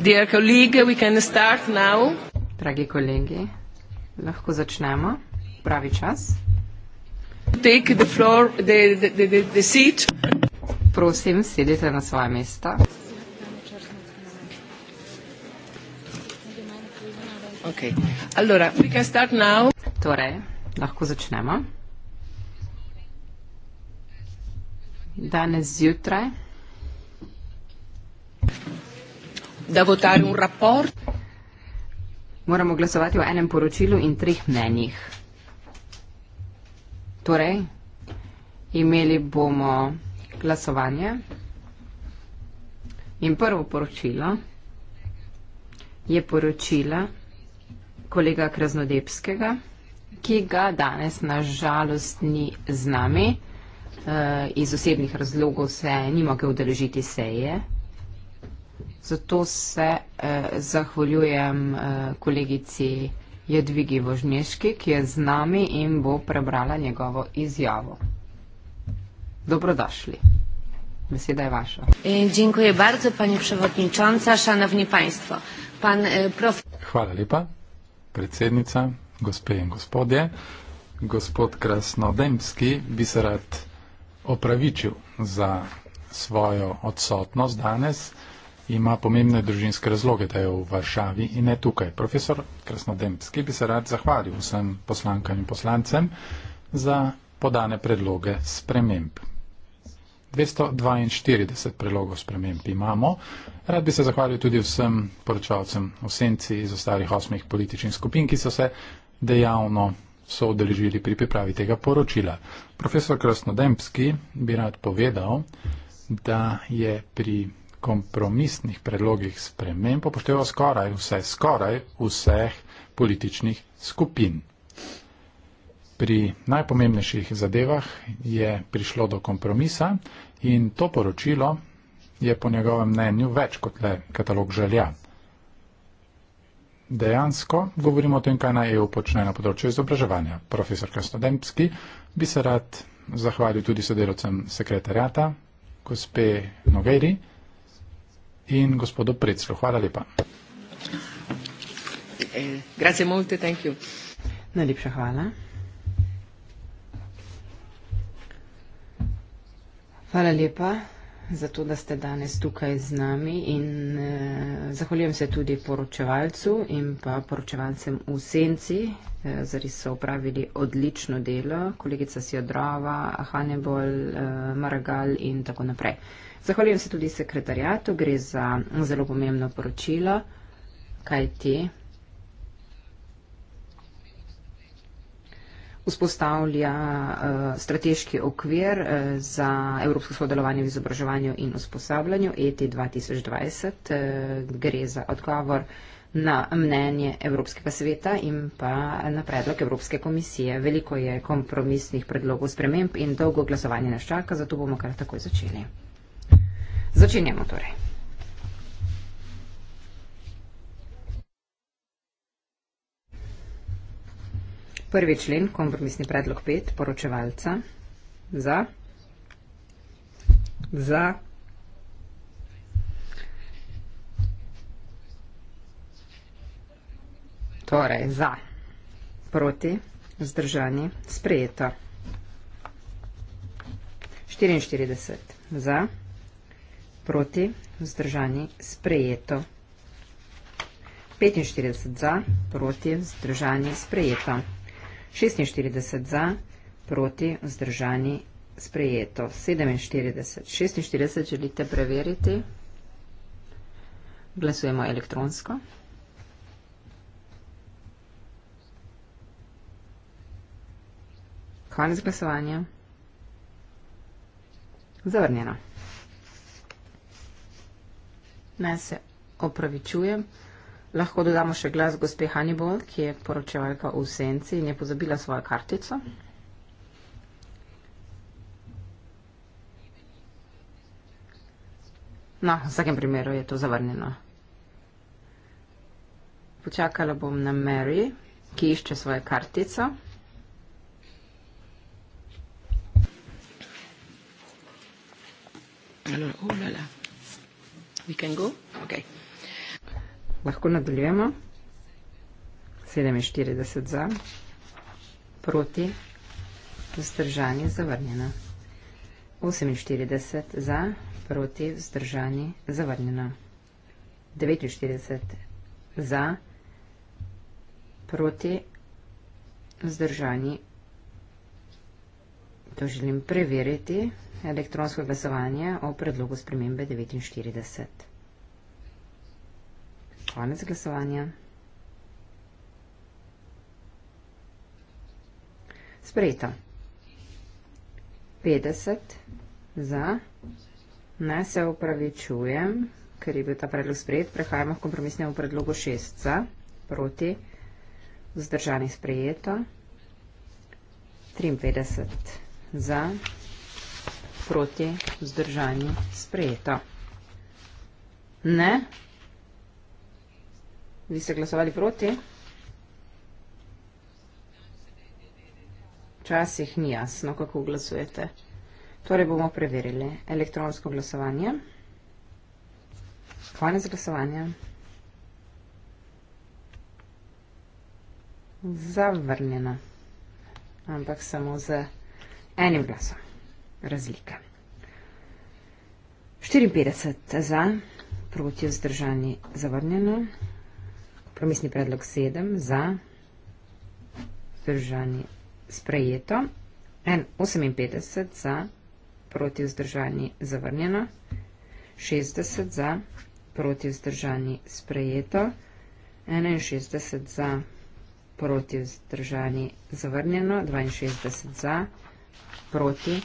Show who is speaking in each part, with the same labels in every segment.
Speaker 1: Dear colleague, we can start now. Dragi kolegi, lahko začnemo. Pravi čas. Take the floor, the, the, the, the seat. Prosim, sedite na svoje mesta. Okay. Allora, we can start now. Torej, lahko začnemo. Danes zjutraj. da bo ta un raport. Moramo glasovati o enem poročilu in treh mnenjih. Torej, imeli bomo glasovanje in prvo poročilo je poročila kolega Kraznodebskega, ki ga danes na žalost ni z nami. E, iz osebnih razlogov se ni mogel udeležiti seje, Zato se eh, zahvaljujem eh, kolegici Jadvigi Vožneški, ki je z nami in bo prebrala njegovo izjavo.
Speaker 2: Dobrodošli. Beseda je vaša.
Speaker 1: E, dziękuję bardzo, pani przewodnicząca, szanowni państwo. Pan, e, prof...
Speaker 2: Hvala lepa, predsednica, gospe in gospodje. Gospod Krasnodemski bi se rad opravičil za svojo odsotnost danes ima pomembne družinske razloge, da je v Varšavi in ne tukaj. Profesor Krasnodemski bi se rad zahvalil vsem poslankam in poslancem za podane predloge sprememb. 242 predlogov sprememb imamo. Rad bi se zahvalil tudi vsem poročevalcem v senci iz ostalih osmih političnih skupin, ki so se dejavno so odeležili pri pripravi tega poročila. Profesor Krasnodemski bi rad povedal, da je pri kompromisnih predlogih sprememb upošteva skoraj vse, skoraj vseh političnih skupin. Pri najpomembnejših zadevah je prišlo do kompromisa in to poročilo je po njegovem mnenju več kot le katalog želja. Dejansko govorimo o tem, kaj na EU počne na področju izobraževanja. Profesor Kastodemski bi se rad zahvalil tudi sodelovcem sekretarjata, gospe Nogeri, in gospodu Preclu. Hvala lepa. Najlepša hvala.
Speaker 1: Hvala lepa za to, da ste danes tukaj z nami in eh, zahvaljujem se tudi poročevalcu in pa poročevalcem v Senci, eh, zari so upravili odlično delo, kolegica Sjodrova, Hannibal, eh, Maragal in tako naprej. Eh, Zahvaljujem se tudi sekretarjatu, gre za zelo pomembno poročilo, kaj ti. Vzpostavlja uh, strateški okvir uh, za evropsko sodelovanje v izobraževanju in usposabljanju ET 2020. Uh, gre za odgovor na mnenje Evropskega sveta in pa na predlog Evropske komisije. Veliko je kompromisnih predlogov sprememb in dolgo glasovanje nas čaka, zato bomo kar takoj začeli. Začenjamo torej. Prvi člen, kompromisni predlog pet, poročevalca, za, za, torej, za, proti, zdržani, sprejeto. 44 za, proti, vzdržani, sprejeto. 45 za, proti, vzdržani, sprejeto. 46 za, proti, vzdržani, sprejeto. 47, 46 želite preveriti. Glasujemo elektronsko. Konec glasovanja. Zavrnjeno. Naj se opravičujem. Lahko dodamo še glas gospe Hannibal, ki je poročevalka v Senci in je pozabila svojo kartico. No, v vsakem primeru je to zavrnjeno. Počakala bom na Mary, ki išče svojo kartico. Hello, oh, la, la. Okay. Lahko nadaljujemo. 47 za, proti, vzdržani, zavrnjena. 48 za, proti, vzdržani, zavrnjena. 49 za, proti, vzdržani, zavrnjena. To želim preveriti elektronsko glasovanje o predlogu spremembe 49. Konec glasovanja. Sprejeto. 50 za. Ne se upravičujem, ker je bil ta predlog sprejet. Prehajamo v kompromisnemu predlogu 6 za. Proti. Zdržani sprejeto. 53 za za, proti, vzdržani, sprejeto. Ne. Vi ste glasovali proti? Včasih ni jasno, kako glasujete. Torej bomo preverili elektronsko glasovanje. Konec glasovanja. Zavrnjena. Ampak samo za enim glasom. Razlika. 54 za, proti vzdržani zavrnjeno, promisni predlog 7 za, vzdržani sprejeto, 58 za, proti vzdržani zavrnjeno, 60 za, proti vzdržani sprejeto, 61 za, proti vzdržani zavrnjeno, 62 za, proti,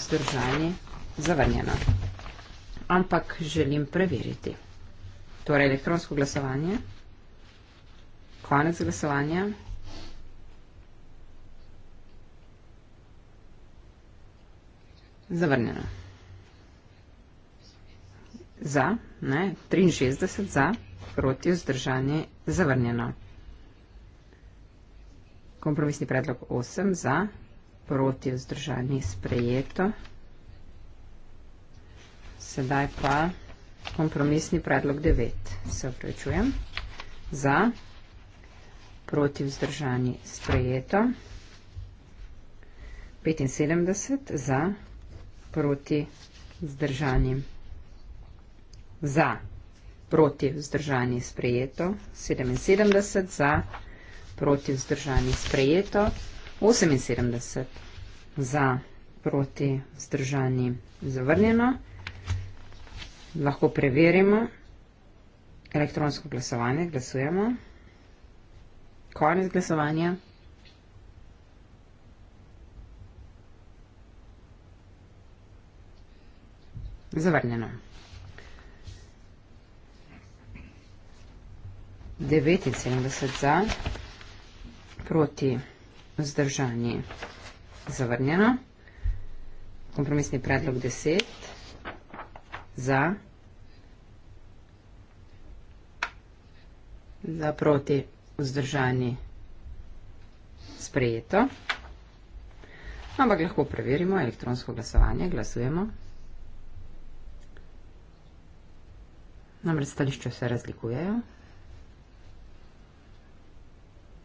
Speaker 1: zdržani, zavrnjeno. Ampak želim preveriti. Torej, elektronsko glasovanje, konec glasovanja. Zavrnjeno. Za, ne, 63 za, proti vzdržanje, zavrnjeno. Kompromisni predlog 8 za, proti vzdržani sprejeto. Sedaj pa kompromisni predlog 9. Se vprečujem. Za, proti vzdržani sprejeto. 75 za, proti vzdržani. Za, proti vzdržani sprejeto. 77 za, proti vzdržani sprejeto. 78 za proti vzdržani zavrnjeno. Lahko preverimo elektronsko glasovanje. Glasujemo. Konec glasovanja. Zavrnjeno. 79 za proti vzdržani zavrnjeno vzdržanje. Zavrnjeno. Kompromisni predlog 10. Za. Za proti vzdržanje. Sprejeto. Ampak lahko preverimo elektronsko glasovanje. Glasujemo. Namreč stališče se razlikujejo.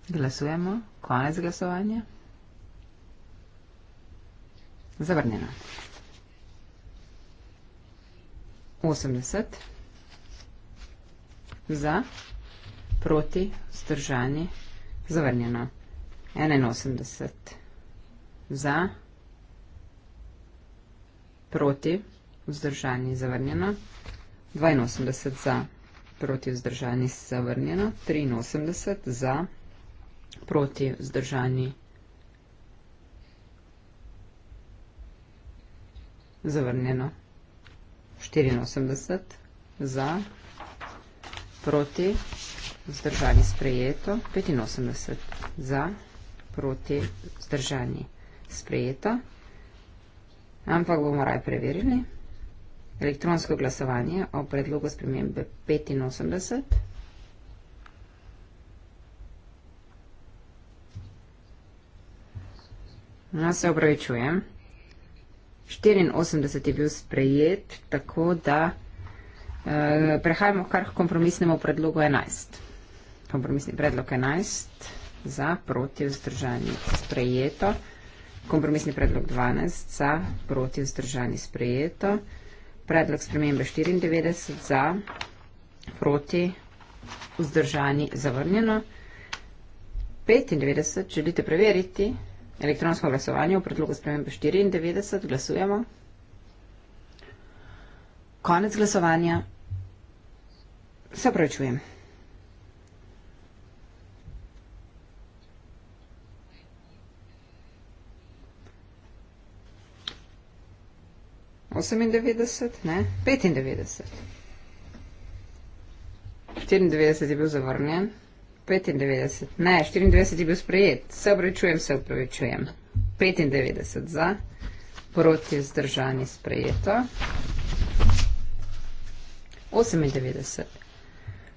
Speaker 1: Glasujemo. Konec glasovanja. Zavrnjeno. 80 za, proti, vzdržani, zavrnjeno. 81 za, proti, vzdržani, zavrnjeno. 82 za, proti, vzdržani, zavrnjeno. 83 za, proti, vzdržani, zavrnjeno proti vzdržani. Zavrnjeno. 84 za, proti vzdržani sprejeto. 85 za, proti vzdržani sprejeto. Ampak bomo raj preverili. Elektronsko glasovanje o predlogu spremembe 85 za. No, se opravičujem. 84 je bil sprejet, tako da eh, prehajamo kar k kompromisnemu predlogu 11. Kompromisni predlog 11 za proti vzdržanje sprejeto. Kompromisni predlog 12 za proti vzdržanje sprejeto. Predlog spremembe 94 za proti vzdržanje zavrnjeno. 95 želite preveriti. Elektronsko glasovanje v predlogu spremembe 94, glasujemo. Konec glasovanja. Se pravičujem. Osemindevedeset, ne, petindevedeset. Štirindevedeset je bil zavrnjen. 95, ne, 94 je bil sprejet, se opravičujem, se opravičujem. 95 za, proti zdržani sprejeto. 98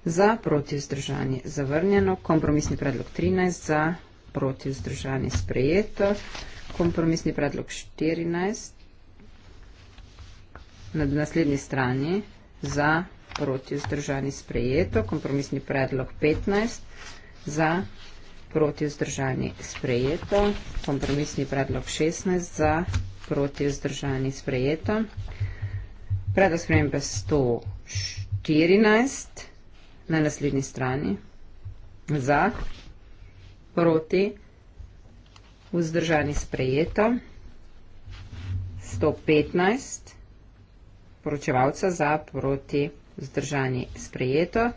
Speaker 1: za, proti zdržani zavrnjeno, kompromisni predlog 13 za, proti zdržani sprejeto, kompromisni predlog 14 na naslednji strani za, proti vzdržani sprejeto, kompromisni predlog 15, za proti vzdržani sprejeto, kompromisni predlog 16, za proti vzdržani sprejeto, predlog spremembe 114 na naslednji strani, za proti vzdržani sprejeto, 115 poročevalca za proti vzdržani sprejeto vzdržani sprejeto.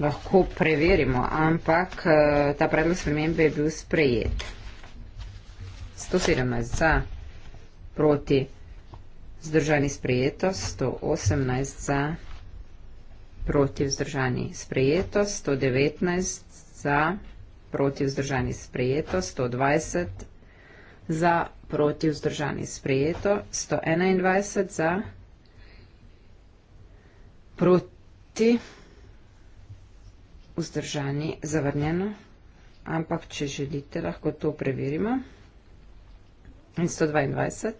Speaker 1: Lahko preverimo, ampak eh, ta predlog spremembe je bil sprejet. 117 za, proti vzdržani sprejeto, 118 za, proti vzdržani sprejeto, 119 za, proti vzdržani sprejeto, 120 za, proti vzdržani sprejeto, 121 za, proti vzdržani sprejeto, proti, vzdržani, zavrnjeno, ampak če želite, lahko to preverimo. In 122.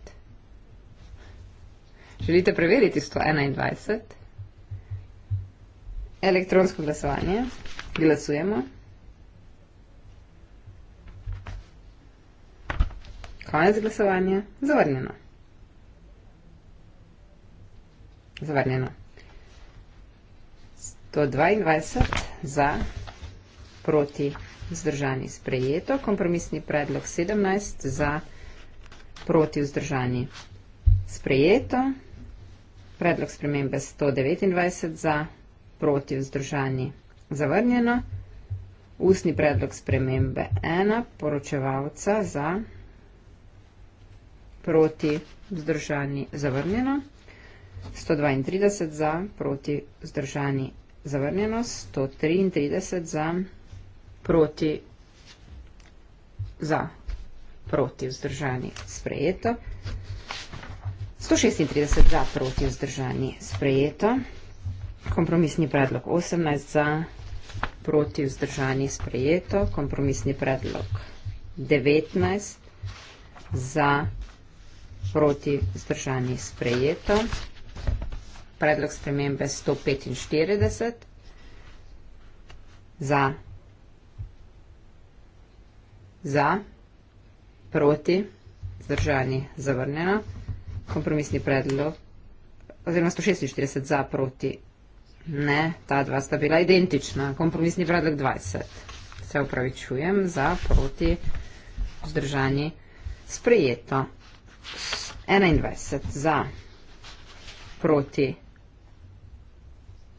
Speaker 1: Želite preveriti 121. Elektronsko glasovanje. Glasujemo. Konec glasovanja. Zavrnjeno. Zavrnjeno. To 22 za proti vzdržani sprejeto, kompromisni predlog 17 za proti vzdržani sprejeto, predlog spremembe 129 za proti vzdržani zavrnjeno, ustni predlog spremembe 1 poročevalca za proti vzdržani zavrnjeno, 132 za proti vzdržani zavrnjeno, 133 za, proti, za, proti vzdržani sprejeto, 136 za, proti vzdržani sprejeto, kompromisni predlog 18 za, proti vzdržani sprejeto, kompromisni predlog 19 za, proti vzdržani sprejeto, predlog spremembe 145 za, za, proti, zdržani, zavrnjena, kompromisni predlog, oziroma 146 za, proti, ne, ta dva sta bila identična, kompromisni predlog 20. Se upravičujem za, proti, vzdržani, sprejeto. 21 za, proti,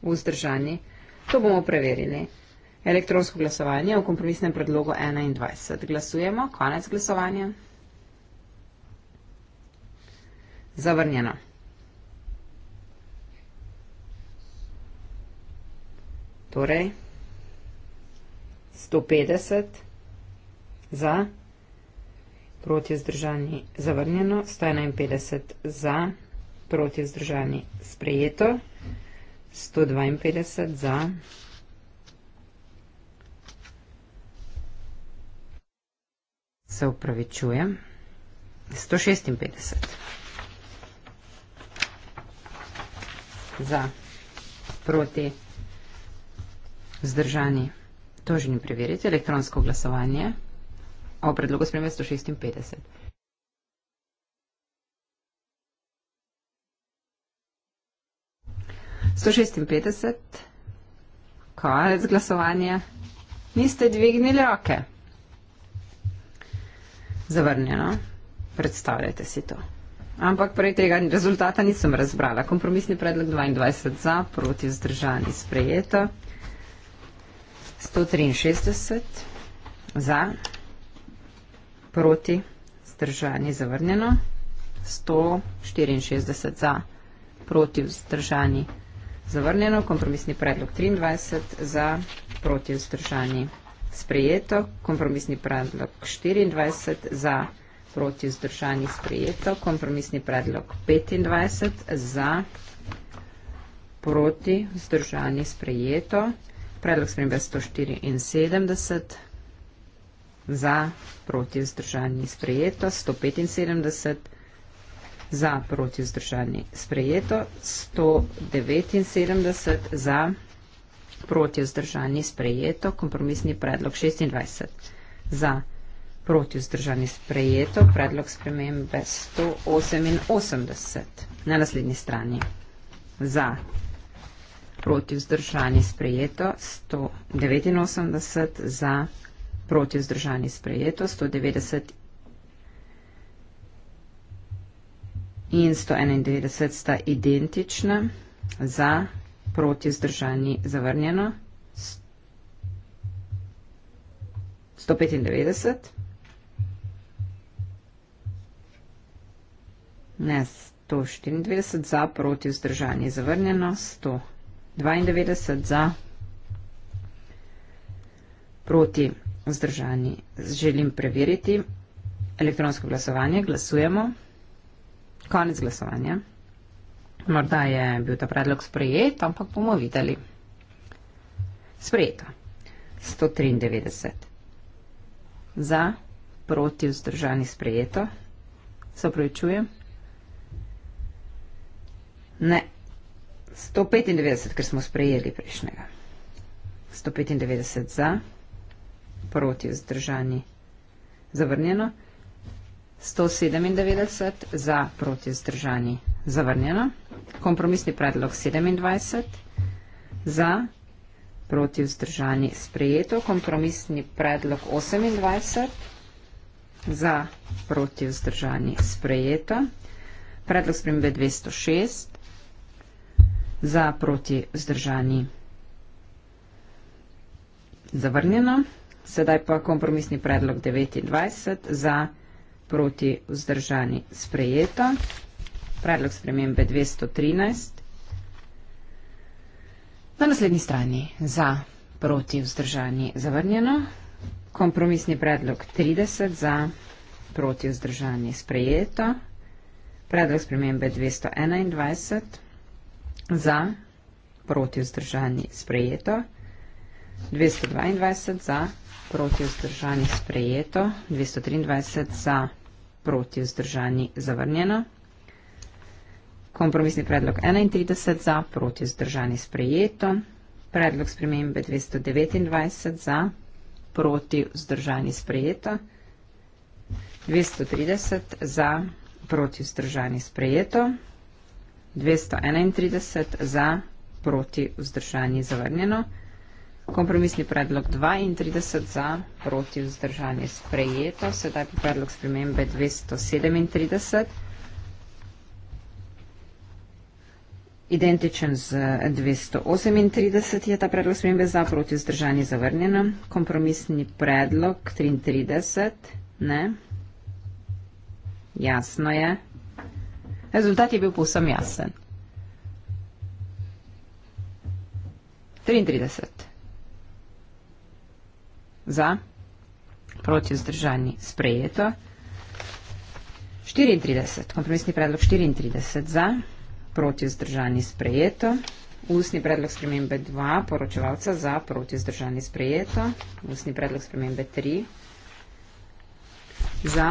Speaker 1: vzdržani. To bomo preverili. Elektronsko glasovanje v kompromisnem predlogu 21. Glasujemo. Konec glasovanja. Zavrnjeno. Torej, 150 za, proti zdržani zavrnjeno, 151 za, proti zdržani sprejeto. 152 za. Se upravičujem. 156 za proti vzdržani tožni preveriti elektronsko glasovanje o predlogu spremembe 156. 156, konec glasovanja. Niste dvignili roke. Zavrnjeno. Predstavljajte si to. Ampak prej tega rezultata nisem razbrala. Kompromisni predlog 22 za, proti vzdržani sprejeto. 163 za, proti vzdržani zavrnjeno. 164 za, proti vzdržani sprejeto zavrnjeno, kompromisni predlog 23 za proti vzdržani sprejeto, kompromisni predlog 24 za proti vzdržani sprejeto, kompromisni predlog 25 za proti vzdržani sprejeto, predlog spremembe 174 za proti vzdržani sprejeto, 175 za za proti vzdržani sprejeto, 179 za proti vzdržani sprejeto, kompromisni predlog 26 za proti vzdržani sprejeto, predlog spremembe 188 na naslednji strani za proti vzdržani sprejeto, 189 za proti vzdržani sprejeto, 190 in 191 sta identična za proti zdržani zavrnjeno 195 ne 194 za proti zdržani zavrnjeno 192 za proti zdržani želim preveriti elektronsko glasovanje glasujemo Konec glasovanja. Morda je bil ta predlog sprejet, ampak bomo videli. Sprejeto. 193. Za, proti, vzdržani, sprejeto. Se upravičujem. Ne. 195, ker smo sprejeli prejšnjega. 195 za, proti, vzdržani, zavrnjeno. 197 za proti zdržani zavrnjeno. Kompromisni predlog 27 za proti vzdržani sprejeto, kompromisni predlog 28, za proti vzdržani sprejeto, predlog spremembe 206, za proti vzdržani zavrnjeno, sedaj pa kompromisni predlog 29, za proti vzdržani sprejeto proti vzdržani sprejeta. Predlog spremembe 213. Na naslednji strani za proti vzdržani zavrnjeno. Kompromisni predlog 30 za proti vzdržani sprejeta. Predlog spremembe 221 za proti vzdržani sprejeto. 222 za proti vzdržani sprejeto. 223 za proti vzdržani zavrnjeno. Kompromisni predlog 31 za, proti vzdržani sprejeto. Predlog spremembe 229 za, proti vzdržani sprejeto. 230 za, proti vzdržani sprejeto. 231 za, proti vzdržani zavrnjeno. Kompromisni predlog 32 za, proti vzdržanje sprejeto. Sedaj pa predlog spremembe 237. Identičen z 238 je ta predlog spremembe za, proti vzdržanje zavrnjeno. Kompromisni predlog 33. Ne. Jasno je. Rezultat je bil povsem jasen. 33 za, proti vzdržani sprejeto, 34, kompromisni predlog 34 za, proti vzdržani sprejeto, ustni predlog spremembe 2, poročevalca za, proti vzdržani sprejeto, ustni predlog spremembe 3, za,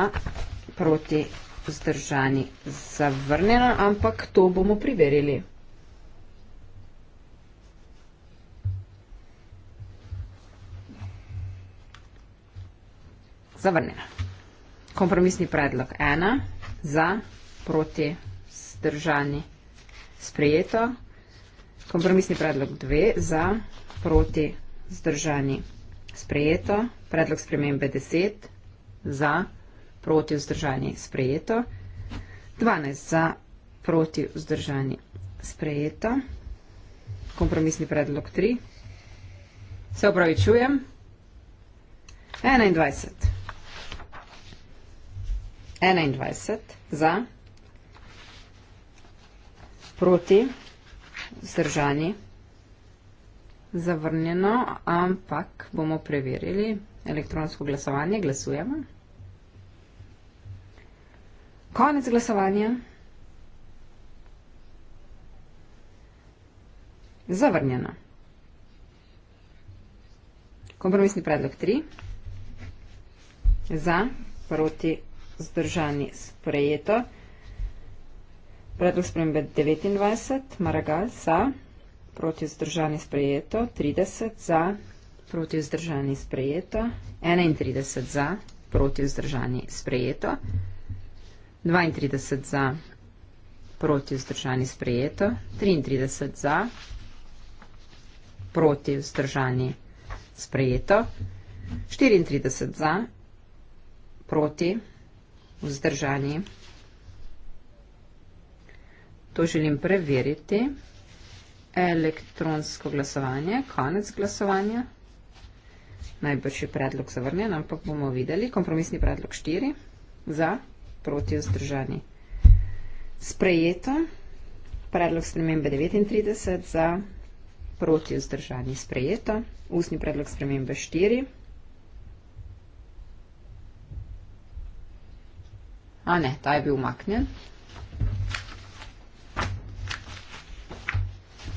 Speaker 1: proti vzdržani zavrnjeno, ampak to bomo priverili. zavrnjena. Kompromisni predlog ena, za, proti, zdržani, sprejeto. Kompromisni predlog dve, za, proti, zdržani, sprejeto. Predlog spremembe deset, za, proti, zdržani, sprejeto. Dvanajst, za, proti, zdržani, sprejeto. Kompromisni predlog tri, se opravičujem. Enaindvajset. 21. 21 za, proti, zdržani, zavrnjeno, ampak bomo preverili elektronsko glasovanje, glasujemo. Konec glasovanja. Zavrnjeno. Kompromisni predlog 3. Za, proti, zdržani sprejeto. Predlog spremembe 29, Maragal za, proti zdržani sprejeto, 30 za, proti vzdržani sprejeto, 31 za, proti vzdržani sprejeto, 32 za, proti vzdržani sprejeto, 33 za, proti vzdržani sprejeto, 34 za, proti vzdržani sprejeto, vzdržani. To želim preveriti. Elektronsko glasovanje, konec glasovanja. Najbrž je predlog zavrnjen, ampak bomo videli. Kompromisni predlog 4 za proti vzdržani. Sprejeto. Predlog spremembe 39 za proti vzdržani. Sprejeto. Ustni predlog spremembe 4 za proti vzdržani. A ne, ta je bil umaknjen.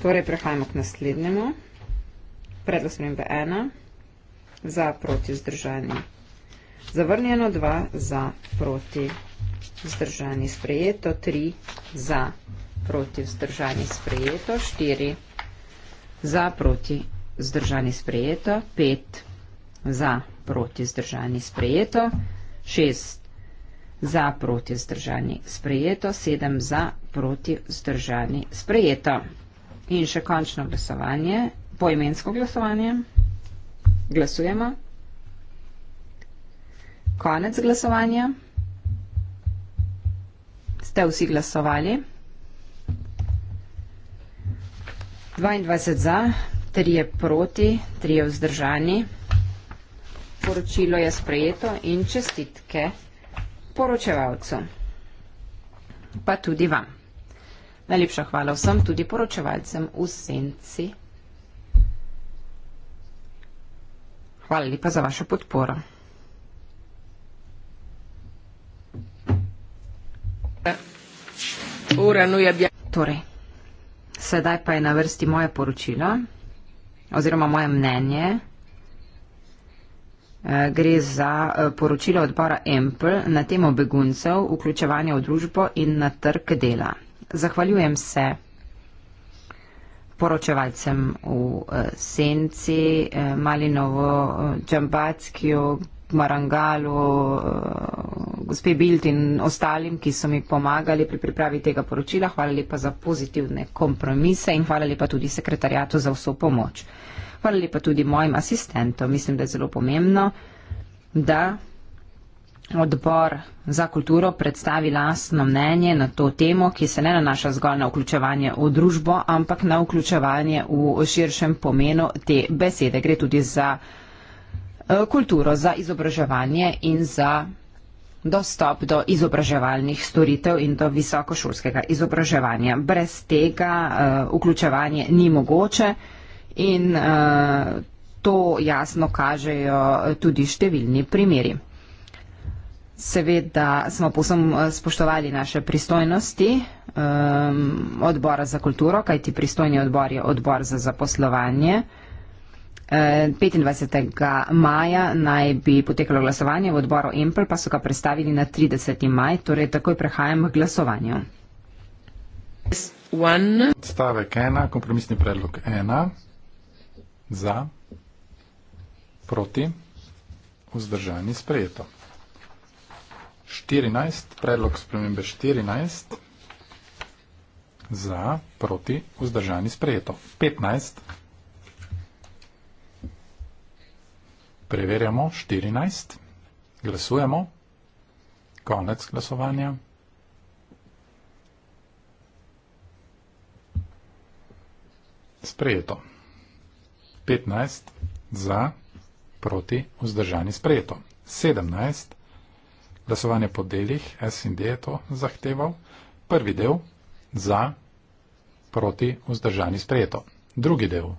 Speaker 1: Torej, prehajamo k naslednjemu. Predlog spremembe 1 za proti zdržani. Zavrnjeno 2 za proti zdržani sprejeto, 3 za proti vzdržani sprejeto, 4 za proti zdržani sprejeto, 5 za proti zdržani sprejeto, 6 za proti vzdržani sprejeto, sedem za proti vzdržani sprejeto. In še končno glasovanje, poimensko glasovanje. Glasujemo. Konec glasovanja. Ste vsi glasovali? 22 za, 3 je proti, 3 je vzdržani. Poročilo je sprejeto in čestitke poročevalcu. Pa tudi vam. Najlepša hvala vsem, tudi poročevalcem v Senci. Hvala lepa za vašo podporo. No, ja, torej, sedaj pa je na vrsti moje poročilo oziroma moje mnenje. Eh, gre za eh, poročilo odbora Ample na temo beguncev, vključevanja v družbo in na trg dela. Zahvaljujem se poročevalcem v eh, Senci, Malinovo, Džambackiju, Marangalu, gospe Bilt in ostalim, ki so mi pomagali pri pripravi tega poročila. Hvala lepa za pozitivne kompromise in hvala lepa tudi sekretarjatu za vso pomoč hvala lepa tudi mojim asistentom. Mislim, da je zelo pomembno, da odbor za kulturo predstavi lasno mnenje na to temo, ki se ne nanaša zgolj na vključevanje v družbo, ampak na vključevanje v širšem pomenu te besede. Gre tudi za eh, kulturo, za izobraževanje in za dostop do izobraževalnih storitev in do visokošolskega izobraževanja. Brez tega uh, vključevanje ni mogoče in uh, to jasno kažejo tudi številni primeri. Seveda smo posem eh, spoštovali naše pristojnosti um, odbora za kulturo, kajti pristojni odbor je odbor za zaposlovanje. 25. Eh, maja naj bi potekalo glasovanje v odboru Empel, pa so ga predstavili na 30. maj, torej takoj prehajam
Speaker 2: k glasovanju. Stavek 1, kompromisni predlog 1 za, proti, vzdržani sprejeto. 14, predlog spremembe 14, za, proti, vzdržani sprejeto. 15, preverjamo 14, glasujemo, konec glasovanja. Sprejeto. 15 za, proti, vzdržani sprejeto. 17 glasovanje po delih, SND je to zahteval. Prvi del za, proti, vzdržani sprejeto. Drugi del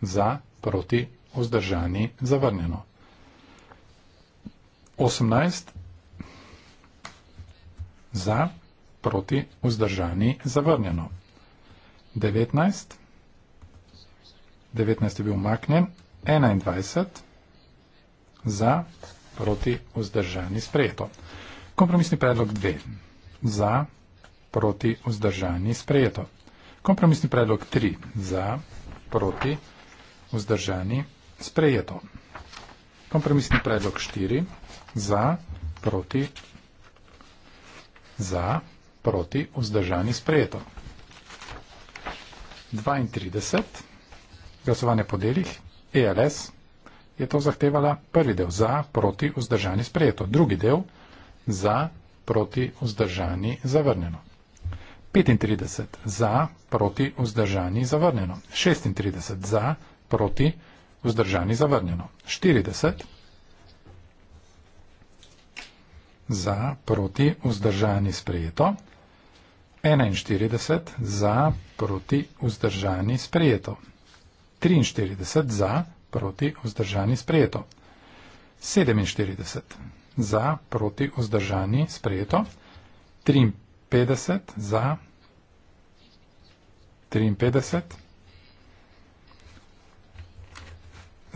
Speaker 2: za, proti, vzdržani zavrnjeno. 18 za, proti, vzdržani zavrnjeno. 19 za, 19 je bil umaknjen, 21 za, proti, vzdržani, sprejeto. Kompromisni predlog 2 za, proti, vzdržani, sprejeto. Kompromisni predlog 3 za, proti, vzdržani, sprejeto. Kompromisni predlog 4 za, proti, za, proti, vzdržani, sprejeto. 32 za, proti, vzdržani, sprejeto glasovanje po delih, ELS je to zahtevala prvi del za, proti, vzdržani, sprejeto. Drugi del za, proti, vzdržani, zavrnjeno. 35 za, proti, vzdržani, zavrnjeno. 36 za, proti, vzdržani, zavrnjeno. 40 za, proti, vzdržani, sprejeto. 41 za, proti, vzdržani, sprejeto. 43 za, proti, vzdržani, sprejeto. 47 za, proti, vzdržani, sprejeto. 53 za, 53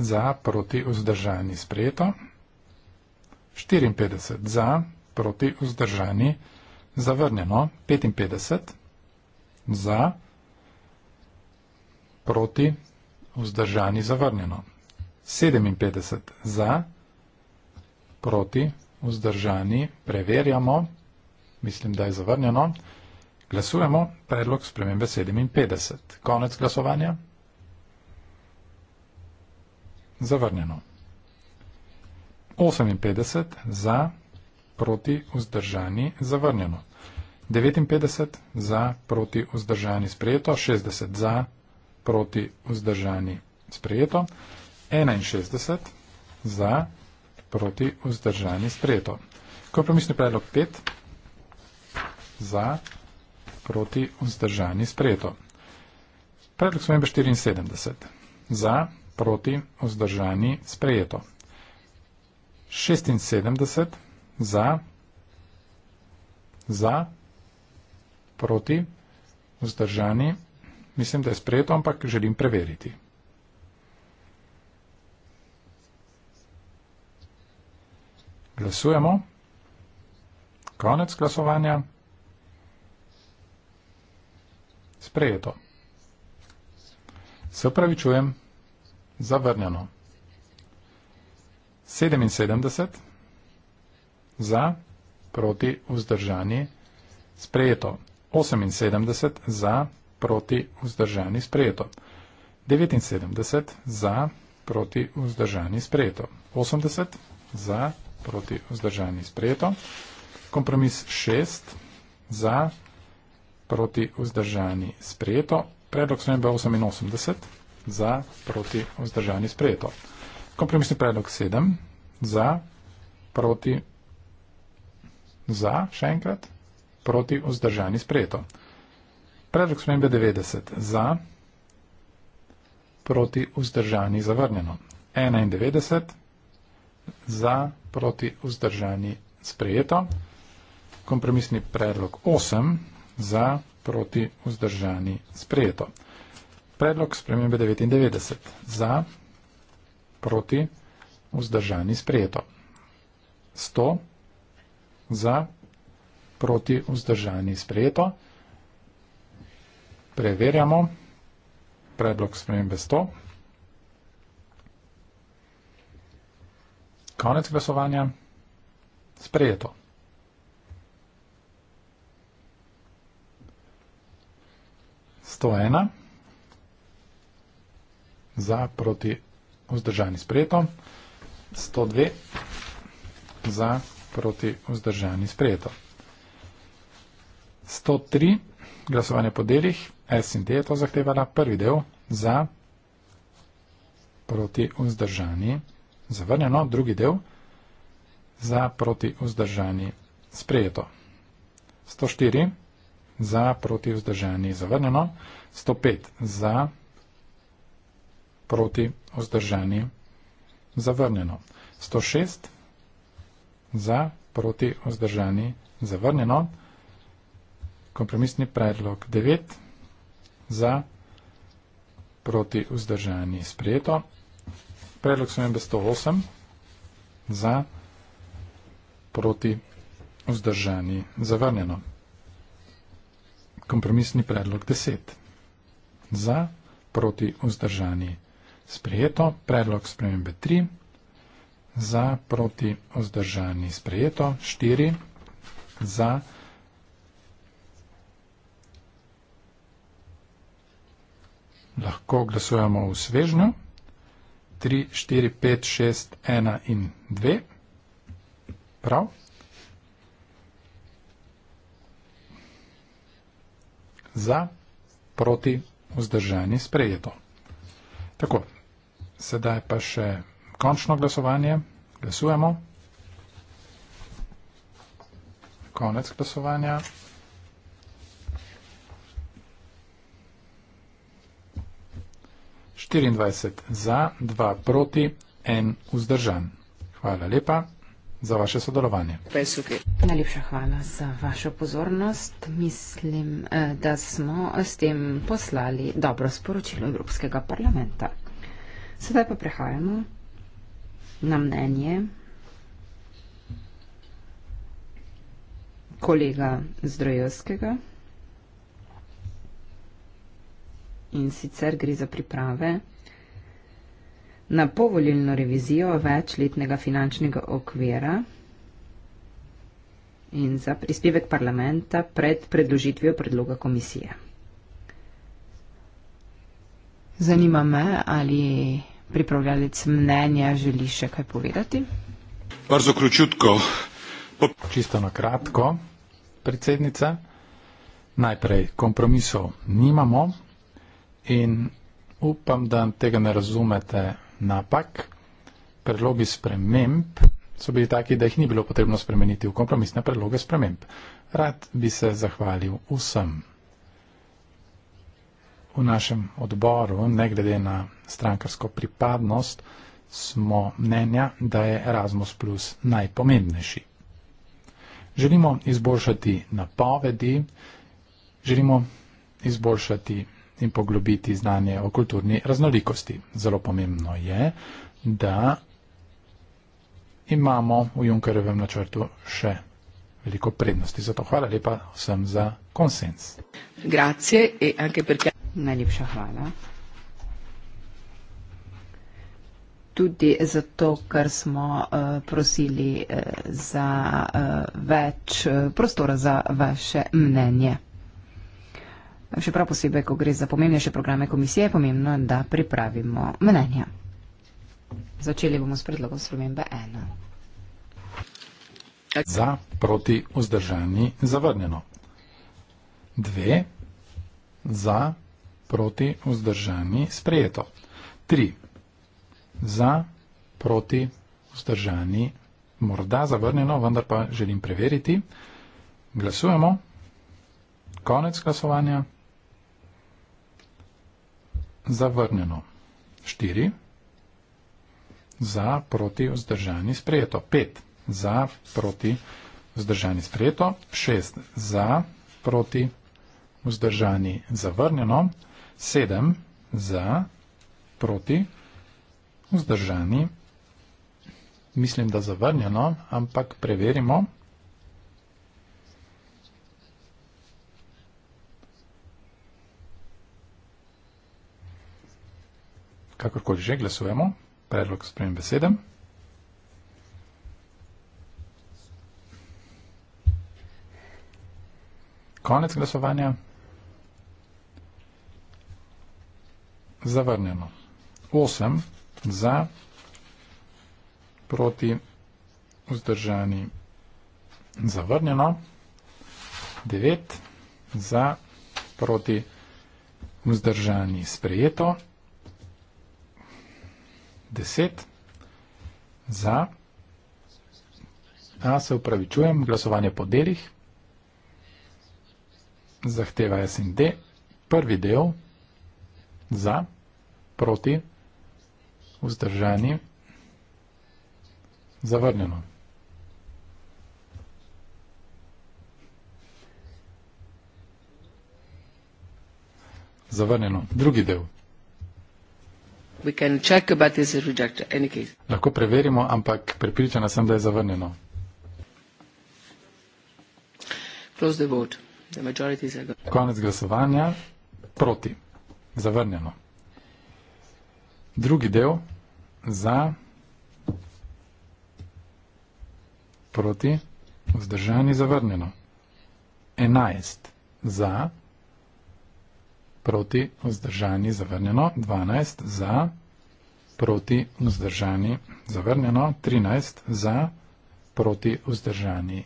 Speaker 2: za, proti, vzdržani, sprejeto. 54 za, proti, vzdržani, zavrnjeno. 55 za, proti, vzdržani, sprejeto vzdržani zavrnjeno. 57 za, proti, vzdržani, preverjamo, mislim, da je zavrnjeno, glasujemo, predlog spremembe 57. Konec glasovanja. Zavrnjeno. 58 za, proti, vzdržani, zavrnjeno. 59 za, proti, vzdržani, sprejeto, 60 za, vzdržani proti vzdržani sprejeto, 61 za proti vzdržani sprejeto. Kompromisni predlog 5 za proti vzdržani sprejeto. Predlog svojembe 74 za proti vzdržani sprejeto. 76 za, za proti vzdržani sprejeto. Mislim, da je sprejeto, ampak želim preveriti. Glasujemo. Konec glasovanja. Sprejeto. Se upravičujem. Zavrnjeno. 77. Za. Proti. Vzdržani. Sprejeto. 78. Za. Proti proti vzdržani sprejeto. 79 za proti vzdržani sprejeto. 80 za proti vzdržani sprejeto. Kompromis 6 za proti vzdržani sprejeto. Predlog smembe 88 za proti vzdržani sprejeto. Kompromisni predlog 7 za proti za še enkrat proti vzdržani sprejeto. Predlog spremembe 90 za, proti vzdržani zavrnjeno. 91 za, proti vzdržani sprejeto. Kompromisni predlog 8 za, proti vzdržani sprejeto. Predlog spremembe 99 za, proti vzdržani sprejeto. 100 za, proti vzdržani sprejeto. Preverjamo. Predlog spremembe 100. Konec glasovanja. Sprejeto. Sto ena. Za proti vzdržani sprejeto. Sto dve. Za proti vzdržani sprejeto. Sto tri. Glasovanje po delih. SND je to zahtevala, prvi del za proti vzdržani zavrnjeno, drugi del za proti vzdržani sprejeto. 104 za proti vzdržani zavrnjeno, 105 za proti vzdržani zavrnjeno, 106 za proti vzdržani zavrnjeno, kompromisni predlog 9 za proti vzdržani zavrnjeno, za, proti vzdržanje sprejeto. Predlog smembe 108 za, proti vzdržanje zavrnjeno. Kompromisni predlog 10 za, proti vzdržanje sprejeto. Predlog smembe 3 za, proti vzdržanje sprejeto. 4 za, proti vzdržanje sprejeto. lahko glasujemo v svežnju 3, 4, 5, 6, 1 in 2. Prav. Za, proti, vzdržani, sprejeto. Tako, sedaj pa še končno glasovanje. Glasujemo. Konec glasovanja. 24 za, 2 proti, 1 vzdržan. Hvala lepa za vaše sodelovanje.
Speaker 1: Najlepša hvala za vašo pozornost. Mislim, eh, da smo s tem poslali dobro sporočilo Evropskega parlamenta. Sedaj pa prehajamo na mnenje kolega Zdrojevskega. in sicer gre za priprave na povoljilno revizijo večletnega finančnega okvira in za prispevek parlamenta pred predložitvijo predloga komisije. Zanima me, ali pripravljalec mnenja želi še kaj povedati.
Speaker 2: Čisto na kratko, predsednica. Najprej kompromisov nimamo, in upam, da tega ne razumete napak. Predlogi sprememb so bili taki, da jih ni bilo potrebno spremeniti v kompromisne predloge sprememb. Rad bi se zahvalil vsem v našem odboru, ne glede na strankarsko pripadnost, smo mnenja, da je Erasmus Plus najpomembnejši. Želimo izboljšati napovedi, želimo izboljšati in poglobiti znanje o kulturni raznolikosti. Zelo pomembno je, da imamo v Junkerjevem načrtu še veliko prednosti. Zato hvala lepa vsem za konsens.
Speaker 1: Grazie e anche perché... Najlepša hvala. Tudi zato, ker smo uh, prosili uh, za uh, več prostora za vaše mnenje. Še prav posebej, ko gre za pomembnejše programe komisije, je pomembno, da pripravimo mnenja. Začeli bomo s predlogom spremembe
Speaker 2: 1. Za, proti, vzdržani, zavrnjeno. 2. Za, proti, vzdržani, sprejeto. 3. Za, proti, vzdržani, morda zavrnjeno, vendar pa želim preveriti. Glasujemo. Konec glasovanja zavrnjeno. 4. Za, proti, vzdržani, sprejeto. 5. Za, proti, vzdržani, sprejeto. 6. Za, proti, vzdržani, zavrnjeno. 7. Za, proti, vzdržani, mislim, da zavrnjeno, ampak preverimo. kakorkoli že glasujemo, predlog spremem besede. Konec glasovanja. Zavrnjeno. 8 za, proti, vzdržani, zavrnjeno. 9 za, proti, vzdržani, sprejeto. 10 za. A se upravičujem, glasovanje po delih. Zahteva S in D. Prvi del za, proti, vzdržani, zavrnjeno. Zavrnjeno. Drugi del check, Lahko preverimo, ampak pripričana sem, da je zavrnjeno. Konec glasovanja. Proti. Zavrnjeno. Drugi del. Za. Proti.
Speaker 3: Vzdržani zavrnjeno.
Speaker 2: 11. Za proti vzdržani zavrnjeno, 12 za, proti vzdržani zavrnjeno, 13 za, proti vzdržani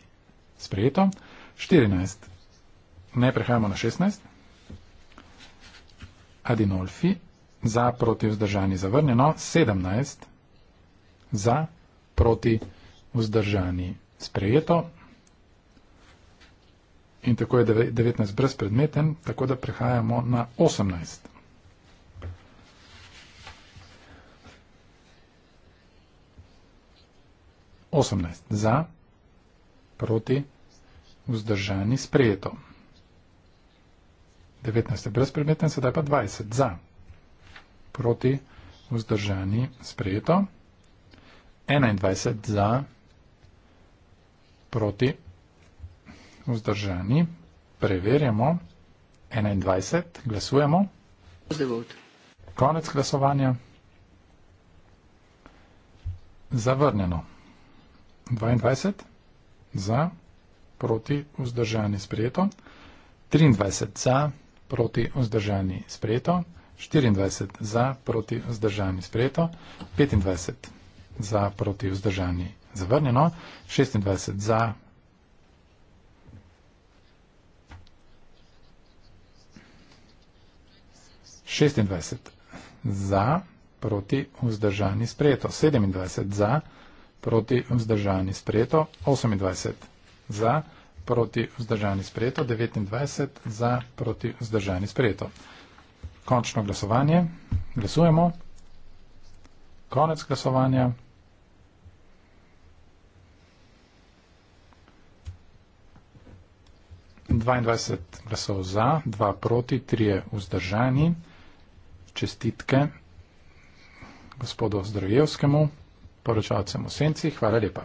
Speaker 2: sprejeto, 14. Ne prehajamo na 16. Adinolfi, za, proti vzdržani zavrnjeno, 17 za, proti vzdržani sprejeto, in tako je 19 brezpredmeten, tako da prehajamo na 18. Osemnajst za, proti, vzdržani, sprejeto. Devetnajst je brezpredmeten, sedaj pa dvajset za, proti, vzdržani, sprejeto. Enaindvajset za, proti, vzdržani. Preverjamo. 21. Glasujemo. Konec glasovanja. Zavrnjeno. 22. Za. Proti vzdržani sprejeto. 23. Za. Proti vzdržani sprejeto. 24. Za. Proti vzdržani sprejeto. 25. Za. Proti vzdržani zavrnjeno. 26. Za. 26 za, proti vzdržani sprejeto. 27 za, proti vzdržani sprejeto. 28 za, proti vzdržani sprejeto. 29 za, proti vzdržani sprejeto. Končno glasovanje. Glasujemo. Konec glasovanja. Dvaindvajset glasov za, dva proti, trije vzdržani čestitke gospodu Zdravjevskemu, poročalcem v Senci, hvala lepa.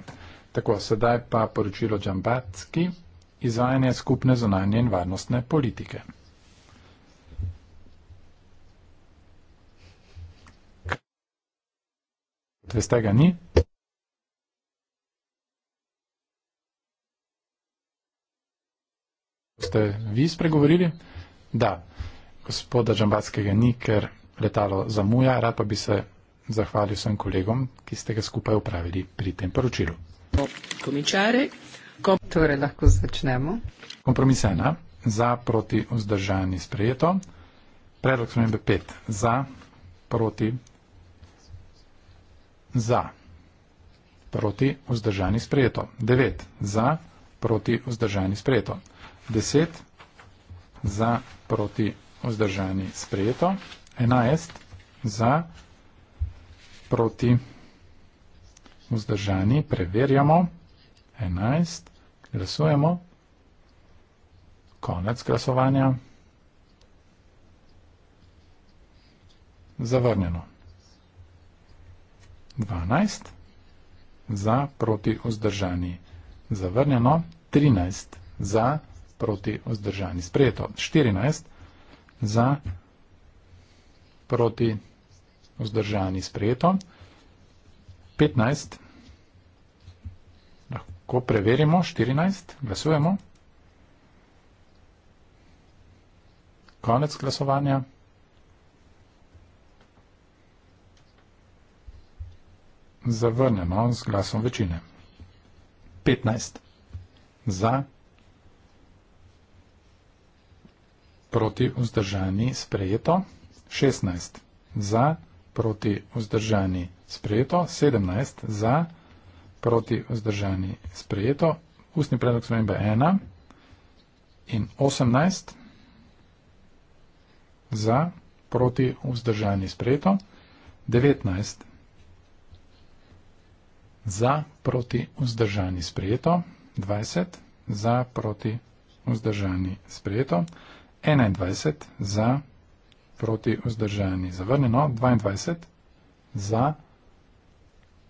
Speaker 2: Tako, sedaj pa poročilo Džambatski, izvajanje skupne zunanje in varnostne politike. Veste ga ni? Ste vi spregovorili? Da, gospoda Džambatskega ni, ker letalo zamuja, rad pa bi se zahvalil vsem kolegom, ki ste ga skupaj upravili pri tem poročilu.
Speaker 1: Torej lahko začnemo.
Speaker 2: Kompromis ena, za proti vzdržani sprejeto. Predlog spremembe pet, za proti za proti vzdržani sprejeto. Devet, za proti vzdržani sprejeto. Deset, za proti vzdržani sprejeto. 11 za proti vzdržani, preverjamo, 11, glasujemo, konec glasovanja, zavrnjeno, 12 za proti vzdržani, zavrnjeno, 13 za proti vzdržani, sprejeto, 14 za vzdržani, proti vzdržani sprejeto. 15. Lahko preverimo. 14. Glasujemo. Konec glasovanja. Zavrnemo z glasom večine. 15. Za. Proti vzdržani sprejeto. 14. 16 za, proti vzdržani sprejeto, 17 za, proti vzdržani sprejeto, ustni predlog spremembe 1 in 18 za, proti vzdržani sprejeto, 19 za, proti vzdržani sprejeto, 20 za, proti vzdržani sprejeto, 21 za, proti vzdržani sprejeto, proti vzdržani. Zavrnjeno 22, za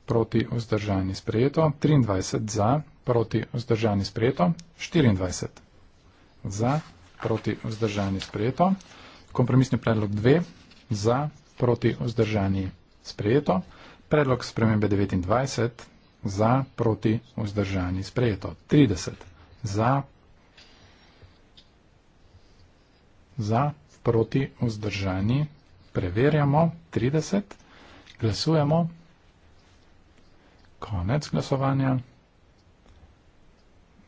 Speaker 2: proti vzdržani sprejeto, 23 za proti vzdržani sprejeto, 24 za proti vzdržani sprejeto, kompromisni predlog 2 za proti vzdržani sprejeto, predlog spremembe 29 za proti vzdržani sprejeto, 30 za, za proti vzdržani. Preverjamo. 30. Glasujemo. Konec glasovanja.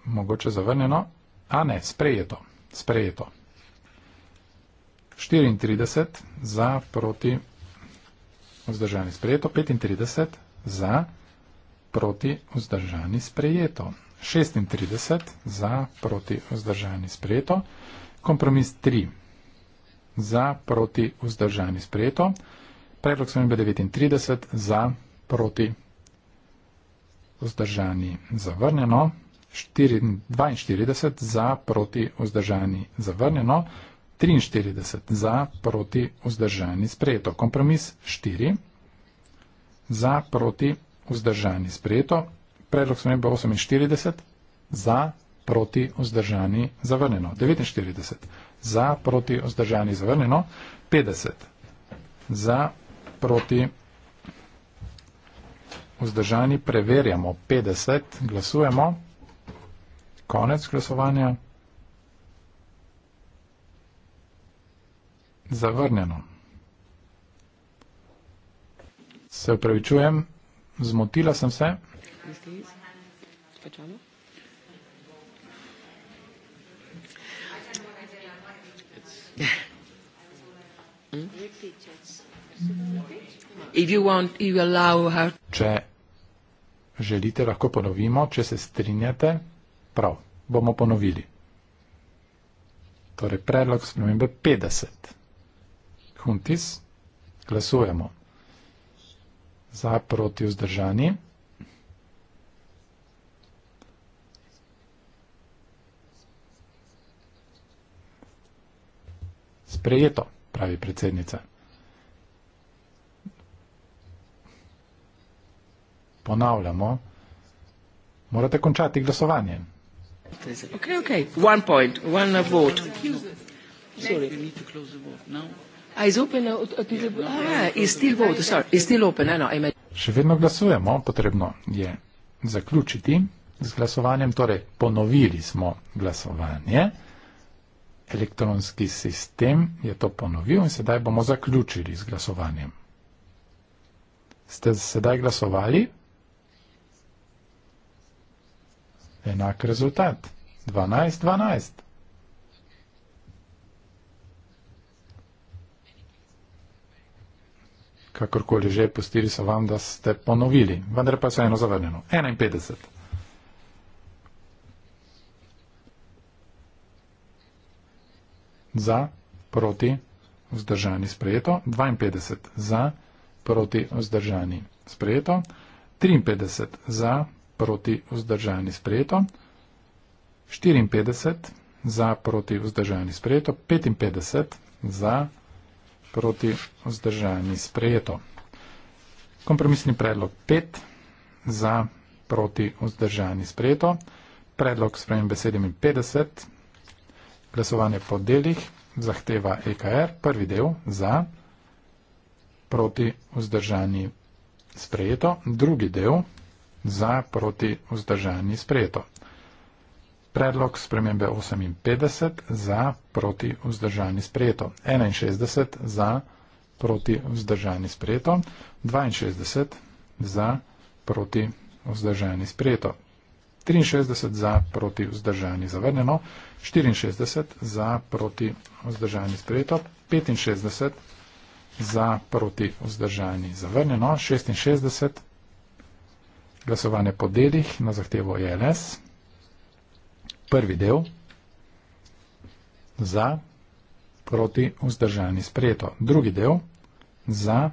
Speaker 2: Mogoče zavrnjeno. A ne, sprejeto. Sprejeto. 34 za proti vzdržani sprejeto. 35 za proti vzdržani sprejeto. 36 za proti vzdržani sprejeto. Kompromis 3 za, proti, vzdržani, sprejeto. Predlog spremembe 39, za, proti, vzdržani, zavrnjeno. 42, za, proti, vzdržani, zavrnjeno. 43, za, proti, vzdržani, sprejeto. Kompromis 4, za, proti, vzdržani, sprejeto. Predlog spremembe 48, za, proti, vzdržani, zavrnjeno. 49 za, proti, vzdržani, zavrnjeno, 50 za, proti, vzdržani, preverjamo, 50 glasujemo, konec glasovanja, zavrnjeno. Se upravičujem, zmotila sem se.
Speaker 4: Mislim.
Speaker 1: Hmm?
Speaker 2: Če želite, lahko ponovimo, če se strinjate. Prav, bomo ponovili. Torej, predlog spremembe 50. Huntis, glasujemo. Za proti vzdržani. sprejeto, pravi predsednica. Ponavljamo, morate končati glasovanje.
Speaker 1: Okay, okay. One point, one
Speaker 4: vote. Ah, no.
Speaker 1: ah, no, no,
Speaker 2: Še vedno glasujemo, potrebno je zaključiti z glasovanjem, torej ponovili smo glasovanje elektronski sistem je to ponovil in sedaj bomo zaključili z glasovanjem. Ste sedaj glasovali? Enak rezultat. 12, 12. Kakorkoli že, postili so vam, da ste ponovili, vendar pa so eno zavrnjeno. 51. za, proti, vzdržani, sprejeto, 52 za, proti, vzdržani, sprejeto, 53 za, proti, vzdržani, sprejeto, 54 za, proti, vzdržani, sprejeto, 55 za, proti, vzdržani, sprejeto. Kompromisni predlog 5 za, proti, vzdržani, sprejeto, predlog spremem besedami 50 za, glasovanje po delih, zahteva EKR, prvi del za, proti vzdržani sprejeto, drugi del za, proti vzdržani sprejeto. Predlog spremembe 58 za, proti vzdržani sprejeto, 61 za, proti vzdržani sprejeto, 62 za, proti vzdržani sprejeto, 63 za proti vzdržani zavrnjeno, 64 za proti vzdržani sprejeto, 65 za proti vzdržani zavrnjeno, 66 glasovanje po delih na zahtevo ELS, prvi del za proti vzdržani sprejeto, drugi del za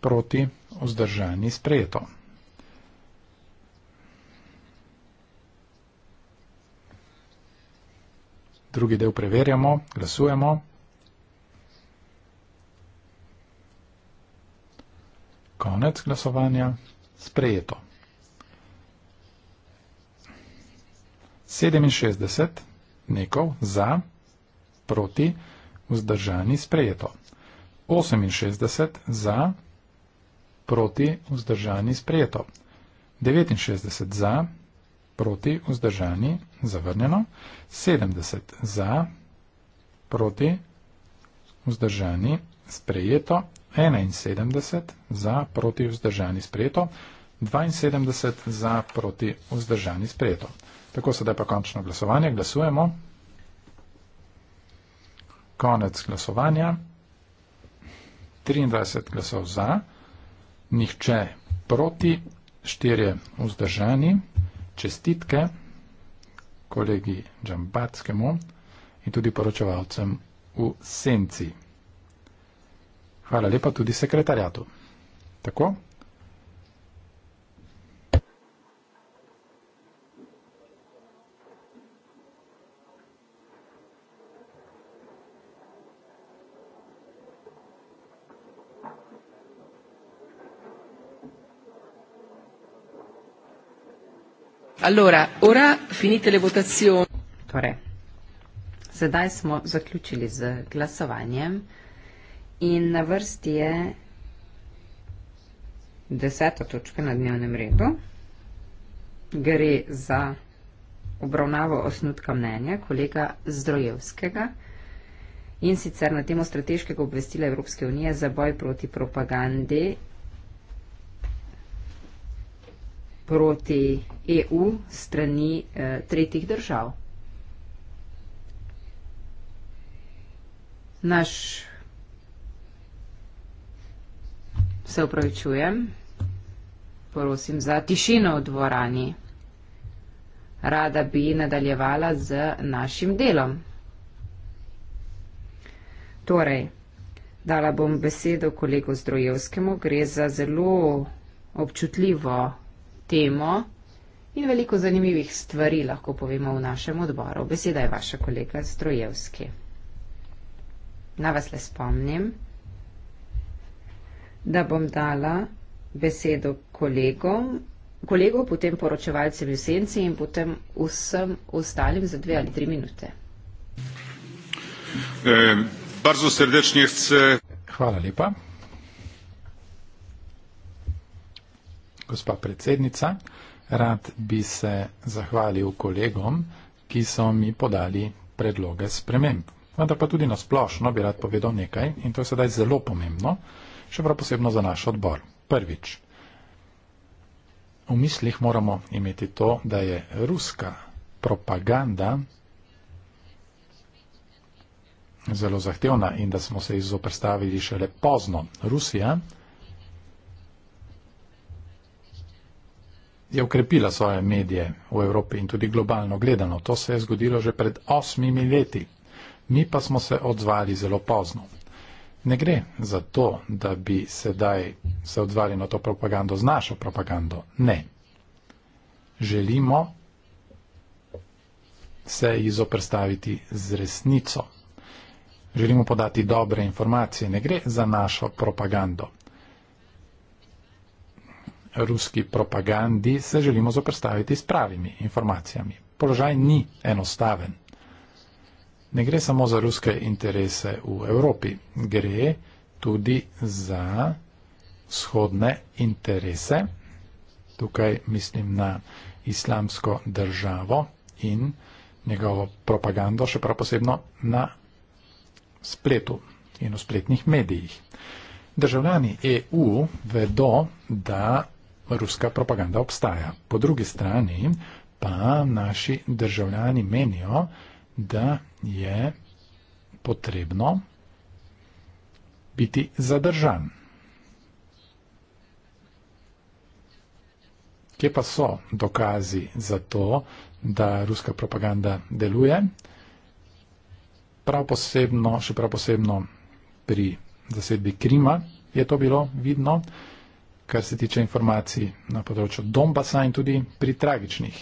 Speaker 2: proti vzdržani sprejeto. drugi del preverjamo, glasujemo. Konec glasovanja, sprejeto. 67 nekov za, proti, vzdržani, sprejeto. 68 za, proti, vzdržani, sprejeto. 69 za, proti, vzdržani, sprejeto proti, vzdržani, zavrnjeno, 70 za, proti, vzdržani, sprejeto, 71 za, proti, vzdržani, sprejeto, 72 za, proti, vzdržani, sprejeto. Tako sedaj pa končno glasovanje. Glasujemo. Konec glasovanja. 23 glasov za, nihče proti, 4 vzdržani čestitke kolegi Džambatskemu in tudi poročevalcem v Senci. Hvala lepa tudi sekretarjatu. Tako?
Speaker 1: Allora, ora finite le votazioni. Torej, sedaj smo zaključili z glasovanjem in na vrsti je deseta točka na dnevnem redu. Gre za obravnavo osnutka mnenja kolega Zdrojevskega in sicer na temo strateškega obvestila Evropske unije za boj proti propagandi proti EU strani eh, tretjih držav. Naš Se upravičujem, prosim za tišino v dvorani. Rada bi nadaljevala z našim delom. Torej, dala bom besedo kolegu Zdrojevskemu, gre za zelo občutljivo temo in veliko zanimivih stvari lahko povemo v našem odboru. Beseda je vaša kolega Strojevski. Na vas le spomnim, da bom dala besedo kolegom, kolegov, potem poročevalcem v senci in potem vsem ostalim za dve ali tri minute.
Speaker 3: E, bardzo srdečne chcę...
Speaker 2: Hvala lepa. gospa predsednica, rad bi se zahvalil kolegom, ki so mi podali predloge sprememb. Vendar pa tudi nasplošno bi rad povedal nekaj in to je sedaj zelo pomembno, še prav posebno za naš odbor. Prvič. V mislih moramo imeti to, da je ruska propaganda zelo zahtevna in da smo se izoprstavili šele pozno. Rusija je ukrepila svoje medije v Evropi in tudi globalno gledano. To se je zgodilo že pred osmimi leti. Mi pa smo se odzvali zelo pozno. Ne gre za to, da bi sedaj se odzvali na to propagando z našo propagando. Ne. Želimo se izoprstaviti z resnico. Želimo podati dobre informacije. Ne gre za našo propagando ruski propagandi, se želimo zoprstaviti s pravimi informacijami. Položaj ni enostaven. Ne gre samo za ruske interese v Evropi, gre tudi za shodne interese, tukaj mislim na islamsko državo in njegovo propagando, še prav posebno na spletu in v spletnih medijih. Državljani EU vedo, da ruska propaganda obstaja. Po drugi strani pa naši državljani menijo, da je potrebno biti zadržan. Kje pa so dokazi za to, da ruska propaganda deluje? Prav posebno, še prav posebno pri zasedbi Krima je to bilo vidno kar se tiče informacij na področju Donbasa in tudi pri tragičnih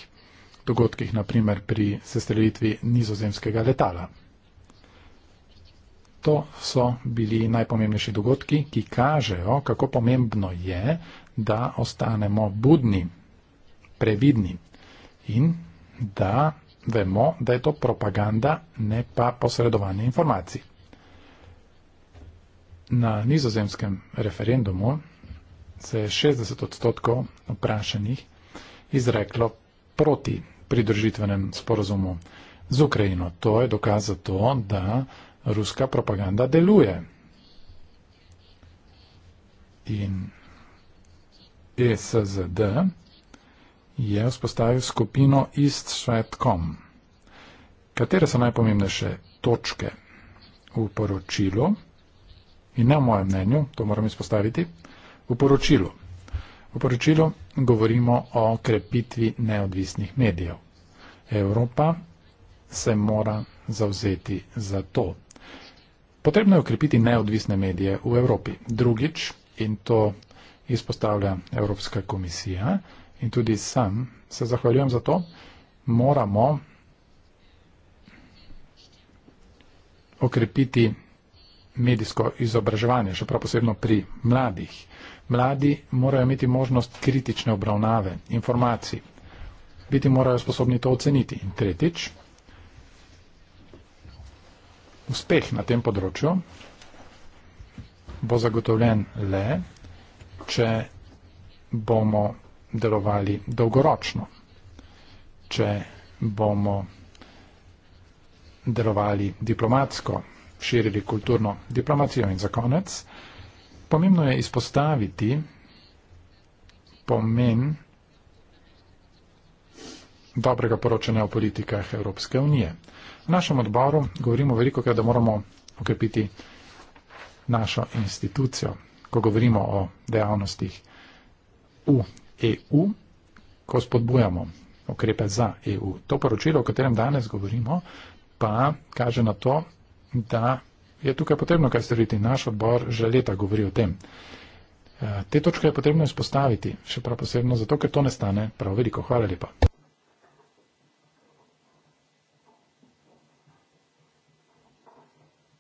Speaker 2: dogodkih, naprimer pri sestrelitvi nizozemskega letala. To so bili najpomembnejši dogodki, ki kažejo, kako pomembno je, da ostanemo budni, previdni in da vemo, da je to propaganda, ne pa posredovanje informacij. Na nizozemskem referendumu se je 60 odstotkov vprašanih izreklo proti pridružitvenem sporozumu z Ukrajino. To je dokaz za to, da ruska propaganda deluje. In ESZD je vzpostavil skupino istsvet.com. Katere so najpomembnejše točke v poročilu in ne v mojem mnenju, to moram izpostaviti, V poročilu. v poročilu govorimo o krepitvi neodvisnih medijev. Evropa se mora zavzeti za to. Potrebno je okrepiti neodvisne medije v Evropi. Drugič, in to izpostavlja Evropska komisija, in tudi sam se zahvaljujem za to, moramo okrepiti medijsko izobraževanje, še prav posebno pri mladih. Mladi morajo imeti možnost kritične obravnave informacij. Biti morajo sposobni to oceniti. In tretjič, uspeh na tem področju bo zagotovljen le, če bomo delovali dolgoročno, če bomo delovali diplomatsko, širili kulturno diplomacijo in za konec. Pomembno je izpostaviti pomen dobrega poročanja o politikah Evropske unije. V našem odboru govorimo veliko, da moramo okrepiti našo institucijo, ko govorimo o dejavnostih v EU, ko spodbujamo okrepe za EU. To poročilo, o katerem danes govorimo, pa kaže na to, da je tukaj potrebno kaj storiti. Naš odbor že leta govori o tem. Eh, te točke je potrebno izpostaviti, še prav posebno zato, ker to ne stane prav veliko. Hvala lepa.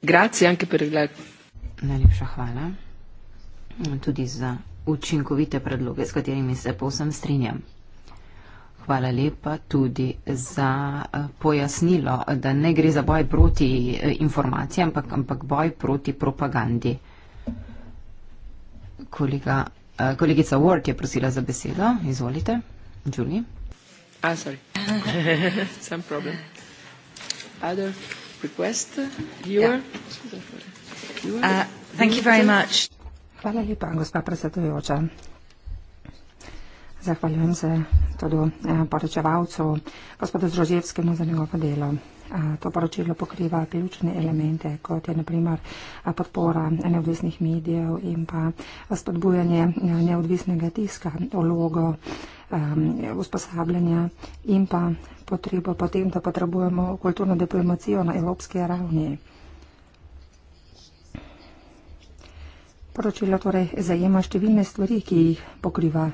Speaker 1: Grazie anche per il. Najlepša hvala tudi za učinkovite predloge, s katerimi se povsem strinjam. Hvala lepa tudi za eh, pojasnilo, da ne gre za boj proti eh, informacijam, ampak, ampak boj proti propagandi. Kolega, eh, kolegica Ward je prosila za besedo. Izvolite, Julie. Ah, sorry. Some problem. Other request? You ja. are? Yeah. Uh, thank you very much.
Speaker 4: Hvala lepa, gospa predsedujoča. Zahvaljujem se tudi eh, poročevalcu, gospodu Zrožjevskemu za njegovo delo. Eh, to poročilo pokriva ključne elemente, kot je naprimer eh, podpora neodvisnih medijev in pa spodbujanje neodvisnega tiska, vlogo usposabljanja in pa potrebo potem, da potrebujemo kulturno diplomacijo na evropski ravni. Poročilo torej zajema številne stvari, ki jih pokriva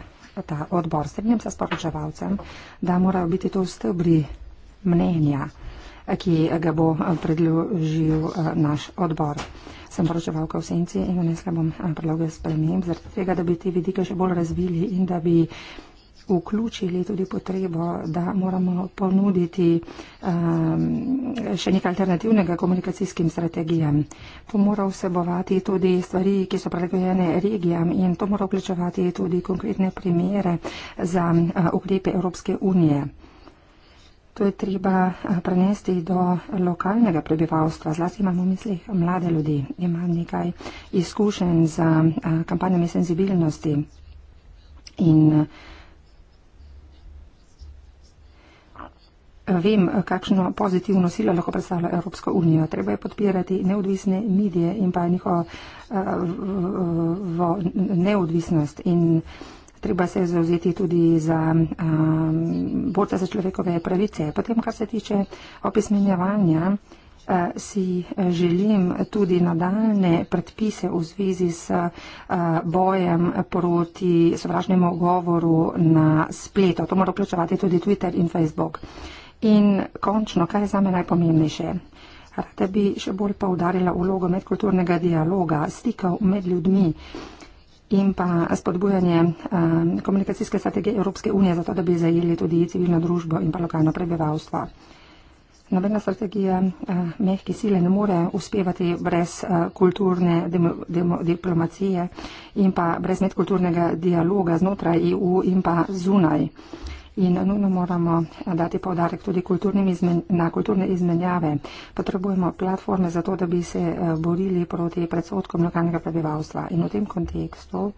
Speaker 4: ta odbor. Strinjam se s poročevalcem, da morajo biti to stebri mnenja, ki ga bo eh, predložil eh, naš odbor. Sem poročevalka v senci in vnesla bom eh, predloge sprememb, zaradi tega, da bi te vidike še bolj razvili in da bi vključili tudi potrebo, da moramo ponuditi um, še nekaj alternativnega komunikacijskim strategijam. To mora vsebovati tudi stvari, ki so prilagojene regijam in to mora vključevati tudi konkretne primere za uh, ukrepe Evropske unije. To je treba uh, prenesti do lokalnega prebivalstva. Zlasti imamo v mislih mlade ljudi. Imam nekaj izkušenj z uh, kampanjami senzibilnosti. In, uh, vem, kakšno pozitivno silo lahko predstavlja Evropsko unijo. Treba je podpirati neodvisne medije in pa njihovo eh, neodvisnost. In treba se zauzeti tudi za um, borca za človekove pravice. Potem, kar se tiče opismenjevanja, uh, si želim tudi nadaljne predpise v zvezi s uh, bojem proti sovražnemu govoru na spletu. To mora vključevati tudi Twitter in Facebook. Uh, In končno, kar je za me najpomembnejše. Rada bi še bolj poudarila vlogo medkulturnega dialoga, stikov med ljudmi in pa spodbujanje um, komunikacijske strategije Evropske unije, zato da bi zajeli tudi civilno družbo in pa lokalno prebivalstvo. Nobena strategija uh, mehke sile ne more uspevati brez uh, kulturne demo, demo, diplomacije in pa brez medkulturnega dialoga znotraj EU in pa zunaj. Uh, in nujno moramo eh, dati povdarek tudi izmen, na kulturne izmenjave. Potrebujemo platforme za to, da bi se eh, borili proti predsotkom lokalnega prebivalstva. In v tem kontekstu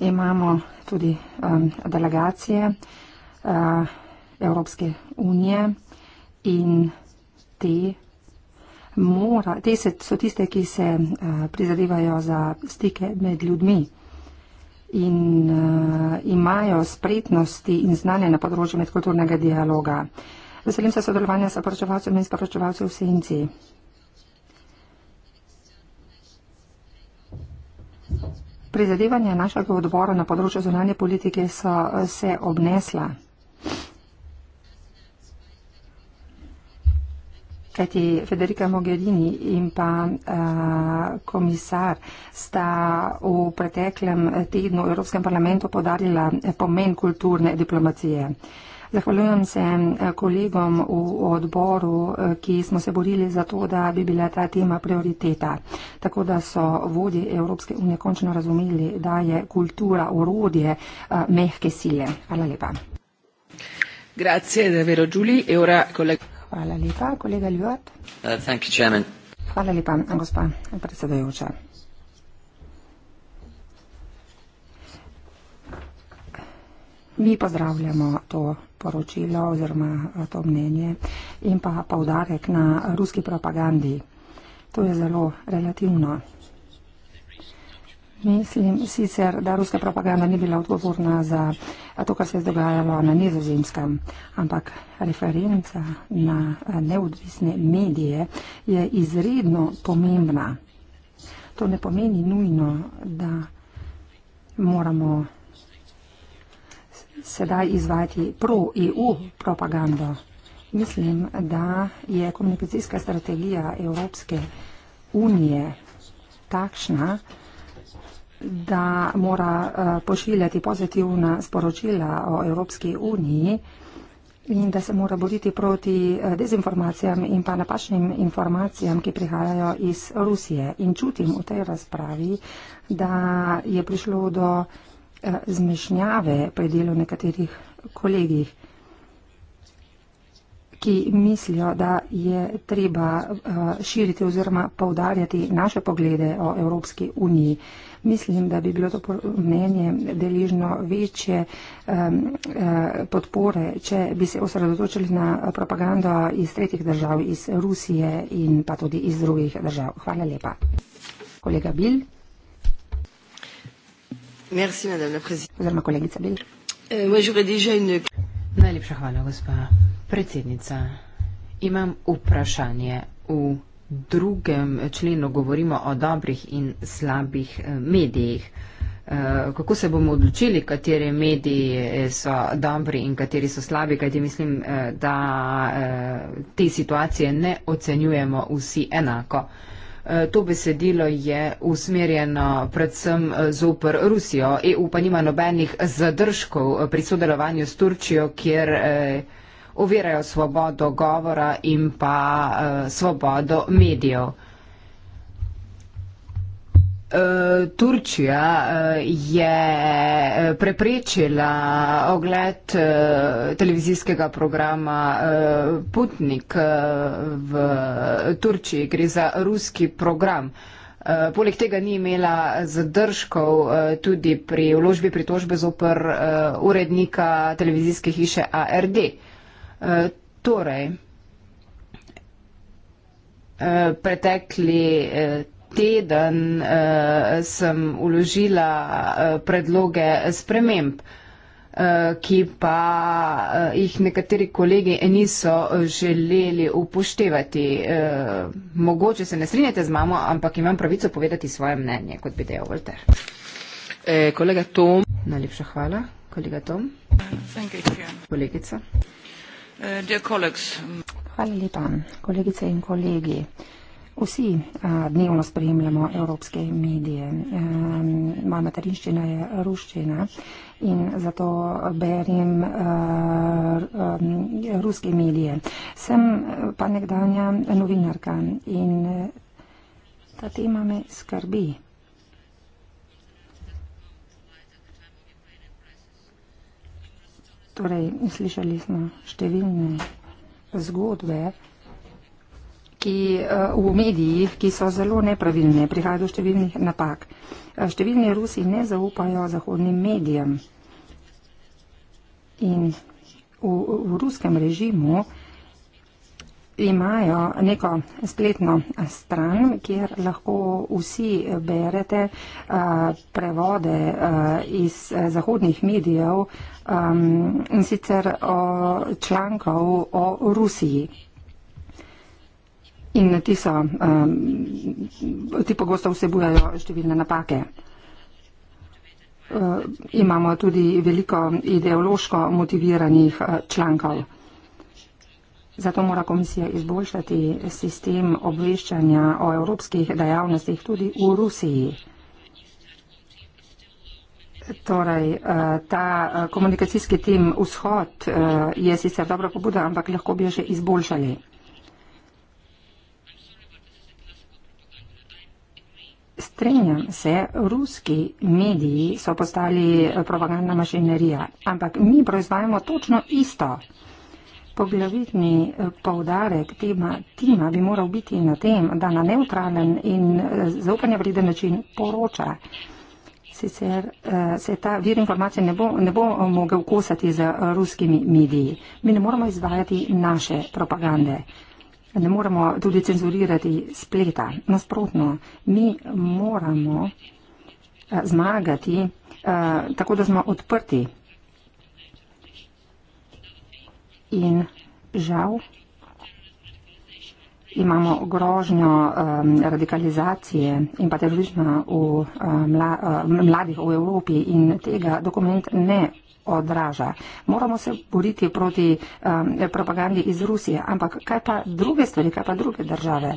Speaker 4: imamo tudi um, delegacije uh, Evropske unije in te. Mora, te se, so tiste, ki se uh, prizadevajo za stike med ljudmi in uh, imajo spretnosti in znanje na področju medkulturnega dialoga. Veselim se sodelovanja s poročevalcem in sporočevalcem v senci. Prizadevanja našega odbora na področju zunanje politike so eh, se obnesla. Kajti Federica Mogherini in pa a, eh, komisar sta v preteklem tednu v Evropskem parlamentu podarila eh, pomen kulturne diplomacije. Zahvaljujem se eh, kolegom v odboru, ki smo se borili za to, da bi bila ta tema prioriteta. Tako da so vodi Evropske unije končno razumeli, da je kultura urodje mehke sile. Hvala lepa.
Speaker 1: Grazie, davvero, Giulie. E ora, collega... Hvala lepa,
Speaker 4: kolega Ljubat.
Speaker 2: Uh,
Speaker 4: Hvala lepa, gospa predsedajoča. Mi pozdravljamo to poročilo oziroma uh, to mnenje in pa povdarek na ruski propagandi. To je zelo relativno Mislim sicer, da ruska propaganda ni bila odgovorna za to, kar se je dogajalo na nizozemskem, ampak referenca na neodvisne medije je izredno pomembna. To ne pomeni nujno, da moramo sedaj izvajati pro-EU propagando. Mislim, da je komunikacijska strategija Evropske unije takšna, da mora eh, pošiljati pozitivna sporočila o Evropski uniji in da se mora boriti proti eh, dezinformacijam in pa napačnim informacijam, ki prihajajo iz Rusije. In čutim v tej razpravi, da je prišlo do eh, zmešnjave pri delu nekaterih kolegih, ki mislijo, da je treba širiti oziroma povdarjati naše poglede o Evropski uniji. Mislim, da bi bilo to mnenje deližno večje um, uh, podpore, če bi se osredotočili na propagando iz tretjih držav, iz Rusije in pa tudi iz drugih držav. Hvala lepa. Kolega Bil. Merci, Oziroma kolegica Bil.
Speaker 1: Euh, Najlepša hvala, gospa predsednica. Imam vprašanje v drugem členu govorimo o dobrih in slabih eh, medijih. Eh, kako se bomo odločili, kateri mediji eh, so dobri in kateri so slabi, kajti mislim, da te situacije ne ocenjujemo vsi enako. To besedilo je usmerjeno predvsem zoper Rusijo. EU pa nima nobenih zadržkov pri sodelovanju s Turčijo, kjer ovirajo svobodo govora in pa uh, svobodo medijev. Eh, Turčija eh, je preprečila ogled televizijskega programa Putnik v Turčiji, gre za ruski program. Poleg tega ni imela zadržkov tudi pri vložbi pritožbe zopr urednika televizijske hiše ARD. Eh, torej, eh, pretekli eh, teden sem uložila predloge sprememb, ki pa jih nekateri kolegi niso želeli upoštevati. Mogoče se ne strinjate z mamo, ampak imam pravico povedati svoje mnenje, kot bi dejal Volter. E, kolega Tom. Najlepša hvala. Kolega Tom. Kolegica. Eh, Hvala lepa,
Speaker 4: kolegice in kolegi. Vsi a, eh, dnevno spremljamo evropske medije. E, moja materinščina je ruščina in zato berem ruske medije. Sem pa nekdanja novinarka in ta tema me skrbi. Torej, slišali smo številne zgodbe, ki eh, v medijih, ki so zelo nepravilne, prihajajo do številnih napak. Eh, številni Rusi ne zaupajo zahodnim medijem. In v, v ruskem režimu imajo neko spletno stran, kjer lahko vsi berete uh, prevode uh, iz zahodnih medijev uh, um, in sicer o člankov o Rusiji. In ti, so, um, ti pogosto vsebujajo številne napake. Uh, imamo tudi veliko ideološko motiviranih uh, člankov. Zato mora komisija izboljšati sistem obveščanja o evropskih dejavnostih tudi v Rusiji. Torej, eh, ta eh, komunikacijski tim vzhod eh, je sicer dobra pobuda, ampak lahko bi jo še izboljšali. Strenjam se, ruski mediji so postali propagandna mašinerija, ampak mi proizvajamo točno isto. Poglavitni poudarek tema tima bi moral biti na tem, da na neutralen in zaupanja vreden način poroča sicer uh, se ta vir informacije ne bo, ne bo eh, mogel kosati z eh, ruskimi mediji. Mi ne moramo izvajati naše propagande. Ne moramo tudi cenzurirati spleta. Nasprotno, mi moramo uh, zmagati uh, tako, da smo odprti. In žal imamo grožnjo um, radikalizacije in pa terorizma v uh, mla, uh, mladih v Evropi in tega dokument ne odraža. Moramo se boriti proti um, propagandi iz Rusije, ampak kaj pa druge stvari, kaj pa druge države?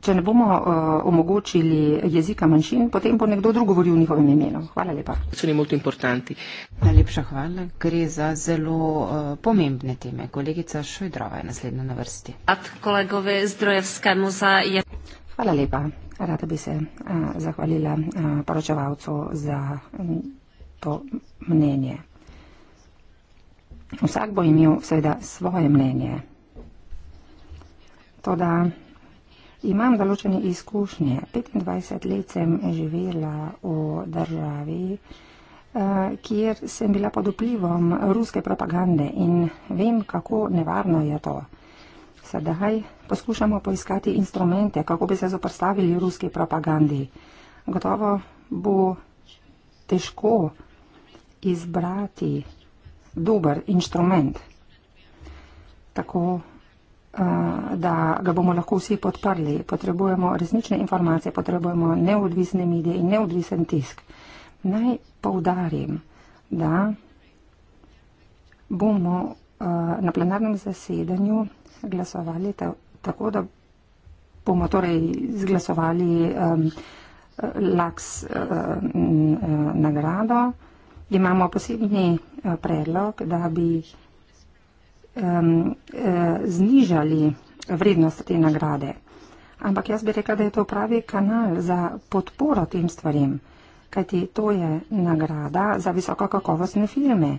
Speaker 4: če ne bomo uh, omogočili jezika manjšin, potem bo nekdo drug govoril v njihovem imenu. Hvala
Speaker 1: lepa. Najlepša hvala. Gre za zelo uh, pomembne teme. Kolegica Šojdrova je naslednja na vrsti.
Speaker 4: Hvala lepa. Rada bi se uh, zahvalila uh, poročevalcu za mm, to mnenje. Vsak bo imel seveda svoje mnenje. Toda Imam določene izkušnje. 25 let sem živela v državi, eh, kjer sem bila pod vplivom ruske propagande in vem, kako nevarno je to. Sedaj poskušamo poiskati instrumente, kako bi se zoprstavili ruski propagandi. Gotovo bo težko izbrati dober inštrument. Tako Eh, da ga bomo lahko vsi podprli. Potrebujemo resnične informacije, potrebujemo neodvisne medije in neodvisen tisk. Naj poudarim, da bomo eh, na plenarnem zasedanju glasovali tako, da bomo torej zglasovali laks nagrado. Imamo posebni eh, predlog, da bi um, uh, znižali vrednost te nagrade. Ampak jaz bi rekla, da je to pravi kanal za podporo tem stvarem, kajti to je nagrada za visoko kakovostne filme.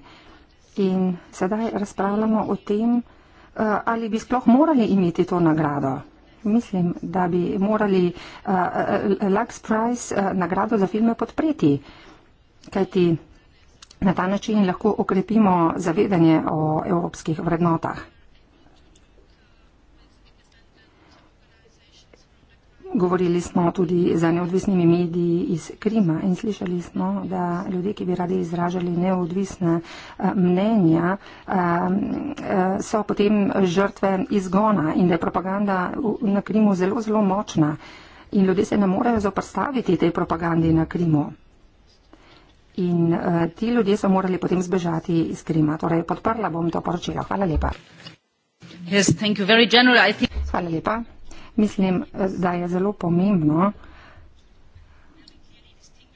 Speaker 4: In sedaj razpravljamo o tem, uh, ali bi sploh morali imeti to nagrado. Mislim, da bi morali uh, uh, Lux Prize uh, nagrado za filme podpreti, kajti Na ta način lahko okrepimo zavedanje o evropskih vrednotah. Govorili smo tudi za neodvisnimi mediji iz Krima in slišali smo, da ljudje, ki bi radi izražali neodvisne eh, mnenja, eh, eh, so potem žrtve izgona in da je propaganda na Krimu zelo, zelo močna in ljudje se ne morejo zoprstaviti tej propagandi na Krimu in uh, ti ljudje so morali potem zbežati iz Krima. Torej, podprla bom to poročilo. Hvala lepa.
Speaker 1: Yes, general, Hvala lepa.
Speaker 4: Mislim, eh, da je zelo pomembno,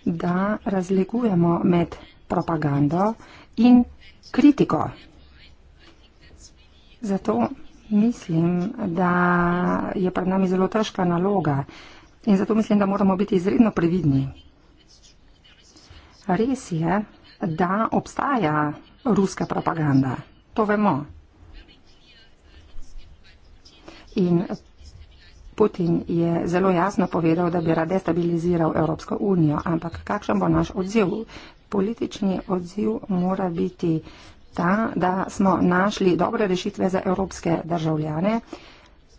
Speaker 4: da razlikujemo med propagando in kritiko. Zato mislim, da je pred nami zelo težka naloga in zato mislim, da moramo biti izredno previdni. Res je, da obstaja ruska propaganda. To vemo. In Putin je zelo jasno povedal, da bi rad destabiliziral Evropsko unijo. Ampak kakšen bo naš odziv? Politični odziv mora biti ta, da smo našli dobre rešitve za evropske državljane,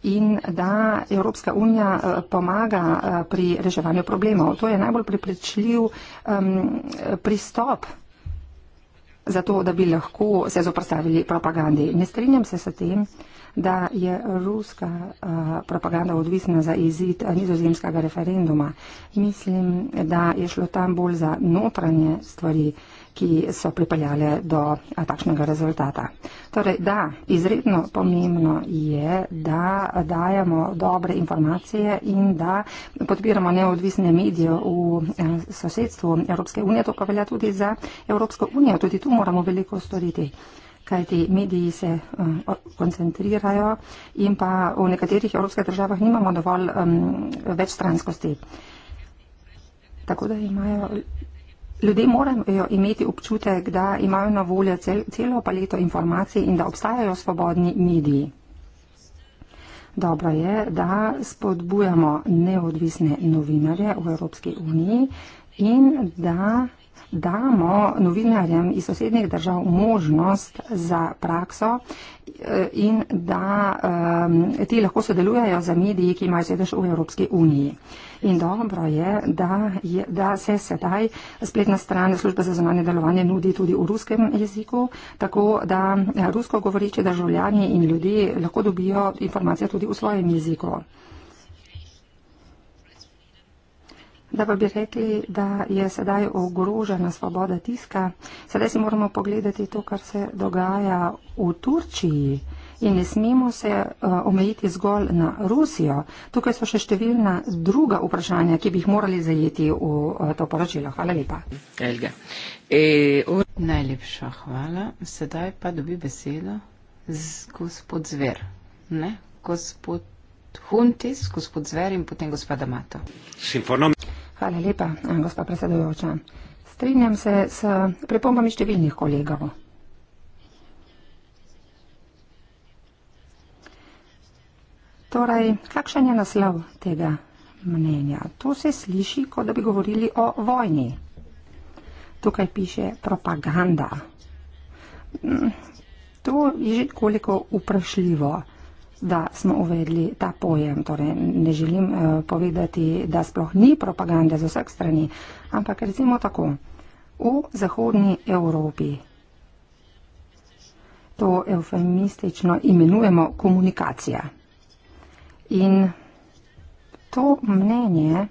Speaker 4: in da Evropska unija eh, pomaga eh, pri reševanju problemov. To je najbolj priprečljiv um, pristop za to, da bi lahko se zoprstavili propagandi. Ne strinjam se s tem, da je ruska uh, propaganda odvisna za izid nizozemskega referenduma. Mislim, da je šlo tam bolj za notranje stvari. Uh, ki so pripeljale do eh, takšnega rezultata. Torej, da, izredno pomembno je, da dajemo dobre informacije in da podpiramo neodvisne medije v eh, sosedstvu Evropske unije, to pa velja tudi za Evropsko unijo, tudi tu moramo veliko storiti kajti mediji se um, koncentrirajo in pa v nekaterih evropskih državah nimamo dovolj um, večstranskosti. Tako da imajo Ljudje morajo imeti občutek, da imajo na voljo cel, celo paleto informacij in da obstajajo svobodni mediji. Dobro je, da spodbujamo neodvisne novinarje v Evropski uniji in da damo novinarjem iz sosednjih držav možnost za prakso eh, in da um, ti lahko sodelujejo za mediji, ki imajo sedež v Evropski uniji. In dobro je da, je, da se sedaj spletna stran službe za zunanje delovanje nudi tudi v ruskem jeziku, tako da eh, rusko govoriči državljani in ljudje lahko dobijo informacije tudi v svojem jeziku. Da pa bi rekli, da je sedaj ogrožena svoboda tiska, sedaj si moramo pogledati to, kar se dogaja v Turčiji. In ne smemo se uh, omejiti zgolj na Rusijo. Tukaj so še številna druga vprašanja, ki bi jih morali zajeti v uh, to poročilo. Hvala lepa.
Speaker 1: E, or... Najlepša hvala. Sedaj pa dobi besedo z gospod Zver. Ne? Gospod Huntis, gospod Zver in potem gospod Amato. Simfonom. Hvala lepa, gospa predsedujoča. Strinjam
Speaker 4: se s pripombami številnih kolegov. Torej, kakšen je naslov tega mnenja? To se sliši, kot da bi govorili o vojni. Tukaj piše propaganda. Mm, to je že koliko vprašljivo da smo uvedli ta pojem. Torej, ne želim uh, povedati, da sploh ni propagande z vseh strani, ampak recimo tako. V zahodni Evropi to eufemistično imenujemo komunikacija. In to mnenje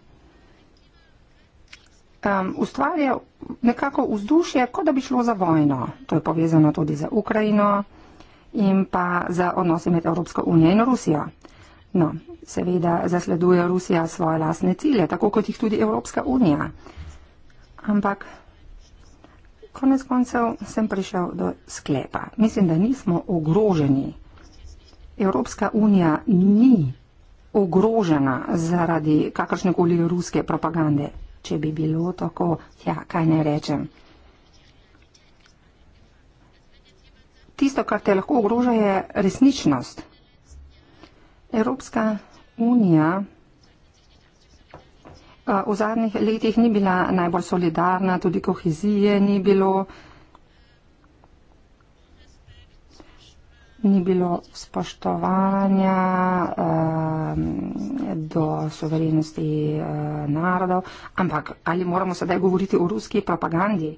Speaker 4: um, ustvarja nekako vzdušje, kot da bi šlo za vojno. To je povezano tudi za Ukrajino in pa za odnose med Evropsko unijo in Rusijo. No, seveda zasleduje Rusija svoje lasne cilje, tako kot jih tudi Evropska unija. Ampak. Konec koncev sem prišel do sklepa. Mislim, da nismo ogroženi. Evropska unija ni ogrožena zaradi kakršnekoli ruske propagande. Če bi bilo tako, ja, kaj ne rečem. tisto, kar te lahko ogroža, je resničnost. Evropska unija v zadnjih letih ni bila najbolj solidarna, tudi kohezije ni bilo, ni bilo spoštovanja do suverenosti narodov, ampak ali moramo sedaj govoriti o ruski propagandi?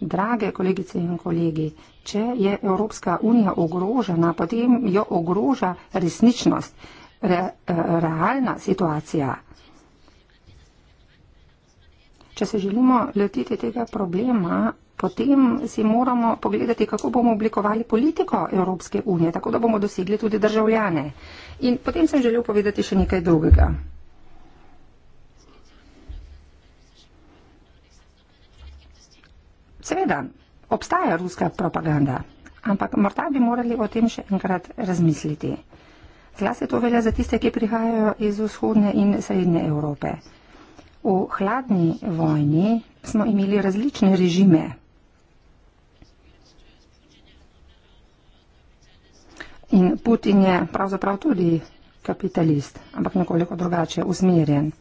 Speaker 4: Drage kolegice in kolegi, če je Evropska unija ogrožena, potem jo ogroža resničnost, re, eh, realna situacija. Če se želimo lotiti tega problema, potem si moramo pogledati, kako bomo oblikovali politiko Evropske unije, tako da bomo dosegli tudi državljane. In potem sem želel povedati še nekaj drugega. Seveda, obstaja ruska propaganda, ampak morda bi morali o tem še enkrat razmisliti. Zlasti to velja za tiste, ki prihajajo iz vzhodne in srednje Evrope. V hladni vojni smo imeli različne režime. In Putin je pravzaprav tudi kapitalist, ampak nekoliko drugače usmerjen.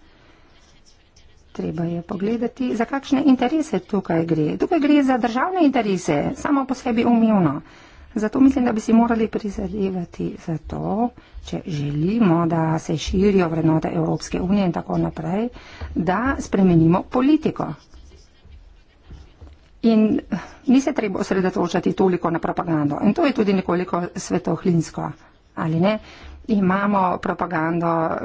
Speaker 4: Treba je pogledati, za kakšne interese tukaj gre. Tukaj gre za državne interese, samo po sebi umivno. Zato mislim, da bi si morali prizadevati za to, če želimo, da se širijo vrednote Evropske unije in tako naprej, da spremenimo politiko. In eh, ni se treba osredotočati toliko na propagando. In to je tudi nekoliko svetohlinsko, ali ne? imamo propagando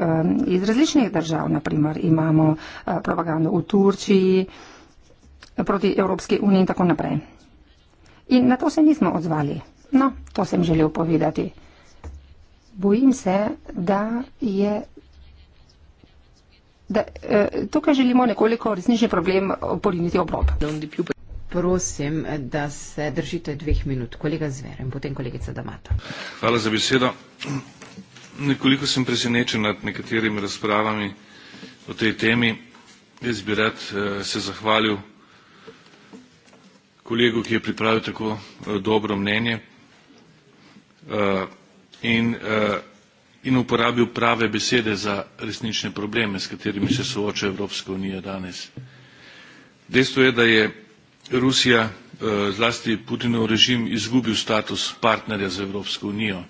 Speaker 4: iz različnih držav, naprimer imamo eh, propagando v Turčiji, proti Evropski uniji in tako naprej. In na to se nismo odzvali. No, to sem želel povedati. Bojim se, da je.
Speaker 1: Da, eh, tukaj želimo nekoliko resnični problem poriniti obrob. Prosim, da se držite dveh minut. Kolega Zverem, potem kolegica Damata.
Speaker 3: Hvala za besedo nekoliko sem presenečen nad nekaterimi razpravami o tej temi. Jaz bi rad, eh, se zahvalil kolegu, ki je pripravil tako, eh, dobro mnenje, eh, in, in uporabil prave besede za resnične probleme, s katerimi se sooča Evropska unija danes. Dejstvo je, da je Rusija, zlasti Putinov režim izgubil status partnerja z Evropsko unijo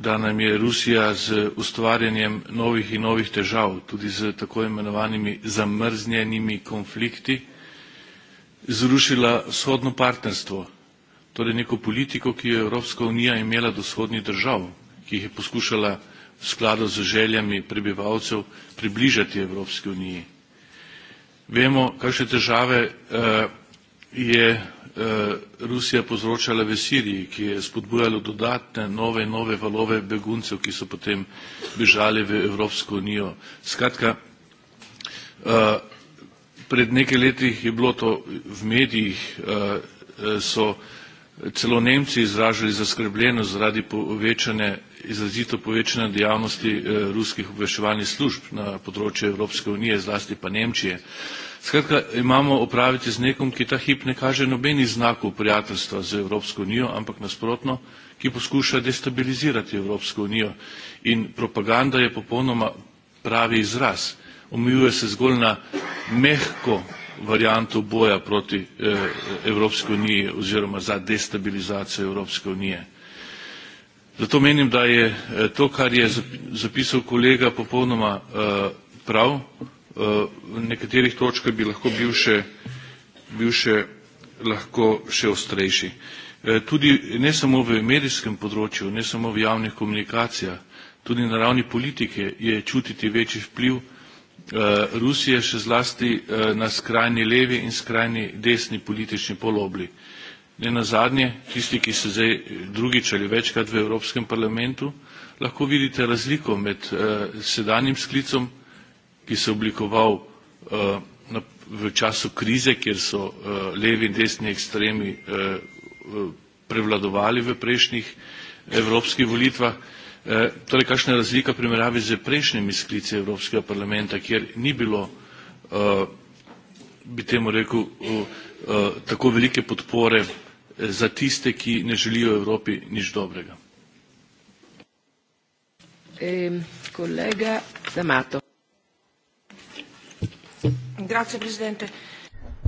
Speaker 3: da nam je Rusija z ustvarjanjem novih in novih težav, tudi z tako imenovanimi zamrznjenimi konflikti, zrušila vzhodno partnerstvo, torej neko politiko, ki jo je Evropska unija imela do vzhodnih držav, ki jih je poskušala v skladu z željami prebivalcev približati Evropski uniji. Vemo, kakšne težave eh, je Eh, Rusija povzročala v Siriji, ki je spodbujalo dodatne nove in nove valove beguncev, ki so potem bežali v Evropsko unijo. Skratka, eh, pred nekaj leti je bilo to v medijih, eh, so celo Nemci izražali zaskrbljeno zaradi povečane, izrazito povečane dejavnosti ruskih obveščevalnih služb na področju Evropske unije, zlasti pa Nemčije. Skratka, imamo opraviti z nekom, ki ta hip ne kaže nobenih znakov prijateljstva z Evropsko unijo, ampak nasprotno, ki poskuša destabilizirati Evropsko unijo. In propaganda je popolnoma pravi izraz. Omejuje se zgolj na mehko varianto boja proti eh, Evropske unije oziroma za destabilizacijo Evropske unije. Zato menim, da je eh, to, kar je zapisal kolega, popolnoma eh, prav, v eh, nekaterih točkah bi lahko bil še, bil še lahko še ostrejši. Eh, tudi ne samo v medijskem področju, ne samo v javnih komunikacijah, tudi na ravni politike je čutiti večji vpliv eh, Rusije še zlasti na skrajni levi in skrajni desni politični polobli. Ne na zadnje, tisti, ki se zdaj drugič ali večkrat v Evropskem parlamentu, lahko vidite razliko med sedanjim sklicom ki se je oblikoval eh, v času krize, kjer so eh, levi in desni ekstremi eh, prevladovali v prejšnjih evropskih volitvah. Torej, kakšna je razlika primerjavi z prejšnjimi sklici Evropskega parlamenta, kjer ni bilo, bi temu rekel, tako velike podpore za tiste, ki ne želijo Evropi nič dobrega.
Speaker 1: Um, kolega Zamato.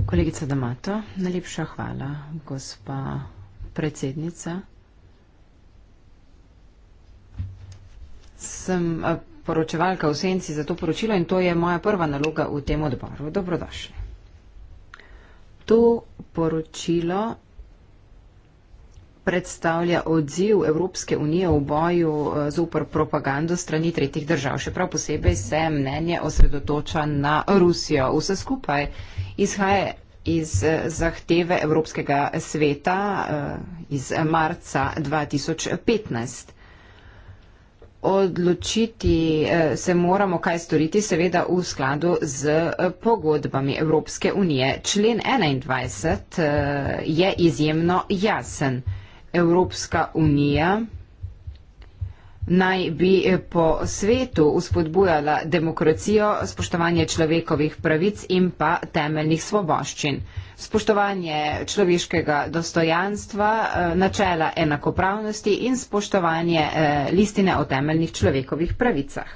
Speaker 1: Kolegica D'Amato, najlepša hvala, gospa predsednica. Sem eh, poročevalka v senci za to poročilo in to je moja prva naloga v tem odboru. Dobrodošli. To poročilo predstavlja odziv Evropske unije v boju eh, zoper propagando strani tretjih držav. Še prav posebej se mnenje osredotoča na Rusijo. Vse skupaj izhaja iz eh, zahteve Evropskega sveta eh, iz marca 2015. Odločiti se moramo, kaj storiti, seveda v skladu z pogodbami Evropske unije. Člen 21 je izjemno jasen. Evropska unija naj bi po svetu uspodbujala demokracijo, spoštovanje človekovih pravic in pa temeljnih svoboščin, spoštovanje človeškega dostojanstva, eh, načela enakopravnosti in spoštovanje eh, listine o temeljnih človekovih pravicah.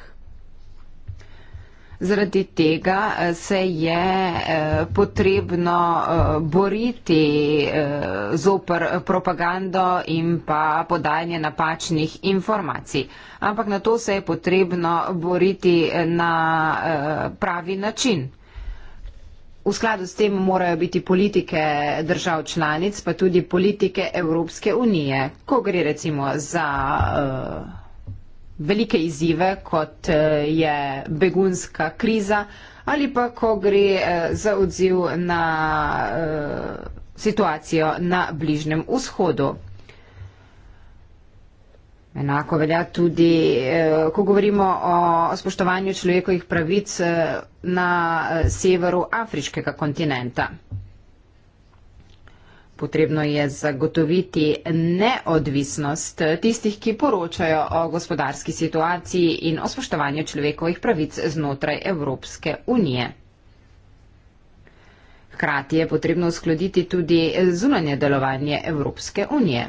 Speaker 1: Zaradi tega eh, se je eh, potrebno eh, boriti zoper propagando in pa podajanje napačnih informacij. Ampak na to se je potrebno boriti na pravi način. V skladu s tem morajo biti politike držav članic, pa tudi politike Evropske unije, ko gre recimo za. Uh, velike izzive, kot eh, je begunska kriza ali pa ko gre eh, za odziv na eh, situacijo na Bližnem vzhodu. Enako velja tudi, ko govorimo o spoštovanju človekovih pravic na severu afriškega kontinenta. Potrebno je zagotoviti neodvisnost tistih, ki poročajo o gospodarski situaciji in o spoštovanju človekovih pravic znotraj Evropske unije. Hkrati je potrebno uskladiti tudi zunanje delovanje Evropske unije.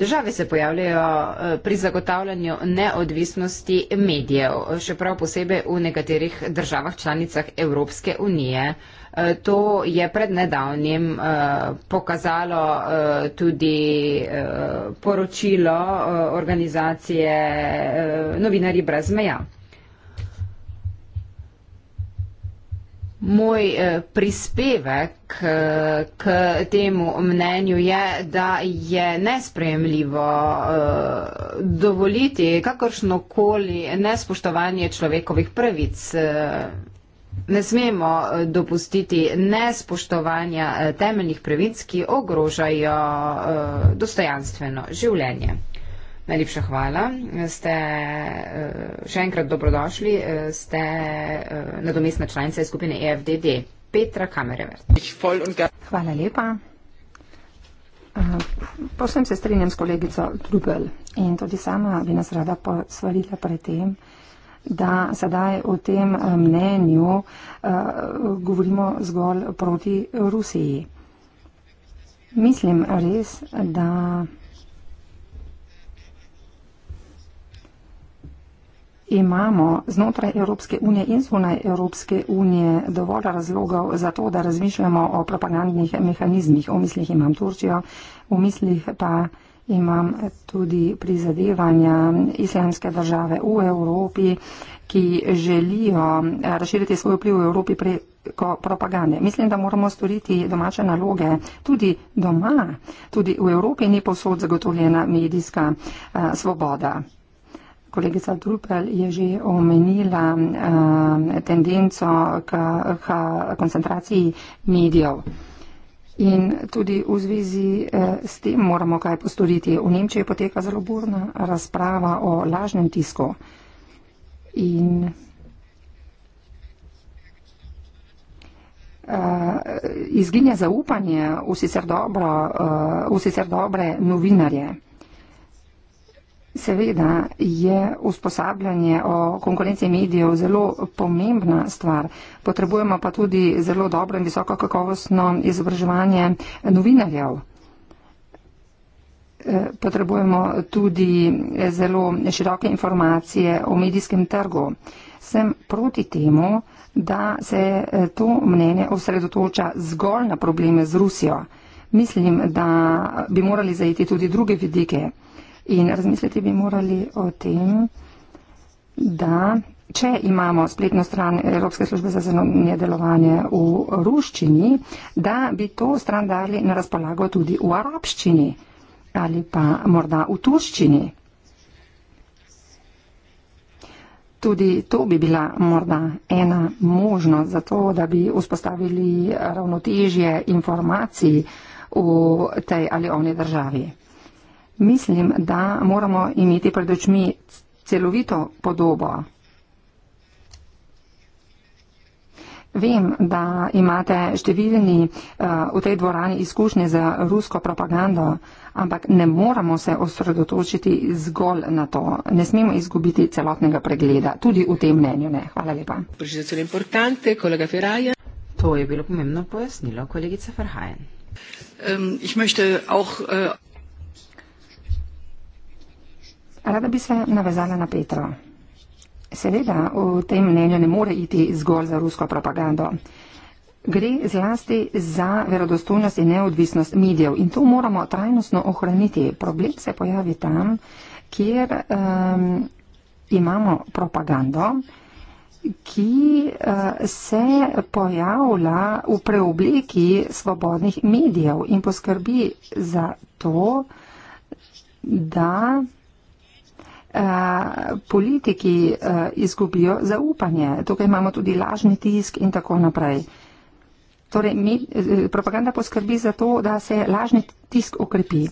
Speaker 1: Države se pojavljajo eh, pri zagotavljanju neodvisnosti medijev, še prav posebej v nekaterih državah članicah Evropske unije. Eh, to je pred nedavnim eh, pokazalo tudi poročilo organizacije Novinari brez meja. Moj eh, prispevek eh, k temu mnenju je, da je nesprejemljivo eh, dovoliti kakršnokoli nespoštovanje človekovih pravic. Ne smemo dopustiti nespoštovanja temeljnih pravic, ki ogrožajo dostojanstveno življenje. Najlepša hvala. Ste eh, še enkrat dobrodošli. Eh, ste eh, nadomestna članica skupine EFDD. Petra Kamerevert. Hvala lepa.
Speaker 4: Posem se strinjam s kolegico Trubel in tudi sama bi nas rada posvarila pred tem, da sedaj o tem mnenju govorimo zgolj proti Rusiji. Mislim res, da imamo znotraj Evropske unije in zunaj Evropske unije dovolj razlogov za to, da razmišljamo o propagandnih mehanizmih. V mislih imam Turčijo, v mislih pa imam tudi prizadevanja islamske države v Evropi, ki želijo eh, razširiti svoj vpliv v Evropi preko propagande. Mislim, da moramo storiti domače naloge tudi doma. Tudi v Evropi ni posod zagotovljena medijska eh, svoboda. Kolegica Trupel je že omenila uh, tendenco k, k koncentraciji medijev. In tudi v zvezi eh, s tem moramo kaj postoriti. V Nemčiji poteka zelo burna razprava o lažnem tisku. In eh, izginja zaupanje v sicer, dobro, v sicer dobre novinarje. Seveda je usposabljanje o konkurenci medijev zelo pomembna stvar. Potrebujemo pa tudi zelo dobro in visoko kakovostno izobraževanje novinarjev. E, potrebujemo tudi zelo široke informacije o medijskem trgu. Sem proti temu, da se e, to mnenje osredotoča zgolj na probleme z Rusijo. Mislim, da bi morali zajeti tudi druge vidike. In razmisliti bi morali o tem, da če imamo spletno stran Evropske službe za zanomnje delovanje v ruščini, da bi to stran dali na razpolago tudi v arabščini ali pa morda v tuščini. Tudi to bi bila morda ena možnost za to, da bi vzpostavili ravnotežje informacij v tej ali oni državi. Mislim, da moramo imeti pred očmi celovito podobo. Vem, da imate številni uh, v tej dvorani izkušnje z rusko propagando, ampak ne moramo se osredotočiti zgolj na to. Ne smemo izgubiti celotnega pregleda, tudi v tem mnenju ne. Hvala lepa.
Speaker 1: To je bilo pomembno pojasnilo, kolegica Ferhajen. Um, Rada bi
Speaker 4: se navezala na Petro. Seveda, v tem mnenju ne more iti zgolj za rusko propagando. Gre zlasti za verodostojnost in neodvisnost medijev in to moramo trajnostno ohraniti. Problem se pojavi tam, kjer um, imamo propagando, ki uh, se pojavlja v preobleki svobodnih medijev in poskrbi za to, da. Eh, politiki eh, izgubijo zaupanje. Tukaj imamo tudi lažni tisk in tako naprej. Torej, mi, eh, propaganda poskrbi za to, da se lažni tisk ukrepi.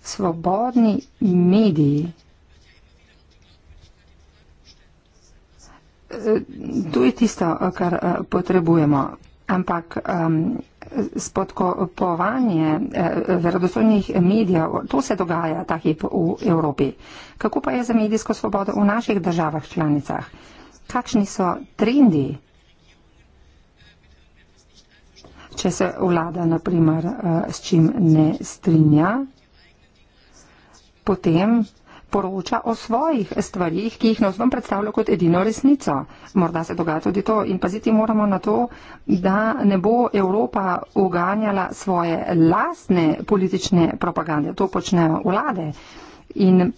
Speaker 4: Svobodni mediji. To je tisto, kar potrebujemo. Ampak um, spodkopovanje eh, verodostojnih medijev, to se dogaja ta hip v Evropi. Kako pa je za medijsko svobodo v naših državah članicah? Kakšni so trendi, če se vlada, naprimer, eh, s čim ne strinja? Potem poroča o svojih stvarih, ki jih navzven predstavlja kot edino resnico. Morda se dogaja tudi to in paziti moramo na to, da ne bo Evropa uganjala svoje lastne politične propagande. To počnejo vlade. In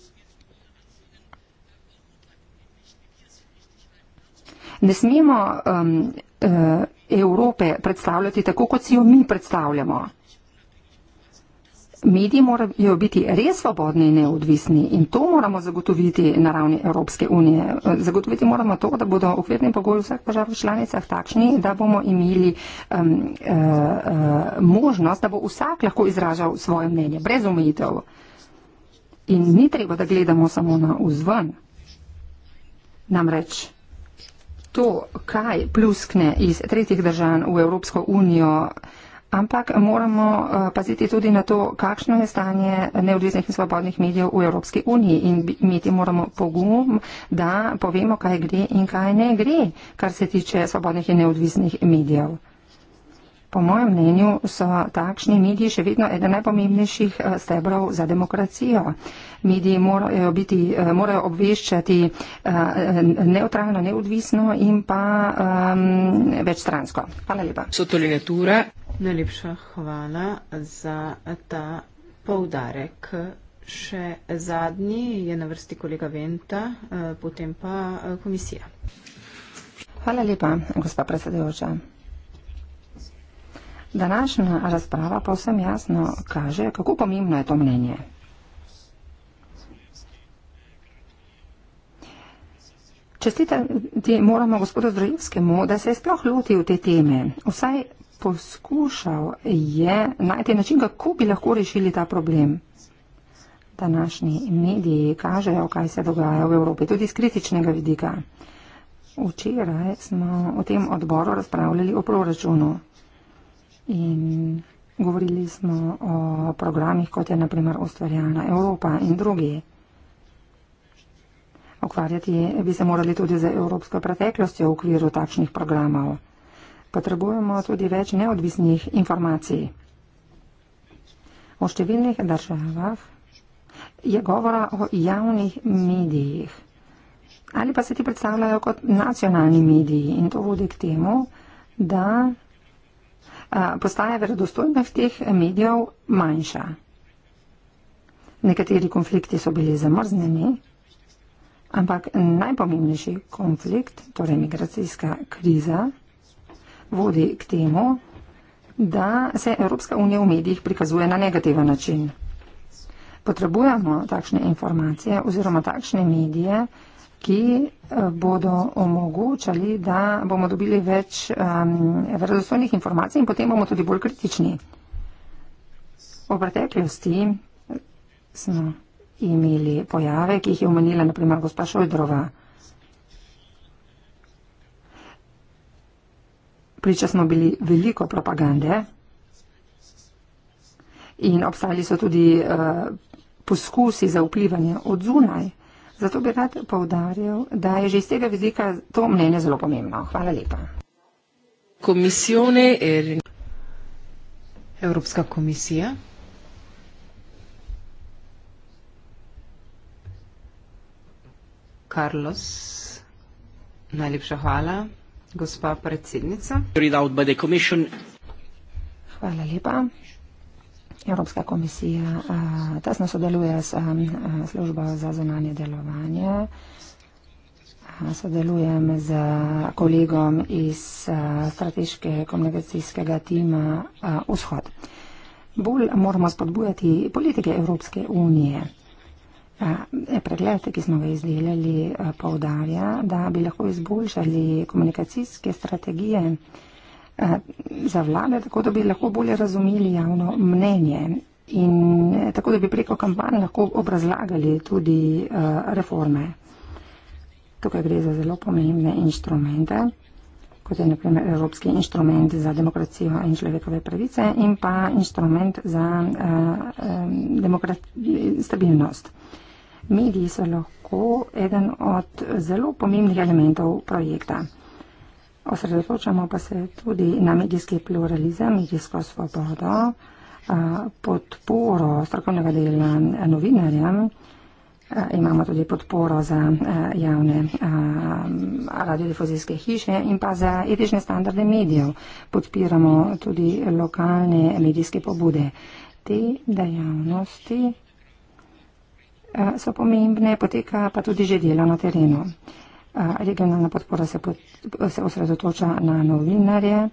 Speaker 4: ne smemo um, uh, Evrope predstavljati tako, kot si jo mi predstavljamo. Mediji morajo biti res svobodni in neodvisni in to moramo zagotoviti na ravni Evropske unije. Zagotoviti moramo to, da bodo okvirni pogoji vseh držav članicah takšni, da bomo imeli um, uh, uh, možnost, da bo vsak lahko izražal svoje mnenje, brez omejitev. In ni treba, da gledamo samo na vzven. Namreč to, kaj pluskne iz tretjih držav v Evropsko unijo, uh, ampak moramo eh, paziti tudi na to, kakšno je stanje neodvisnih in svobodnih medijev v Evropski uniji in imeti moramo pogum, da povemo, kaj gre in kaj ne gre, kar se tiče svobodnih in neodvisnih medijev. Po mojem mnenju so takšni mediji še vedno eden najpomembnejših eh, stebrov za demokracijo. Mediji morajo, biti, eh, morajo obveščati eh, neutralno, neodvisno in pa um, večstransko. Hvala lepa.
Speaker 1: Najlepša hvala za ta poudarek. Še zadnji je na vrsti kolega Venta, potem pa komisija.
Speaker 4: Hvala lepa, gospa predsedujoča. Današnja razprava povsem jasno kaže, kako pomembno je to mnenje. Čestitati moramo gospodu Zdrojevskemu, da se je sploh lotil te teme. Vsaj poskušal je najti način, kako bi lahko rešili ta problem. Današnji mediji kažejo, kaj se dogaja v Evropi, tudi iz kritičnega vidika. Včeraj smo v tem odboru razpravljali o proračunu in govorili smo o programih, kot je naprimer ustvarjalna Evropa in drugi. Okvarjati bi se morali tudi za evropsko preteklostjo v okviru takšnih programov. Potrebujemo tudi več neodvisnih informacij. V številnih državah je govora o javnih medijih. Ali pa se ti predstavljajo kot nacionalni mediji in to vodi k temu, da postaja verodostojnost teh medijev manjša. Nekateri konflikti so bili zamrzneni, ampak najpomembnejši konflikt, torej migracijska kriza, vodi k temu, da se Evropska unija v medijih prikazuje na negativen način. Potrebujemo takšne informacije oziroma takšne medije, ki eh, bodo omogočali, da bomo dobili več um, verodostojnih informacij in potem bomo tudi bolj kritični. V preteklosti eh, smo imeli pojave, ki jih je omenila naprimer gospa Šojdrova. Priča smo bili veliko propagande in obstajali so tudi uh, poskusi za vplivanje od zunaj. Zato bi rad povdarjal, da je že iz tega vidika to mnenje zelo pomembno. Hvala lepa.
Speaker 1: Er... Evropska komisija. Carlos, najlepša hvala, gospa predsednica. Hvala lepa.
Speaker 4: Evropska komisija, eh, tesno sodeluje s eh, službo za zunanje delovanje, eh, sodelujem z kolegom iz strateške komunikacijskega tima Vzhod. Bolj moramo spodbujati politike Evropske unije. Pregled, ki smo ga izdelali, poudarja, da bi lahko izboljšali komunikacijske strategije. Eh, za vlade, tako da bi lahko bolje razumeli javno mnenje in eh, tako da bi preko kampanj lahko obrazlagali tudi eh, reforme. Tukaj gre za zelo pomembne inštrumente, kot je naprimer Evropski inštrument za demokracijo in človekove pravice in pa inštrument za stabilnost. Mediji so lahko eden od zelo pomembnih elementov projekta. Osredotočamo pa se tudi na medijski pluralizem, medijsko svobodo, podporo strokovnega dela novinarjem. Imamo tudi podporo za javne radiodifuzijske hiše in pa za etične standarde medijev. Podpiramo tudi lokalne medijske pobude. Te dejavnosti so pomembne, poteka pa tudi že delo na terenu regionalna podpora se, pot, se osredotoča na novinarje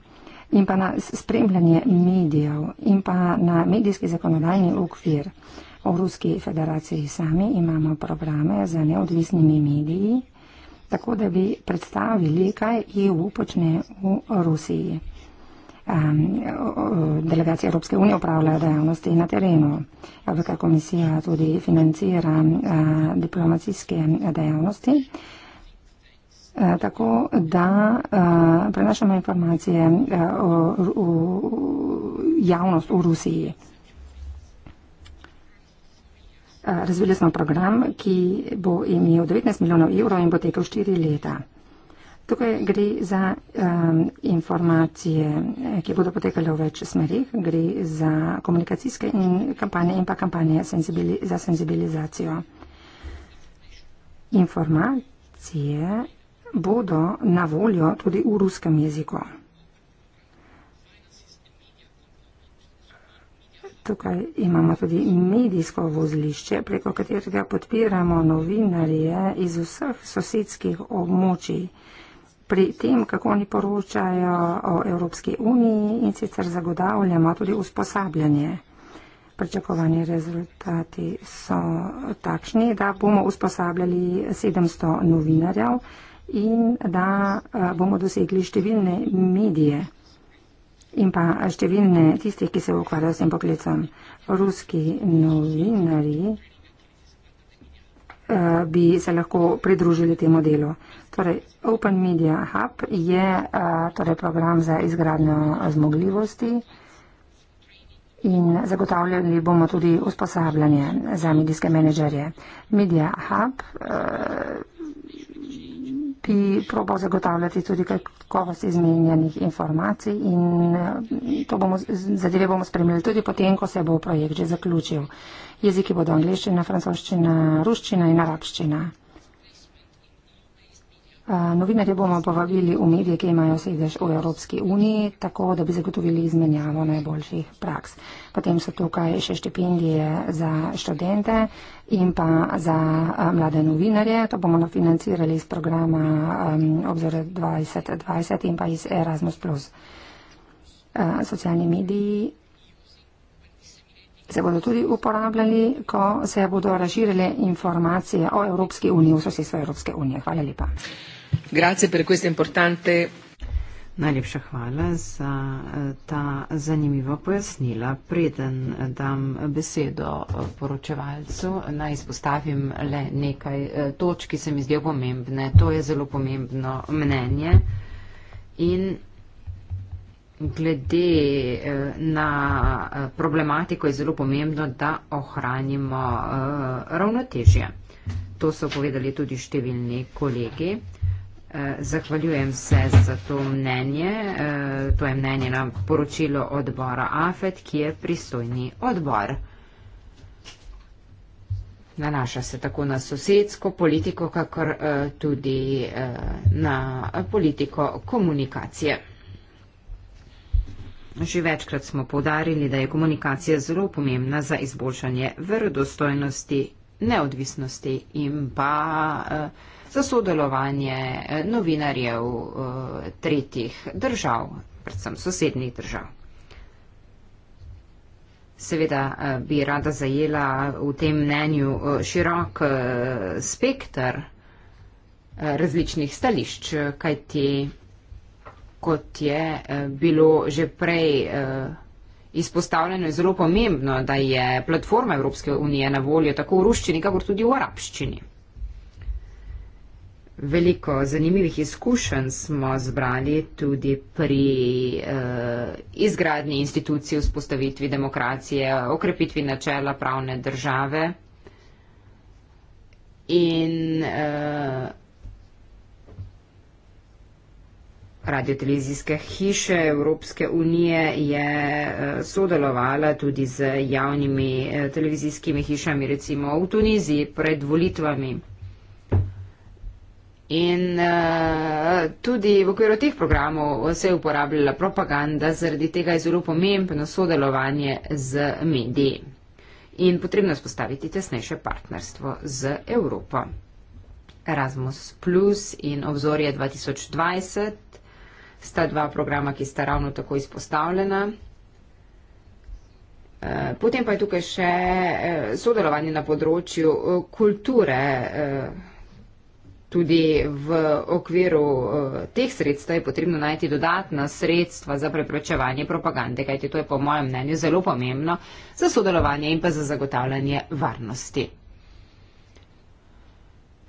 Speaker 4: in pa na spremljanje medijev in pa na medijski zakonodajni okvir. O Ruski federaciji sami imamo programe za neodvisnimi mediji, tako da bi predstavili, kaj EU počne v Rusiji. Um, delegacije Evropske unije upravljajo dejavnosti na terenu. Evropska komisija tudi financira uh, diplomacijske dejavnosti. Uh, Eh, tako da eh, prenašamo informacije v, eh, v, v javnost v Rusiji. Razvili smo program, ki bo imel 19 milijonov evrov in bo tekel 4 leta. Tukaj gre za um, informacije, ki bodo potekale v več smerih. Gre za komunikacijske in kampanje in pa kampanje senzibili, za senzibilizacijo. Informacije bodo na voljo tudi v ruskem jeziku. Tukaj imamo tudi medijsko vozlišče, preko katerega podpiramo novinarje iz vseh sosedskih območij pri tem, kako oni poročajo o Evropski uniji in sicer zagodavljamo tudi usposabljanje. Pričakovani rezultati so takšni, da bomo usposabljali 700 novinarjev in da eh, bomo dosegli številne medije in pa številne tistih, ki se ukvarjajo s tem poklicom. Ruski novinari eh, bi se lahko pridružili temu delu. Torej, Open Media Hub je eh, torej, program za izgradnjo zmogljivosti in zagotavljali bomo tudi usposabljanje za medijske menedžerje. Media Hub bi probal zagotavljati tudi kakovost izmenjenih informacij in eh, to bomo, zadeve bomo spremljali tudi potem, ko se bo projekt že zaključil. Jeziki bodo angliščina, francoščina, ruščina in arabščina. Eh, novinarje bomo povabili v medije, ki imajo sedež v Evropski uniji, tako da bi zagotovili izmenjavo najboljših praks. Potem so tukaj še štipendije za študente in pa za eh, mlade novinarje. To bomo financirali iz programa um, Obzore 2020 in pa iz Erasmus. Eh, socialni mediji se bodo tudi uporabljali, ko se bodo razširile informacije o Evropski uniji v
Speaker 1: sosedstvu Evropske unije. Hvala lepa. Grazie per questo importante. Najlepša hvala za eh, ta zanimiva pojasnila. Preden eh, dam eh, besedo poročevalcu, naj izpostavim le nekaj točk, ki se mi zdijo pomembne. To je zelo pomembno mnenje. In glede eh, na eh, problematiko je zelo pomembno, da ohranimo eh, ravnotežje. To so povedali tudi številni kolegi. Zahvaljujem se za to mnenje. To je mnenje na poročilo odbora AFET, ki je pristojni odbor. Nanaša se tako na sosedsko politiko, kakor tudi na politiko komunikacije. Že večkrat smo povdarili, da je komunikacija zelo pomembna za izboljšanje verodostojnosti, neodvisnosti in pa eh, za sodelovanje eh, novinarjev eh, tretjih držav, predvsem sosednjih držav. Seveda bi rada zajela v tem mnenju širok spektr različnih stališč, kajti kot je eh, bilo že prej eh, izpostavljeno, je zelo pomembno, da je platforma Evropske unije na voljo tako v ruščini, kakor tudi v arabščini. Veliko zanimivih izkušenj smo zbrali tudi pri eh, izgradnji institucij, vzpostavitvi demokracije, okrepitvi načela pravne države in eh, Radiotelevizijske hiše Evropske unije je eh, sodelovala tudi z javnimi eh, televizijskimi hišami, recimo v Tuniziji, pred volitvami. In uh, tudi v okviru teh programov se je uporabljala propaganda, zaradi tega je zelo pomembno sodelovanje z mediji. In potrebno je spostaviti tesnejše partnerstvo z Evropo. Erasmus Plus in obzorje 2020 sta dva programa, ki sta ravno tako izpostavljena. Eh, potem pa je tukaj še eh, sodelovanje na področju eh, kulture. Tudi v okviru teh sredstev je potrebno najti dodatna sredstva za preprečevanje propagande, kajti to je po mojem mnenju zelo pomembno za sodelovanje in pa za zagotavljanje varnosti.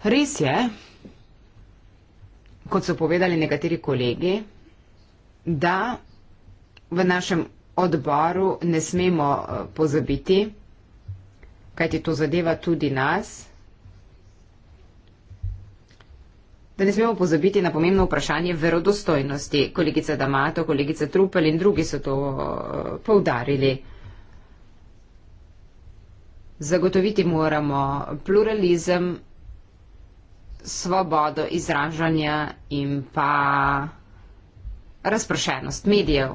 Speaker 1: Res je, kot so povedali nekateri kolegi, da v našem odboru ne smemo eh, pozabiti, kajti to zadeva tudi nas, da ne smemo pozabiti na pomembno vprašanje verodostojnosti. Kolegica Damato, kolegica Trupel in drugi so to eh, poudarili. Zagotoviti moramo pluralizem, svobodo izražanja in pa razprošenost medijev.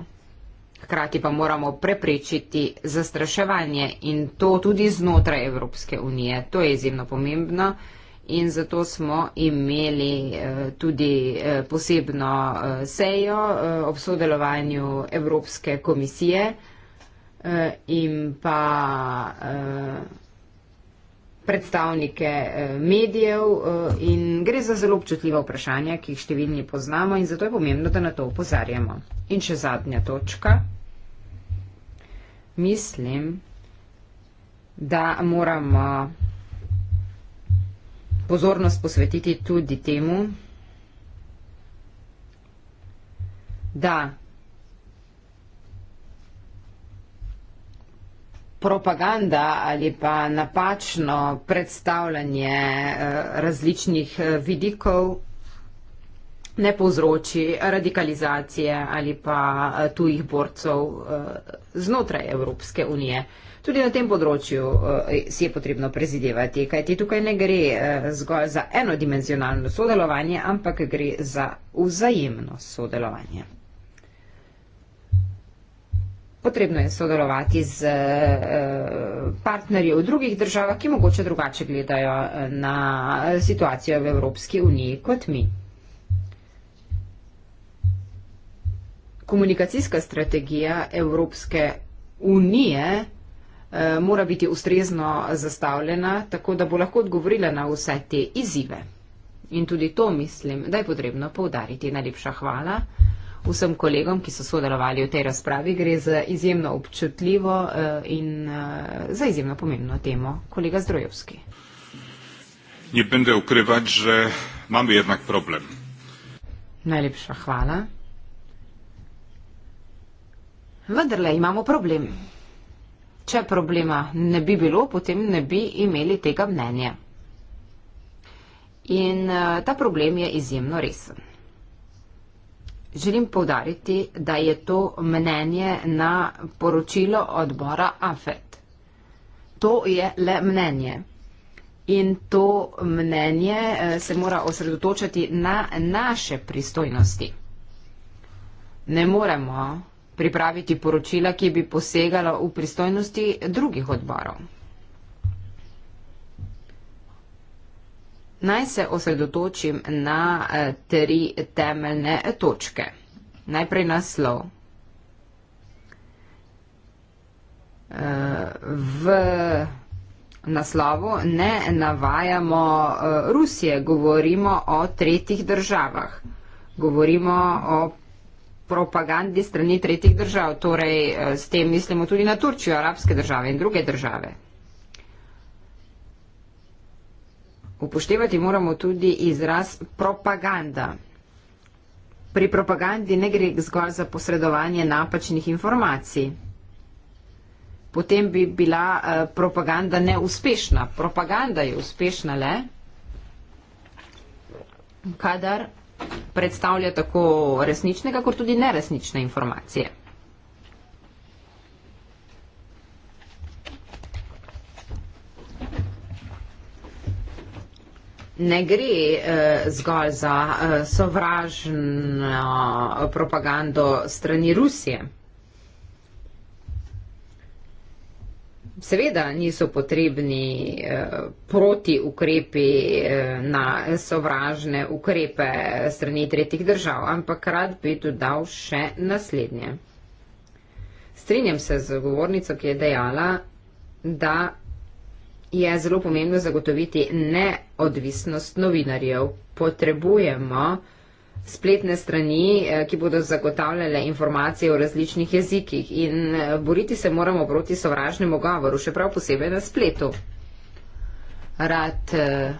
Speaker 1: Hkrati pa moramo preprečiti zastraševanje in to tudi znotraj Evropske unije. To je izjemno pomembno in zato smo imeli eh, tudi eh, posebno eh, sejo ob sodelovanju Evropske komisije in pa predstavnike eh, medijev eh, in gre za zelo občutljiva vprašanja, ki jih številni poznamo in zato je pomembno, da na to upozarjamo. In še zadnja točka. Mislim, da moramo pozornost posvetiti tudi temu, da propaganda ali pa napačno predstavljanje eh, različnih eh, vidikov ne povzroči radikalizacije ali pa eh, tujih borcev znotraj Evropske unije. Tudi na tem področju si je potrebno prezidevati, kajti tukaj ne gre zgolj za enodimenzionalno sodelovanje, ampak gre za vzajemno sodelovanje potrebno je sodelovati z eh, partnerji v drugih državah, ki mogoče drugače gledajo eh, na eh, situacijo v Evropski uniji kot mi. Komunikacijska strategija Evropske unije mora biti ustrezno zastavljena, tako da bo lahko odgovorila na vse te izzive. In tudi to mislim, da je potrebno povdariti. Najlepša hvala vsem kolegom, ki so sodelovali v tej razpravi. Gre za izjemno občutljivo eh, in eh, za izjemno pomembno temo. Kolega Zdrojevski.
Speaker 3: Ne bom ukrival,
Speaker 2: da imam enak problem.
Speaker 1: Najlepša hvala. Vendarle imamo problem. Če problema ne bi bilo, potem ne bi imeli tega mnenja. In eh, ta problem je izjemno resen. Želim povdariti, da je to mnenje na poročilo odbora AFET. To je le mnenje. In to mnenje eh, se mora osredotočati na naše pristojnosti. Ne moremo pripraviti poročila, ki bi posegala v pristojnosti drugih odborov. Naj se osredotočim na eh, tri temeljne točke. Najprej naslov. Eh, v naslovu ne navajamo eh, Rusije, govorimo o tretjih državah. Govorimo o propagandi strani tretjih držav, torej s tem mislimo tudi na Turčijo, arabske države in druge države. Upoštevati moramo tudi izraz propaganda. Pri propagandi ne gre zgolj za posredovanje napačnih informacij. Potem bi bila eh, propaganda neuspešna. Propaganda je uspešna le, kadar predstavlja tako resnične, kakor tudi neresnične informacije. ne gre eh, zgolj za eh, sovražno eh, propagando strani Rusije. Seveda niso potrebni eh, proti ukrepi eh, na sovražne ukrepe strani tretjih držav, ampak rad bi dodal še naslednje. Strinjam se z govornico, ki je dejala, da je zelo pomembno zagotoviti neodvisnost novinarjev. Potrebujemo spletne strani, eh, ki bodo zagotavljale informacije v različnih jezikih in eh, boriti se moramo proti sovražnemu govoru, še prav posebej na spletu. Rad eh,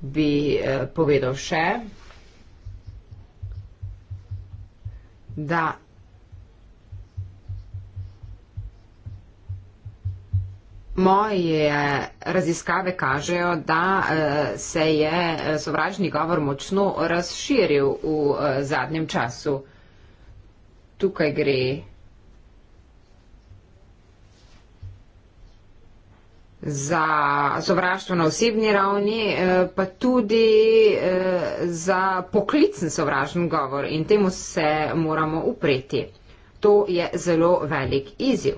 Speaker 1: bi povedal še, da Moje eh, raziskave kažejo, da eh, se je eh, sovražni govor močno razširil v zadnjem času. Tukaj gre. Za sovraštvo na osebni ravni, pa tudi za poklicen sovražen govor in temu se moramo upreti. To je zelo velik izjiv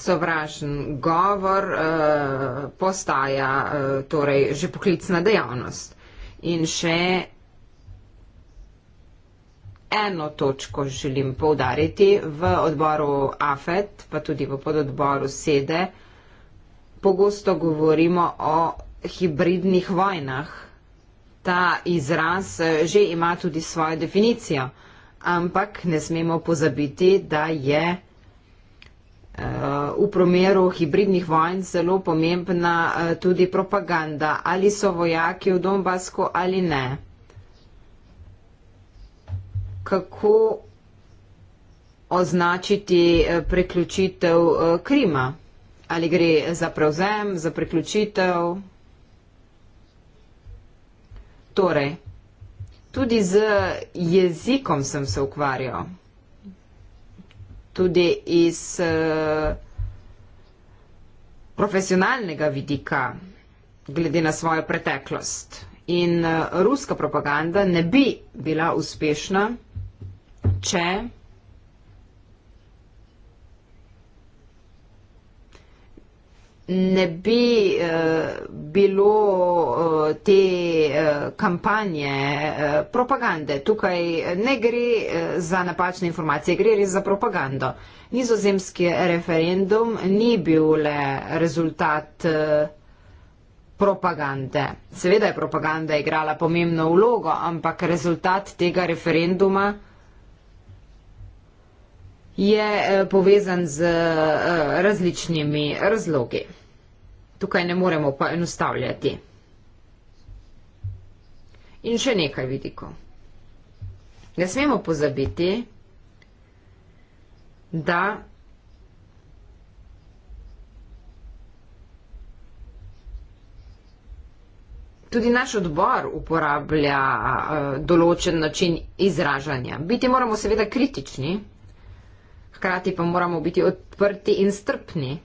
Speaker 1: sovražen govor eh, postaja eh, torej že poklicna dejavnost. In še eno točko želim poudariti v odboru AFET, pa tudi v pododboru SEDE, pogosto govorimo o hibridnih vojnah. Ta izraz eh, že ima tudi svojo definicijo, ampak ne smemo pozabiti, da je v primeru hibridnih vojn zelo pomembna eh, tudi propaganda, ali so vojaki v Donbasku ali ne. Kako označiti eh, preključitev eh, Krima? Ali gre za prevzem, za preključitev? Torej, tudi z jezikom sem se ukvarjal tudi iz eh, profesionalnega vidika, glede na svojo preteklost. In eh, ruska propaganda ne bi bila uspešna, če bi bila uspešna, ne bi uh, bilo uh, te uh, kampanje, uh, propagande. Tukaj ne gre uh, za napačne informacije, gre res za propagando. Nizozemski referendum ni bil le rezultat uh, propagande. Seveda je propaganda igrala pomembno vlogo, ampak rezultat tega referenduma je povezan z različnimi razlogi. Tukaj ne moremo pa enostavljati. In še nekaj vidiko. Ne smemo pozabiti, da tudi naš odbor uporablja eh, določen način izražanja. Biti moramo seveda kritični, hkrati pa moramo biti odprti in strpni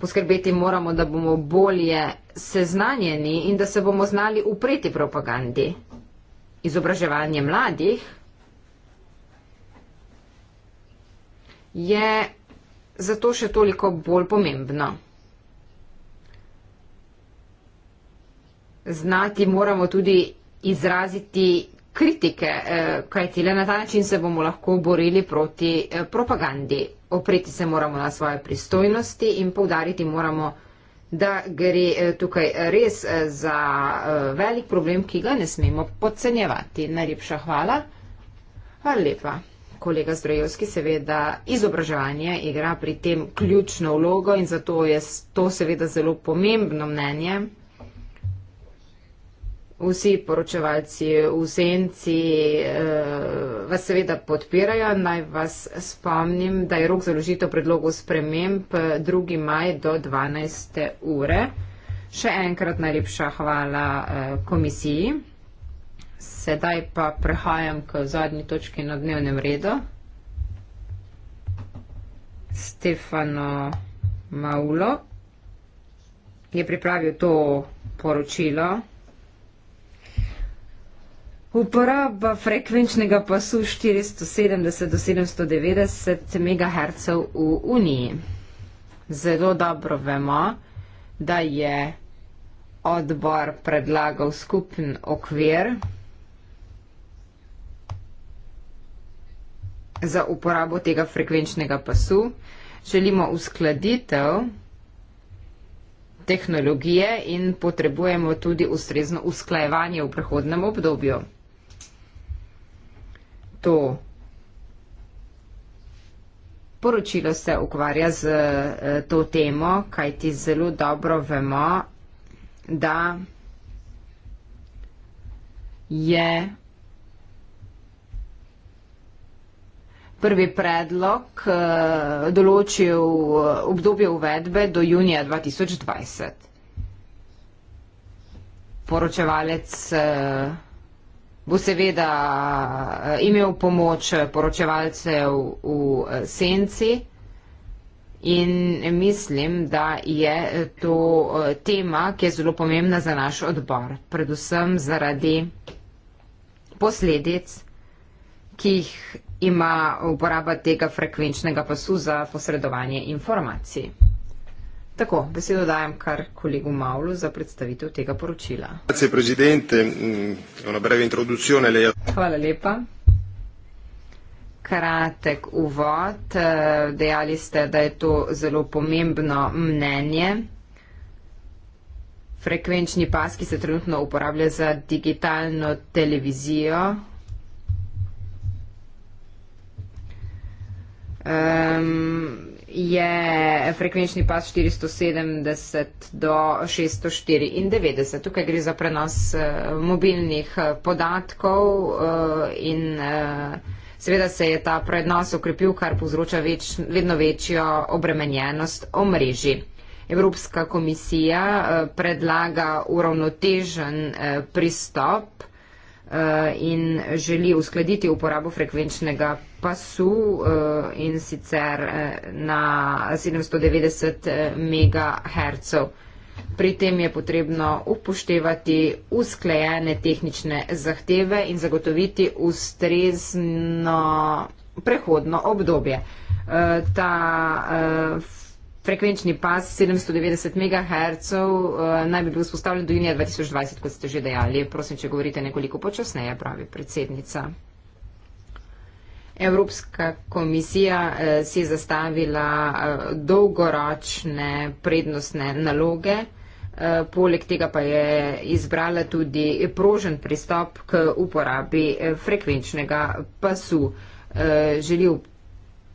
Speaker 1: poskrbeti moramo, da bomo bolje seznanjeni in da se bomo znali upreti propagandi. Izobraževanje mladih je zato še toliko bolj pomembno. Znati moramo tudi izraziti kritike, eh, kajti le na ta način se bomo lahko borili proti eh, propagandi. Opreti se moramo na svoje pristojnosti in povdariti moramo, da gre eh, tukaj res za velik problem, ki ga ne smemo podcenjevati. Najlepša hvala. Hvala lepa. Kolega Zdrojevski, seveda izobraževanje igra pri tem ključno vlogo in zato je to seveda zelo pomembno mnenje vsi poročevalci v senci eh, vas seveda podpirajo. Naj vas spomnim, da je rok za ložitev predlogov sprememb 2. Eh, maj do 12. ure. Še enkrat najlepša hvala eh, komisiji. Sedaj pa prehajam k zadnji točki na dnevnem redu. Stefano Maulo je pripravil to poročilo. Uporaba frekvenčnega pasu 470 do 790 MHz v Uniji. Zelo dobro vemo, da je odbor predlagal skupen okvir za uporabo tega frekvenčnega pasu. Želimo uskladitev tehnologije in potrebujemo tudi ustrezno usklajevanje v prehodnem obdobju to. Poročilo se ukvarja z eh, to temo, kaj ti zelo dobro vemo, da je prvi predlog eh, določil eh, obdobje uvedbe do junija 2020. Poročevalec bo seveda eh, imel pomoč eh, poročevalcev v eh, senci. In mislim, da je to tema, ki je zelo pomembna za naš odbor, predvsem zaradi posledic, ki jih ima uporaba tega frekvenčnega pasu za posredovanje informacij. Tako, besedo dajem kar kolegu Mavlu za predstavitev tega poročila.
Speaker 2: Mm,
Speaker 1: Hvala lepa. Kratek uvod. Eh, dejali ste, da je to zelo pomembno mnenje. Frekvenčni pas, ki se trenutno uporablja za digitalno televizijo. Um, je frekvenčni pas 470 do 694. Tukaj gre za prenos eh, mobilnih eh, podatkov eh, in seveda se je ta prenos okrepil, kar povzroča več, vedno večjo obremenjenost omrežji. Evropska komisija predlaga uravnotežen pristop, Eh, in želi uskladiti uporabo frekvenčnega pasu eh, in sicer eh, na 790 MHz. Pri tem je potrebno upoštevati usklejene tehnične zahteve in zagotoviti ustrezno prehodno obdobje. Ta Frekvenčni pas 790 MHz eh, naj bi bil vzpostavljen do junija 2020, kot ste že dejali. Prosim, če govorite nekoliko počasneje, pravi predsednica. Evropska komisija eh, si je zastavila eh, dolgoročne prednostne naloge, poleg tega pa je izbrala tudi prožen pristop k uporabi frekvenčnega pasu. Želijo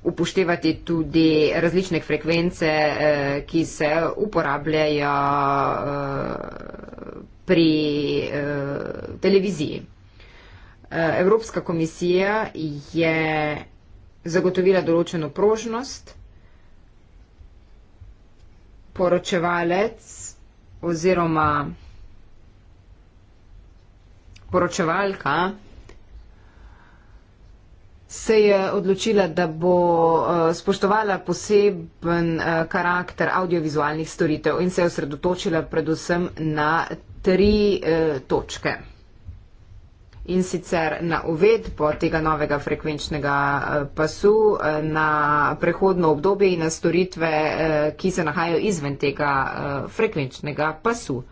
Speaker 1: upoštevati tudi različne frekvence, eh, ki se uporabljajo eh, pri eh, televiziji. Eh, Evropska komisija je zagotovila določeno prožnost, poročevalec oziroma poročevalka se je odločila, da bo eh, spoštovala poseben eh, karakter audiovizualnih storitev in se je osredotočila predvsem na tri eh, točke. In sicer na uvedbo tega novega frekvenčnega pasu, na prehodno obdobje in na storitve, ki se nahajajo izven tega frekvenčnega pasu.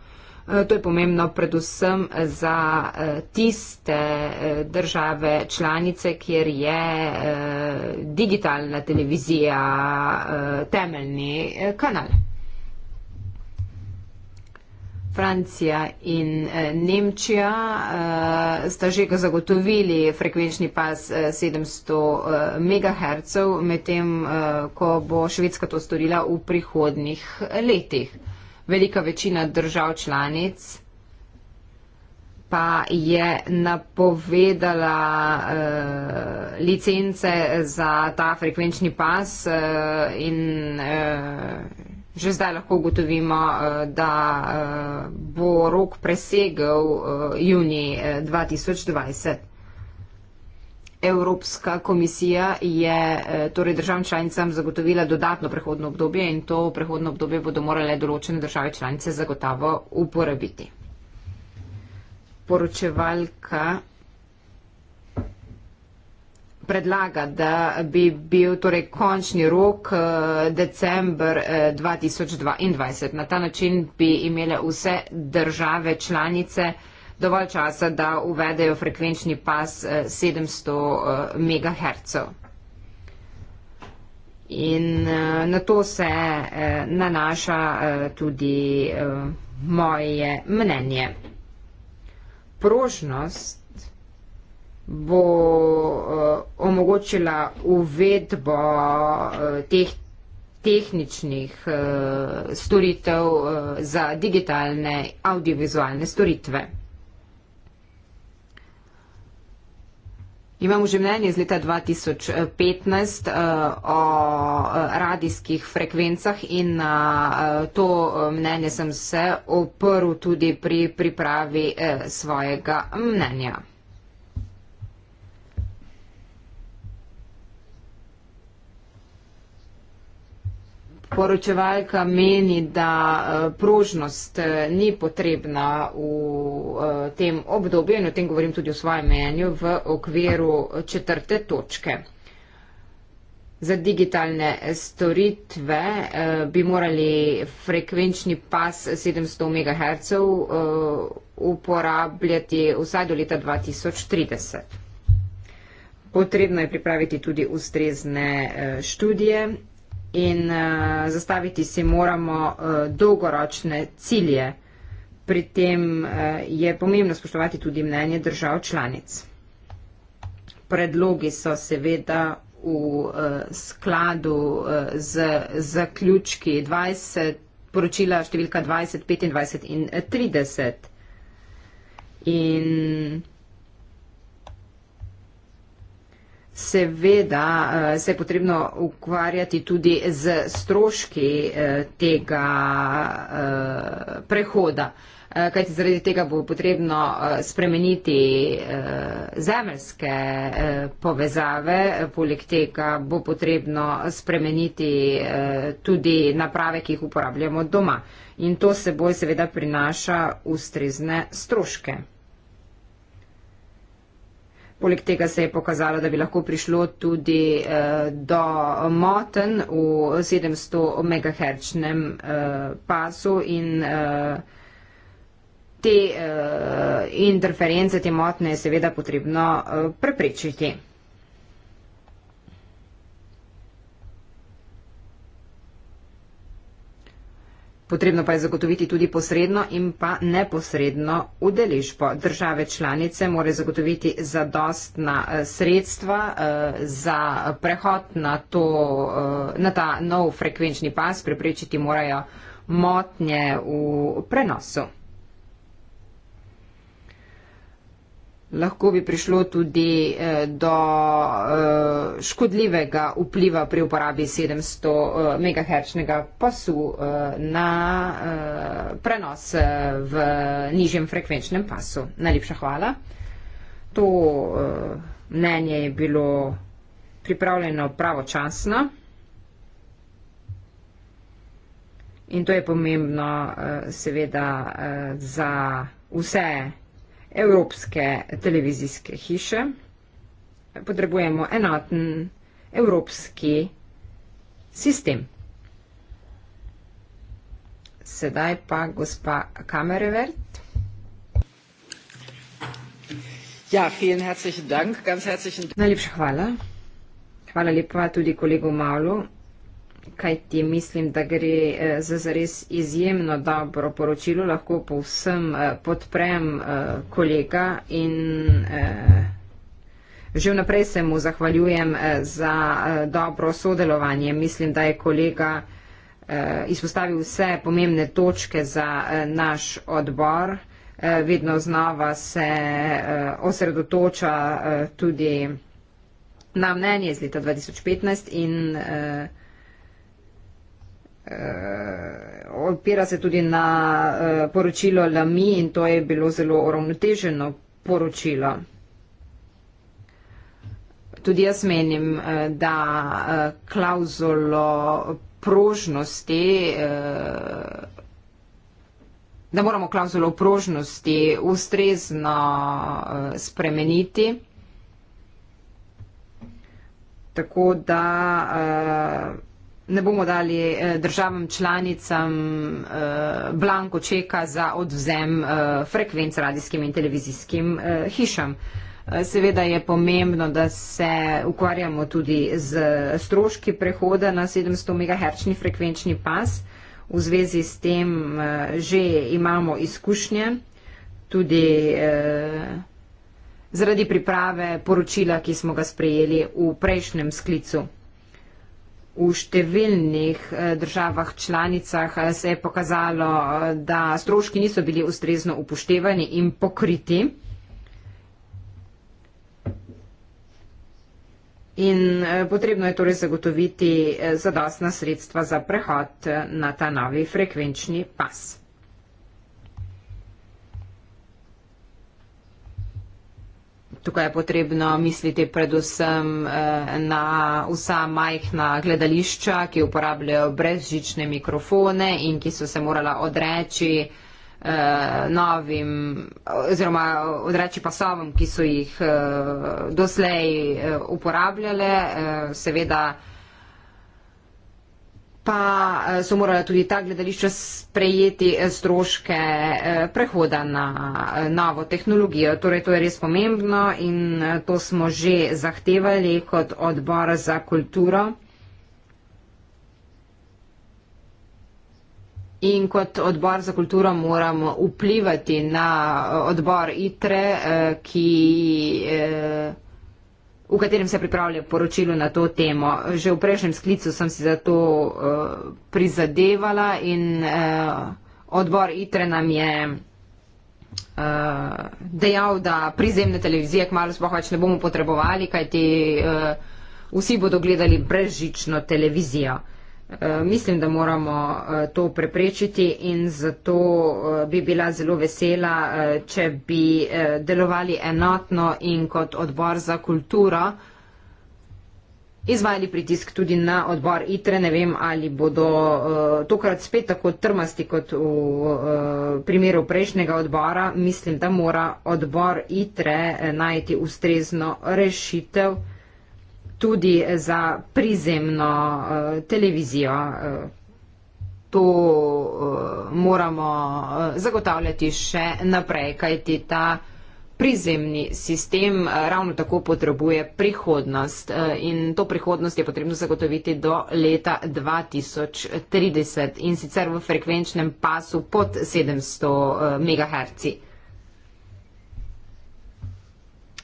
Speaker 1: Eh, to je pomembno predvsem za eh, tiste eh, države članice, kjer je digitalna televizija temeljni kanal. Francija in Nemčija sta že zagotovili frekvenčni pas 700 MHz, medtem ko bo Švedska to storila v prihodnih letih velika večina držav članic pa je napovedala uh, licence za ta frekvenčni pas uh, in uh, že zdaj lahko ugotovimo, uh, da uh, bo rok presegel uh, juni 2020. Evropska komisija je eh, torej državam članicam zagotovila dodatno prehodno obdobje in to prehodno obdobje bodo morale določene države članice zagotavo uporabiti. Poročevalka predlaga, da bi bil torej končni rok eh, december 2022. Eh, Na ta način bi imele vse države članice dovolj časa, da uvedejo frekvenčni pas 700 eh, eh, MHz. In eh, na to se nanaša tudi moje mnenje. Prožnost bo omogočila uvedbo teh tehničnih storitev za digitalne audiovizualne storitve. Imam že mnenje iz leta 2015 uh, eh, o eh, radijskih frekvencah in uh, to mnenje sem se oprl tudi pri pripravi uh, svojega mnenja. poročevalka meni, da eh, prožnost eh, ni potrebna v eh, tem obdobju in o tem govorim tudi v svojem menju v okviru četrte točke. Za digitalne storitve bi morali frekvenčni pas 700 MHz uporabljati vsaj do leta 2030. Potrebno je pripraviti tudi ustrezne študije in uh, zastaviti si moramo uh, dolgoročne cilje. Pri tem uh, je pomembno spoštovati tudi mnenje držav članic. Predlogi so seveda v uh, skladu uh, z zaključki 20, poročila številka 20, 25 in 30. In Seveda eh, se je potrebno ukvarjati tudi z stroški eh, tega eh, prehoda, kajti zaradi tega bo potrebno spremeniti zemeljske povezave, poleg tega bo potrebno spremeniti tudi naprave, ki jih uporabljamo doma. In to seboj seveda prinaša ustrezne stroške. Poleg tega se je pokazalo, da bi lahko prišlo tudi eh, do moten v 700 MHz eh, pasu in eh, te interference, te motne je seveda potrebno preprečiti. Potrebno pa je zagotoviti tudi posredno in pa neposredno udeležbo. Države članice more zagotoviti zadostna eh, sredstva eh, za prehod na, to, eh, na ta nov frekvenčni pas, preprečiti morajo motnje v prenosu. lahko bi prišlo tudi eh, do eh, škodljivega vpliva pri uporabi 700 eh, MHz pasu na prenos v nižjem frekvenčnem pasu. Najlepša hvala. To mnenje je bilo pripravljeno pravočasno. In to je pomembno seveda za vse evropske televizijske hiše, potrebujemo enoten evropski sistem. Sedaj pa gospa Kamerevert. Ja, dank, ganz dank. Najlepša hvala. Hvala lepa tudi kolegu Malu kaj ti mislim, da gre eh, za zares izjemno dobro poročilo, lahko povsem eh, podprem eh, kolega in že vnaprej se mu zahvaljujem za dobro sodelovanje. Mislim, da je kolega izpostavil vse pomembne točke za naš odbor. Vedno znova se osredotoča tudi na mnenje iz leta 2015 in Eh, opira se tudi na eh, poročilo Lami in to je bilo zelo uravnoteženo poročilo. Tudi jaz menim, eh, da klauzulo prožnosti, da moramo klauzulo prožnosti ustrezno spremeniti, tako da ne bomo dali eh, državam članicam eh, blanko čeka za odvzem eh, frekvenc radijskim in televizijskim hišam. Seveda je pomembno, da se ukvarjamo tudi z stroški prehoda na 700 MHz frekvenčni pas. V zvezi s tem že imamo izkušnje, tudi eh, zaradi priprave poročila, ki smo ga sprejeli v prejšnjem sklicu. V številnih eh, državah članicah eh, se je pokazalo, eh, da stroški niso bili ustrezno upoštevani in pokriti. In potrebno je torej zagotoviti zadostna sredstva za prehod na ta novi frekvenčni pas. tukaj je potrebno misliti predvsem eh, na vsa majhna gledališča, ki uporabljajo brezžične mikrofone in ki so se morala odreči eh, novim oziroma odreči pasovom, ki so jih eh, doslej uporabljale. Seveda pa eh, so morala tudi ta gledališča sprejeti eh, stroške eh, prehoda na novo tehnologijo. Torej, to je res pomembno in to smo že zahtevali kot odbor za kulturo. In kot odbor za kulturo moramo vplivati na odbor ITRE, ki. Eh, v katerem se pripravlja poročilo na to temo. Že v prejšnjem sklicu sem si za to uh, prizadevala in uh, odbor ITRE nam je uh, dejal, da prizemne televizije kmalo sploh več ne bomo potrebovali, kajti uh, vsi bodo gledali brežično televizijo. Uh, Eh, mislim, da moramo eh, to preprečiti in zato eh, bi bila zelo vesela, če bi delovali enotno in kot odbor za kulturo izvajali pritisk tudi na odbor ITRE. Ne vem, ali bodo tokrat spet tako trmasti kot v primeru prejšnjega odbora. Mislim, da mora odbor ITRE najti ustrezno rešitev tudi za prizemno eh, televizijo. Eh, to eh, moramo zagotavljati še naprej, kajti ta prizemni sistem ravno tako potrebuje prihodnost in to prihodnost je potrebno zagotoviti do leta 2030 in sicer v frekvenčnem pasu pod 700 MHz.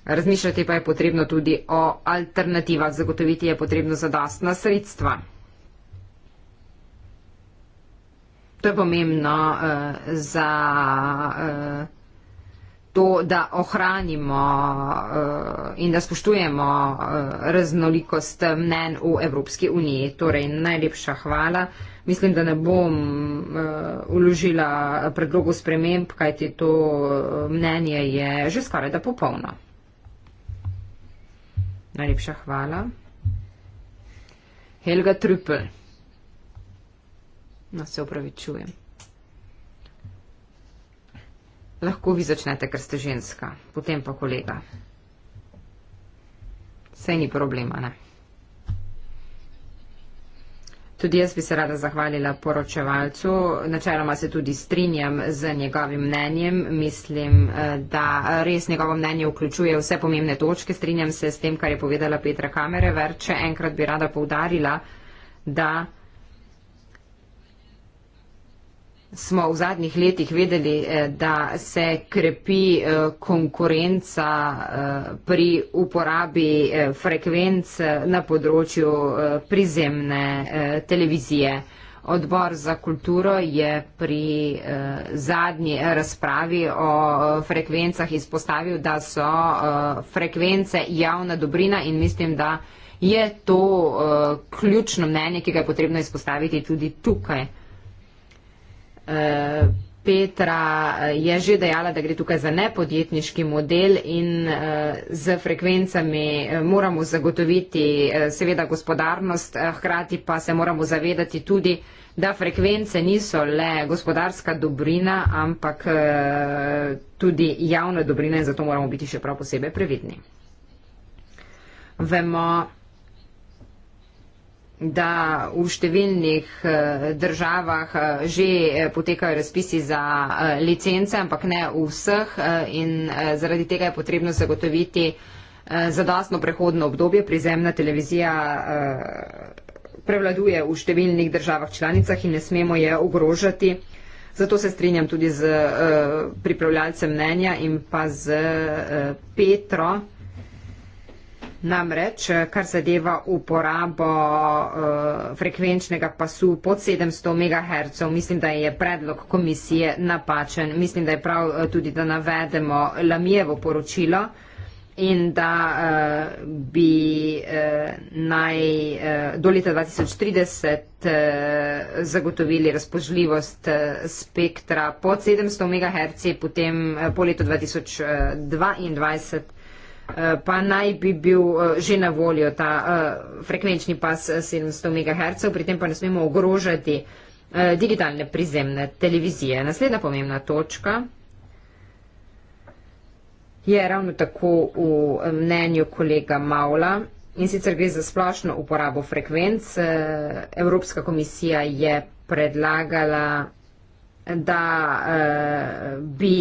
Speaker 1: Razmišljati pa je potrebno tudi o alternativah, zagotoviti je potrebno zadostna sredstva. To je pomembno uh, za uh, to, da ohranimo uh, in da spoštujemo uh, raznolikost mnen v Evropski uniji. Torej, najlepša hvala. Mislim, da ne bom uložila uh, predlogu sprememb, kajti to mnenje je že skoraj da popolno. Najlepša hvala. Helga Trüppel. No, se upravičujem. Lahko vi začnete, ker ste ženska, potem pa kolega. Sej ni problema, ne? Tudi jaz bi se rada zahvalila poročevalcu. Načeloma se tudi strinjam z njegovim mnenjem. Mislim, eh, da res njegovo mnenje vključuje vse pomembne točke. Strinjam se s tem, kar je povedala Petra Kamereverče. Enkrat bi rada poudarila, da. smo v zadnjih letih vedeli, eh, da se krepi eh, konkurenca eh, pri uporabi frekvenc na področju prizemne televizije. Odbor za kulturo je pri zadnji razpravi o frekvencah izpostavil, da so frekvence javna dobrina in mislim, da je to ključno mnenje, ki ga je potrebno izpostaviti tudi tukaj. Eh, Petra eh, je že dejala, da gre tukaj za nepodjetniški model in eh, z frekvencami moramo zagotoviti seveda gospodarnost, hkrati pa se moramo zavedati tudi, da frekvence niso le gospodarska dobrina, ampak tudi javna dobrina in zato moramo biti še prav posebej previdni. Vemo, da v številnih eh, državah eh, že eh, potekajo razpisi za licence, ampak ne v vseh in zaradi tega je potrebno zagotoviti zadostno prehodno obdobje. Prizemna televizija prevladuje v številnih državah članicah in ne smemo je ogrožati. Zato se strinjam tudi z pripravljalcem mnenja in pa z Petro Namreč, kar zadeva uporabo uh, frekvenčnega pasu pod 700 MHz, mislim, da je predlog komisije napačen. Mislim, da je prav uh, tudi, da navedemo Lamijevo poročilo in da uh, bi uh, naj uh, do leta 2030 uh, zagotovili razpožljivost uh, spektra pod 700 MHz, potem uh, po letu 2022 Eh, pa naj bi bil eh, že na voljo ta eh, frekvenčni pas 700 MHz, pri tem pa ne smemo ogrožati digitalne prizemne televizije. Naslednja pomembna točka je ravno tako v mnenju kolega Maula in sicer gre za splošno uporabo frekvenc. Evropska komisija je predlagala, da bi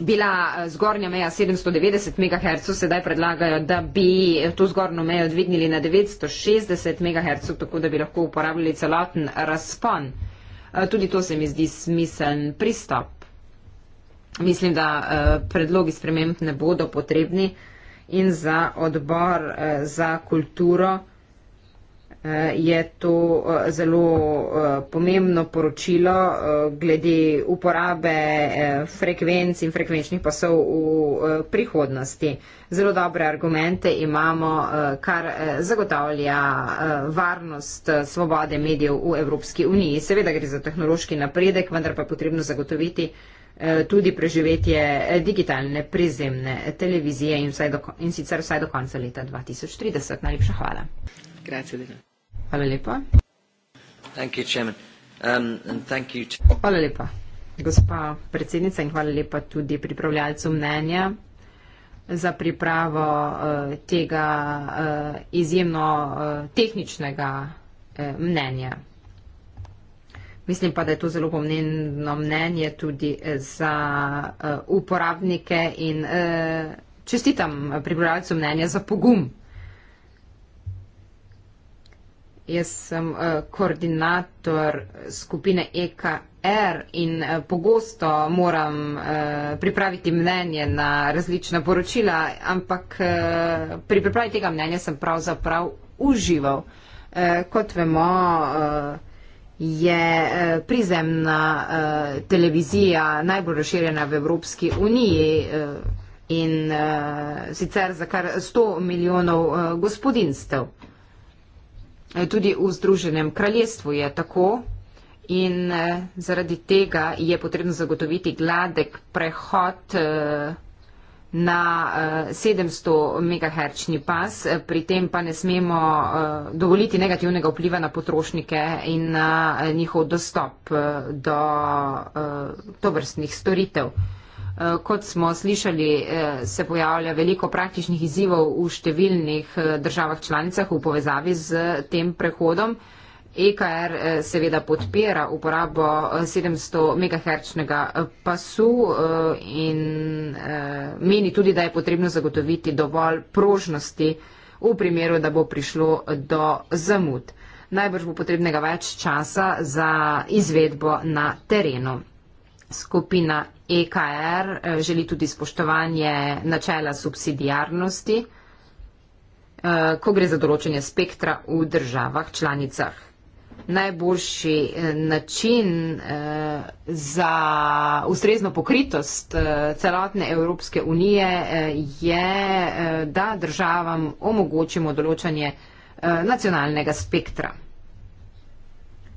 Speaker 1: bila eh, zgornja meja 790 MHz, sedaj predlagajo, da bi to zgornjo mejo dvignili na 960 MHz, tako da bi lahko uporabljali celoten razpon. Eh, tudi to se mi zdi smiseln pristop. Mislim, da eh, predlogi sprememb ne bodo potrebni in za odbor za kulturo. Eh, je to eh, zelo eh, pomembno poročilo glede uporabe frekvenc in frekvenčnih pasov v prihodnosti. Zelo dobre argumente imamo, kar zagotavlja varnost svobode medijev v Evropski uniji. Seveda gre za tehnološki napredek, vendar pa je potrebno zagotoviti tudi preživetje digitalne prizemne televizije in, vsaj do, in sicer vsaj do konca leta 2030. Najlepša hvala. Grazie. Hvala lepa.
Speaker 2: Thank you, um, and thank you to...
Speaker 1: Hvala lepa, gospa predsednica, in hvala lepa tudi pripravljalcu mnenja za pripravo uh, tega uh, izjemno uh, tehničnega uh, mnenja. Mislim pa, da je to zelo pomembno mnenje tudi za uh, uporabnike in uh, čestitam pripravljalcu mnenja za pogum. Jaz sem uh, koordinator skupine EKR in uh, pogosto moram uh, pripraviti mnenje na različna poročila, ampak uh, pri pripravi tega mnenja sem pravzaprav užival. Uh, kot vemo, uh, je uh, prizemna uh, televizija najbolj razširjena v Evropski uniji. Uh, in uh, sicer za kar 100 milijonov uh, gospodinstv. Uh, Tudi v Združenem kraljestvu je tako in eh, zaradi tega je potrebno zagotoviti gladek prehod eh, na 700 eh, MHz pas, pri tem pa ne smemo dovoliti negativnega vpliva na potrošnike in na njihov dostop do tovrstnih storitev. Eh, kot smo slišali, eh, se pojavlja veliko praktičnih izzivov v številnih eh, državah članicah v povezavi z tem prehodom. EKR seveda podpira uporabo 700 MHz pasu in meni tudi, da je potrebno zagotoviti dovolj prožnosti v primeru, da bo prišlo do zamud. Najbrž bo potrebnega več časa za izvedbo na terenu. Skupina EKR eh, želi tudi spoštovanje načela subsidijarnosti, eh, ko gre za določenje spektra v državah članicah. Najboljši eh, način za ustrezno pokritost celotne Evropske unije je, da državam omogočimo določanje nacionalnega spektra.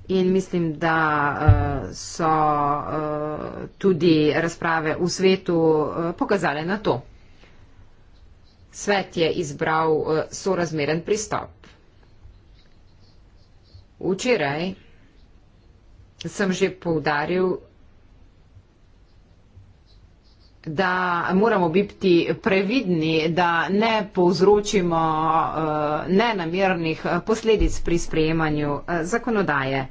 Speaker 1: In mislim, da uh, so uh, tudi razprave v svetu uh, pokazale na to. Svet je izbral uh, sorazmeren pristop. Včeraj sem že poudaril, da moramo biti previdni, da ne povzročimo eh, nenamernih eh, posledic pri sprejemanju eh, zakonodaje.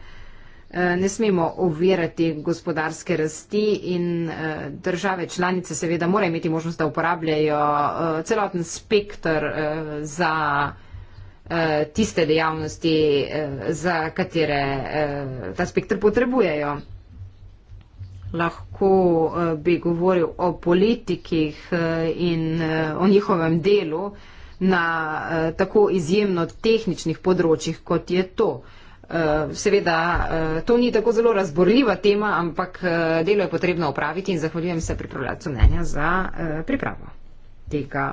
Speaker 1: Ne smemo ovirati gospodarske rasti in države članice seveda morajo imeti možnost, da uporabljajo celoten spektr za tiste dejavnosti, za katere ta spektr potrebujejo lahko eh, bi govoril o politikih eh, in eh, o njihovem delu na tako izjemno tehničnih področjih, kot je to. Seveda, to ni tako zelo razborljiva tema, ampak delo je potrebno opraviti in zahvaljujem se pripravljacu mnenja za pripravo tega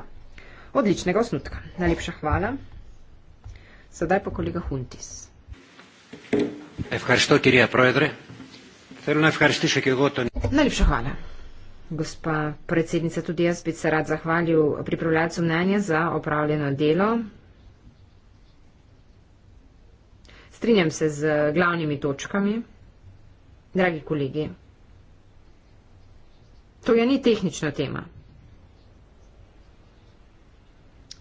Speaker 1: odličnega osnutka. Najlepša hvala. Sedaj pa kolega Huntis.
Speaker 2: Evkar Štokir je projedre.
Speaker 1: Najlepša hvala. Gospa predsednica, tudi jaz bi se rad zahvalil pripravljalcu mnenja za opravljeno delo. Strinjam se z glavnimi točkami. Dragi kolegi, to je ni tehnična tema.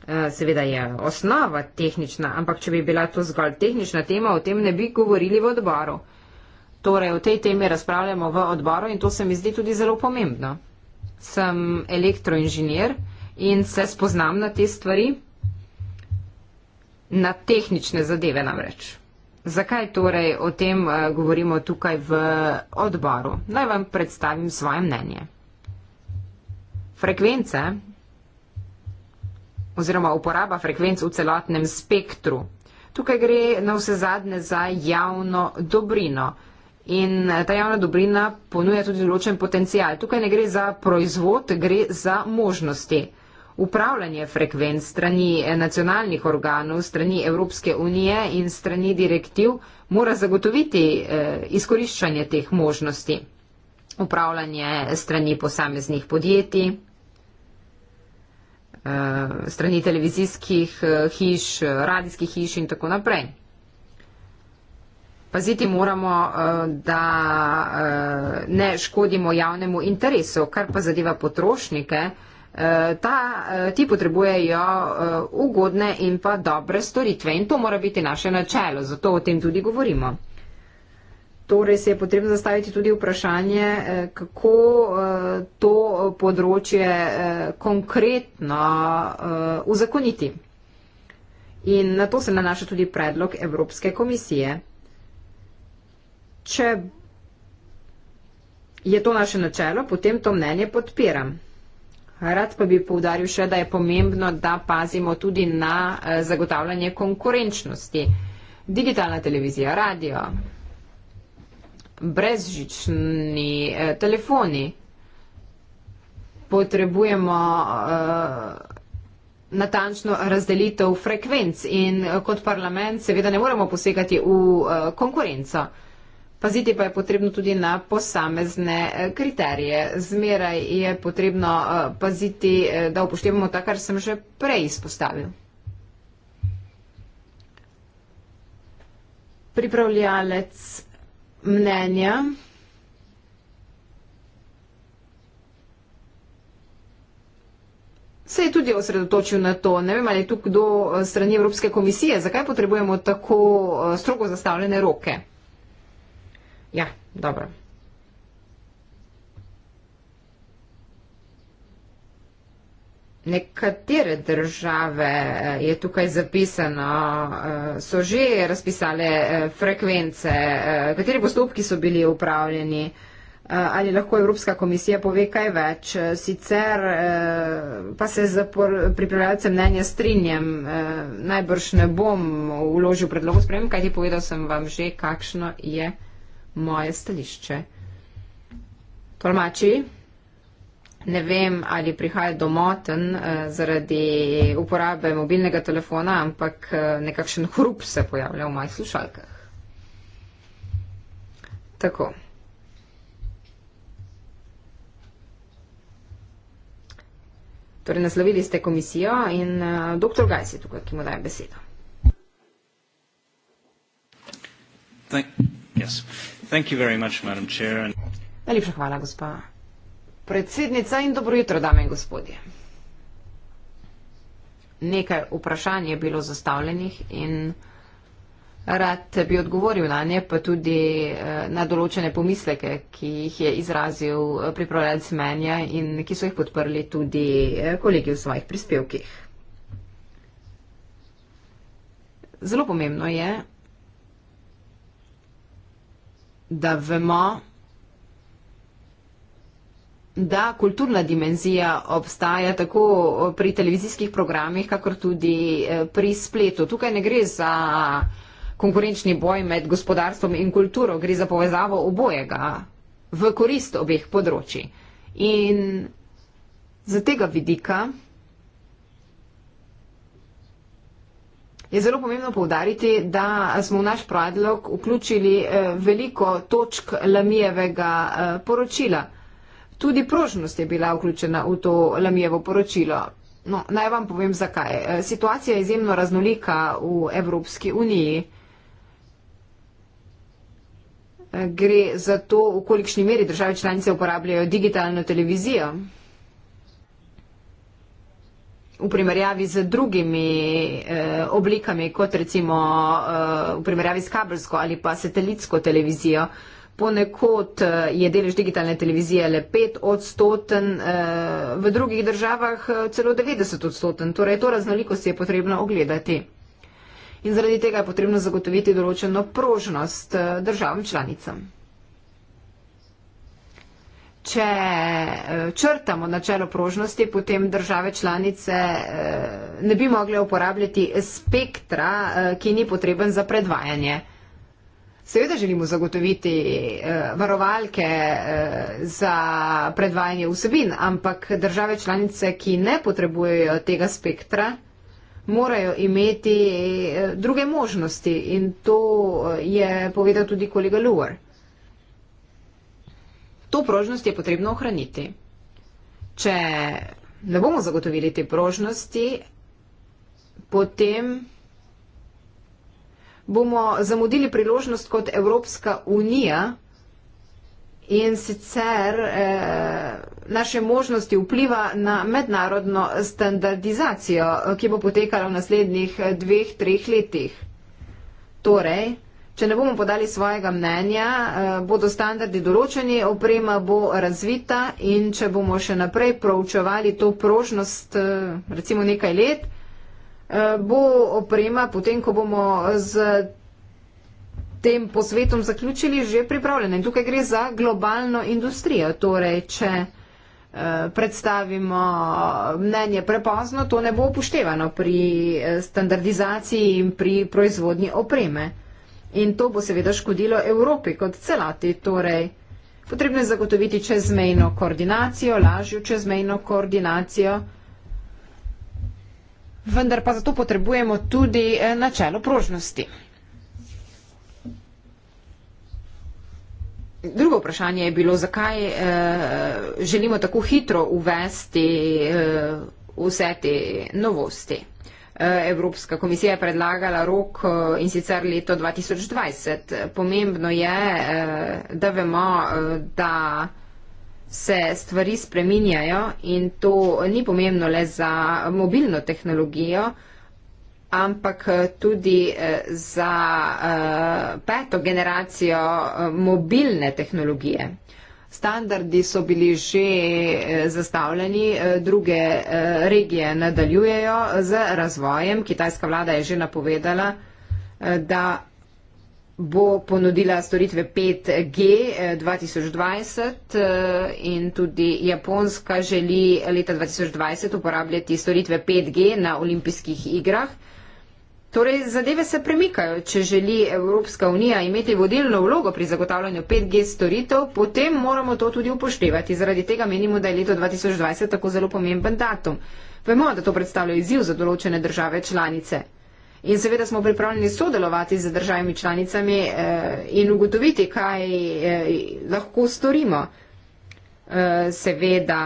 Speaker 1: Eh, seveda je osnova tehnična, ampak če bi bila to zgolj tehnična tema, o tem ne bi govorili v odboru. Torej, o tej temi razpravljamo v odboru in to se mi zdi tudi zelo pomembno. Sem elektroinženir in se spoznam na te stvari, na tehnične zadeve namreč. Zakaj torej o tem eh, govorimo tukaj v odboru? Naj vam predstavim svoje mnenje. Frekvence oziroma uporaba frekvenc v celotnem spektru. Tukaj gre na vse zadnje za javno dobrino in eh, ta javna dobrina ponuja tudi določen potencial. Tukaj ne gre za proizvod, gre za možnosti. Upravljanje frekvenc strani eh, nacionalnih organov, strani Evropske unije in strani direktiv mora zagotoviti eh, izkoriščanje teh možnosti. Upravljanje strani posameznih podjetij, strani televizijskih hiš, radijskih hiš in tako naprej. Paziti moramo, eh, da eh, ne škodimo javnemu interesu, kar pa zadeva potrošnike. Eh, ta, ti potrebujejo ugodne in pa dobre storitve in to mora biti naše načelo, zato o tem tudi govorimo. Torej se je potrebno zastaviti tudi vprašanje, kako to področje konkretno uzakoniti. In na to se nanaša tudi predlog Evropske komisije če je to naše načelo, potem to mnenje podpiram. Rad pa bi povdaril še, da je pomembno, da pazimo tudi na eh, zagotavljanje konkurenčnosti. Digitalna televizija, radio, brezžični eh, telefoni, potrebujemo uh, natančno razdelitev frekvenc in kot parlament seveda ne moremo posegati v uh, konkurenco. Paziti pa je potrebno tudi na posamezne eh, kriterije. Zmeraj je potrebno eh, paziti, eh, da upoštevamo ta, kar sem že prej izpostavil. Pripravljalec mnenja. Se je tudi osredotočil na to, ne vem, ali je tu kdo strani Evropske komisije, zakaj potrebujemo tako strogo zastavljene roke. Ja, dobro. Nekatere države eh, je tukaj zapisano, eh, so že razpisale eh, frekvence, kateri postopki so bili upravljeni, ali lahko Evropska komisija pove kaj več. Sicer pa se za pripravljalce mnenja strinjam, najbrž ne bom uložil predlogu sprejem, kaj ti povedal sem vam že, kakšno je moje stališče. Tolmači, ne vem, ali prihaja do moten eh, zaradi uporabe mobilnega telefona, ampak eh, nekakšen hrup se pojavlja v mojih slušalkah. Tako. Torej, naslovili ste komisijo in uh, eh, dr. Gajs je tukaj, ki mu daje besedo. Thank, yes. Najlepša hvala, gospa predsednica in dobro jutro, dame in gospodje. Nekaj vprašanj je bilo zastavljenih in rad bi odgovoril na nje, pa tudi eh, na določene pomisleke, ki jih je izrazil eh, pripravljalec menja in ki so jih podprli tudi eh, kolegi v svojih prispevkih. Zelo pomembno je, da vemo, da kulturna dimenzija obstaja tako pri televizijskih programih, kakor tudi eh, pri spletu. Tukaj ne gre za konkurenčni boj med gospodarstvom in kulturo, gre za povezavo obojega v korist obeh področji. In z tega vidika. je zelo pomembno povdariti, da smo v naš predlog vključili eh, veliko točk Lamijevega eh, poročila. Tudi prožnost je bila vključena v to Lamijevo poročilo. No, naj vam povem zakaj. Eh, situacija je izjemno raznolika v Evropski uniji. Gre za to, v kolikšni meri države članice uporabljajo digitalno televizijo v primerjavi z drugimi eh, oblikami, kot recimo eh, v primerjavi s kabelsko ali pa satelitsko televizijo. Ponekod eh, je delež digitalne televizije le 5 odstoten, eh, v drugih državah eh, celo 90 odstoten. Torej, to raznolikost je potrebno ogledati. In zaradi tega je potrebno zagotoviti določeno prožnost državam članicam. Če eh, črtamo načelo prožnosti, potem države članice eh, ne bi mogle uporabljati spektra, eh, ki ni potreben za predvajanje. Seveda želimo zagotoviti varovalke za predvajanje vsebin, ampak države članice, ki ne potrebujejo tega spektra, morajo imeti druge možnosti in to je povedal tudi kolega Luar to prožnost je potrebno ohraniti. Če ne bomo zagotovili te prožnosti, potem bomo zamudili priložnost kot Evropska unija in sicer eh, naše možnosti vpliva na mednarodno standardizacijo, ki bo potekala v naslednjih dveh, treh letih. Torej, Če ne bomo podali svojega mnenja, eh, bodo standardi določeni, oprema bo razvita in če bomo še naprej proučevali to prožnost eh, recimo nekaj let, eh, bo oprema potem, ko bomo z tem posvetom zaključili, že pripravljena. In tukaj gre za globalno industrijo. Torej, če predstavimo mnenje prepozno, to ne bo upoštevano pri standardizaciji in pri proizvodnji opreme. In to bo seveda škodilo Evropi kot celati. Torej, potrebno je zagotoviti čezmejno koordinacijo, lažjo čezmejno koordinacijo. Vendar pa zato potrebujemo tudi eh, načelo prožnosti. Drugo vprašanje je bilo, zakaj eh, želimo tako hitro uvesti eh, vse te novosti. Eh, Evropska komisija je predlagala rok eh, in sicer leto 2020. Pomembno je, eh, da vemo, da se stvari spreminjajo in to ni pomembno le za mobilno tehnologijo, ampak tudi za peto generacijo mobilne tehnologije standardi so bili že eh, zastavljeni, eh, druge eh, regije nadaljujejo z razvojem. Kitajska vlada je že napovedala, da bo ponudila storitve 5G 2020 in tudi Japonska želi leta 2020 uporabljati storitve 5G na olimpijskih igrah. Torej, zadeve se premikajo. Če želi Evropska unija imeti vodilno vlogo pri zagotavljanju 5G storitev, potem moramo to tudi upoštevati. Zaradi tega menimo, da je leto 2020 tako zelo pomemben datum. Vemo, da to predstavlja izziv za določene države članice. In seveda smo pripravljeni sodelovati z državami članicami eh, in ugotoviti, kaj eh, lahko storimo. Eh, seveda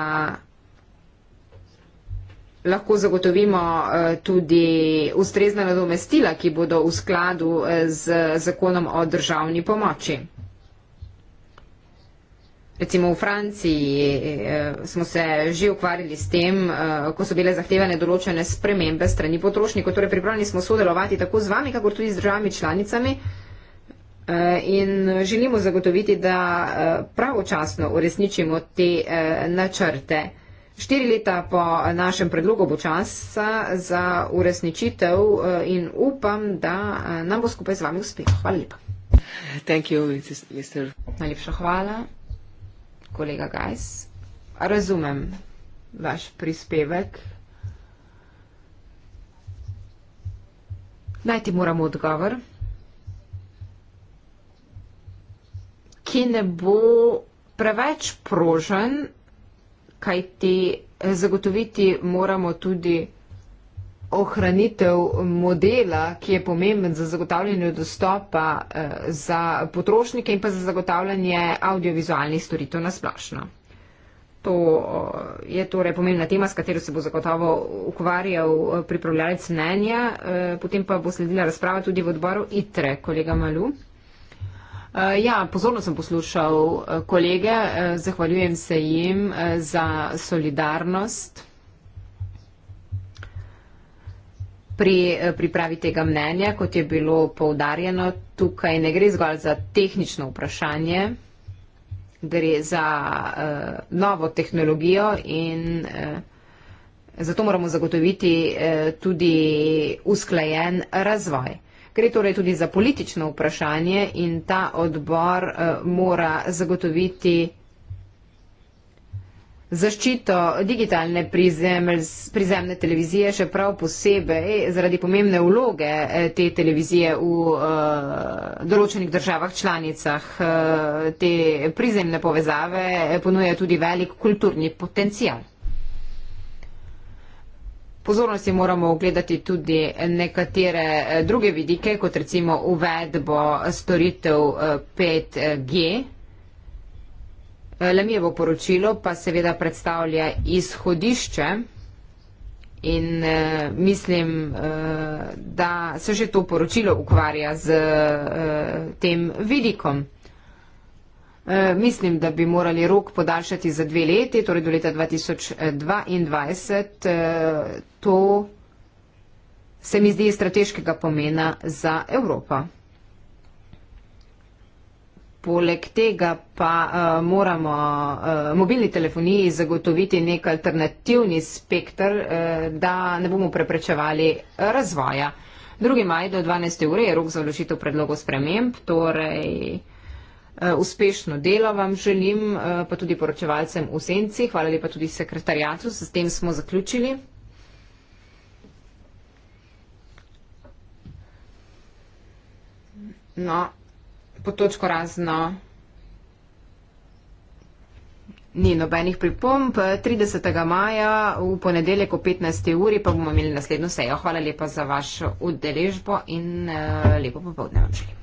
Speaker 1: lahko zagotovimo eh, tudi ustrezna nadomestila, ki bodo v skladu eh, z zakonom o državni pomoči. Recimo v Franciji eh, smo se že ukvarjali s tem, ko so bile zahtevane določene spremembe strani potrošnikov, torej pripravljeni smo sodelovati tako z vami, kako tudi z državami članicami in želimo zagotoviti, da pravočasno uresničimo te načrte. Štiri leta po našem predlogu bo čas za uresničitev eh, in upam, da eh, nam bo skupaj z vami uspelo. Hvala lepa. You, Mr. Najlepša hvala, kolega Gajs. Razumem vaš prispevek. Najti moramo odgovor, ki ne bo preveč prožen kajti eh, zagotoviti moramo tudi ohranitev modela, ki je pomemben za zagotavljanje dostopa eh, za potrošnike in pa za zagotavljanje audiovizualnih storitev na splošno. To eh, je torej pomembna tema, s katero se bo zagotovo ukvarjal pripravljalec mnenja, potem pa bo sledila razprava tudi v odboru ITRE, kolega Malu. Uh, ja, pozorno sem poslušal eh, kolege, eh, zahvaljujem se jim za solidarnost pri pripravi tega mnenja, kot je bilo poudarjeno. Tukaj ne gre zgolj za tehnično vprašanje, gre za uh, novo tehnologijo in uh, zato moramo zagotoviti uh, tudi usklajen razvoj. Gre torej tudi za politično vprašanje in ta odbor eh, mora zagotoviti zaščito digitalne prizemne televizije, še prav posebej zaradi pomembne vloge eh, te televizije v eh, določenih državah članicah. Te prizemne povezave ponuje tudi velik kulturni potencial pozornosti moramo ogledati tudi nekatere eh, druge vidike, kot recimo uvedbo storitev 5G. Eh, eh, Lemijevo poročilo pa seveda predstavlja izhodišče in mislim, da se že to poročilo ukvarja z tem vidikom. Eh, mislim, da bi morali rok podaljšati za dve leti, torej do leta 2022. Eh, to se mi zdi strateškega pomena za Evropo. Poleg tega pa uh, moramo uh, mobilni telefoniji zagotoviti nek alternativni spektr, uh, da ne bomo preprečevali razvoja. 2. maj do 12. ure je rok za vložitev predlogov sprememb, torej uh, Eh, uspešno delo vam želim, eh, pa tudi poročevalcem v Senci. Hvala lepa tudi sekretarjatu, s tem smo zaključili. No, po točko razno ni nobenih pripomb. 30. maja v ponedeljek o 15. uri pa bomo imeli naslednjo sejo. Hvala lepa za vašo udeležbo in eh, lepo popovdne vam želim.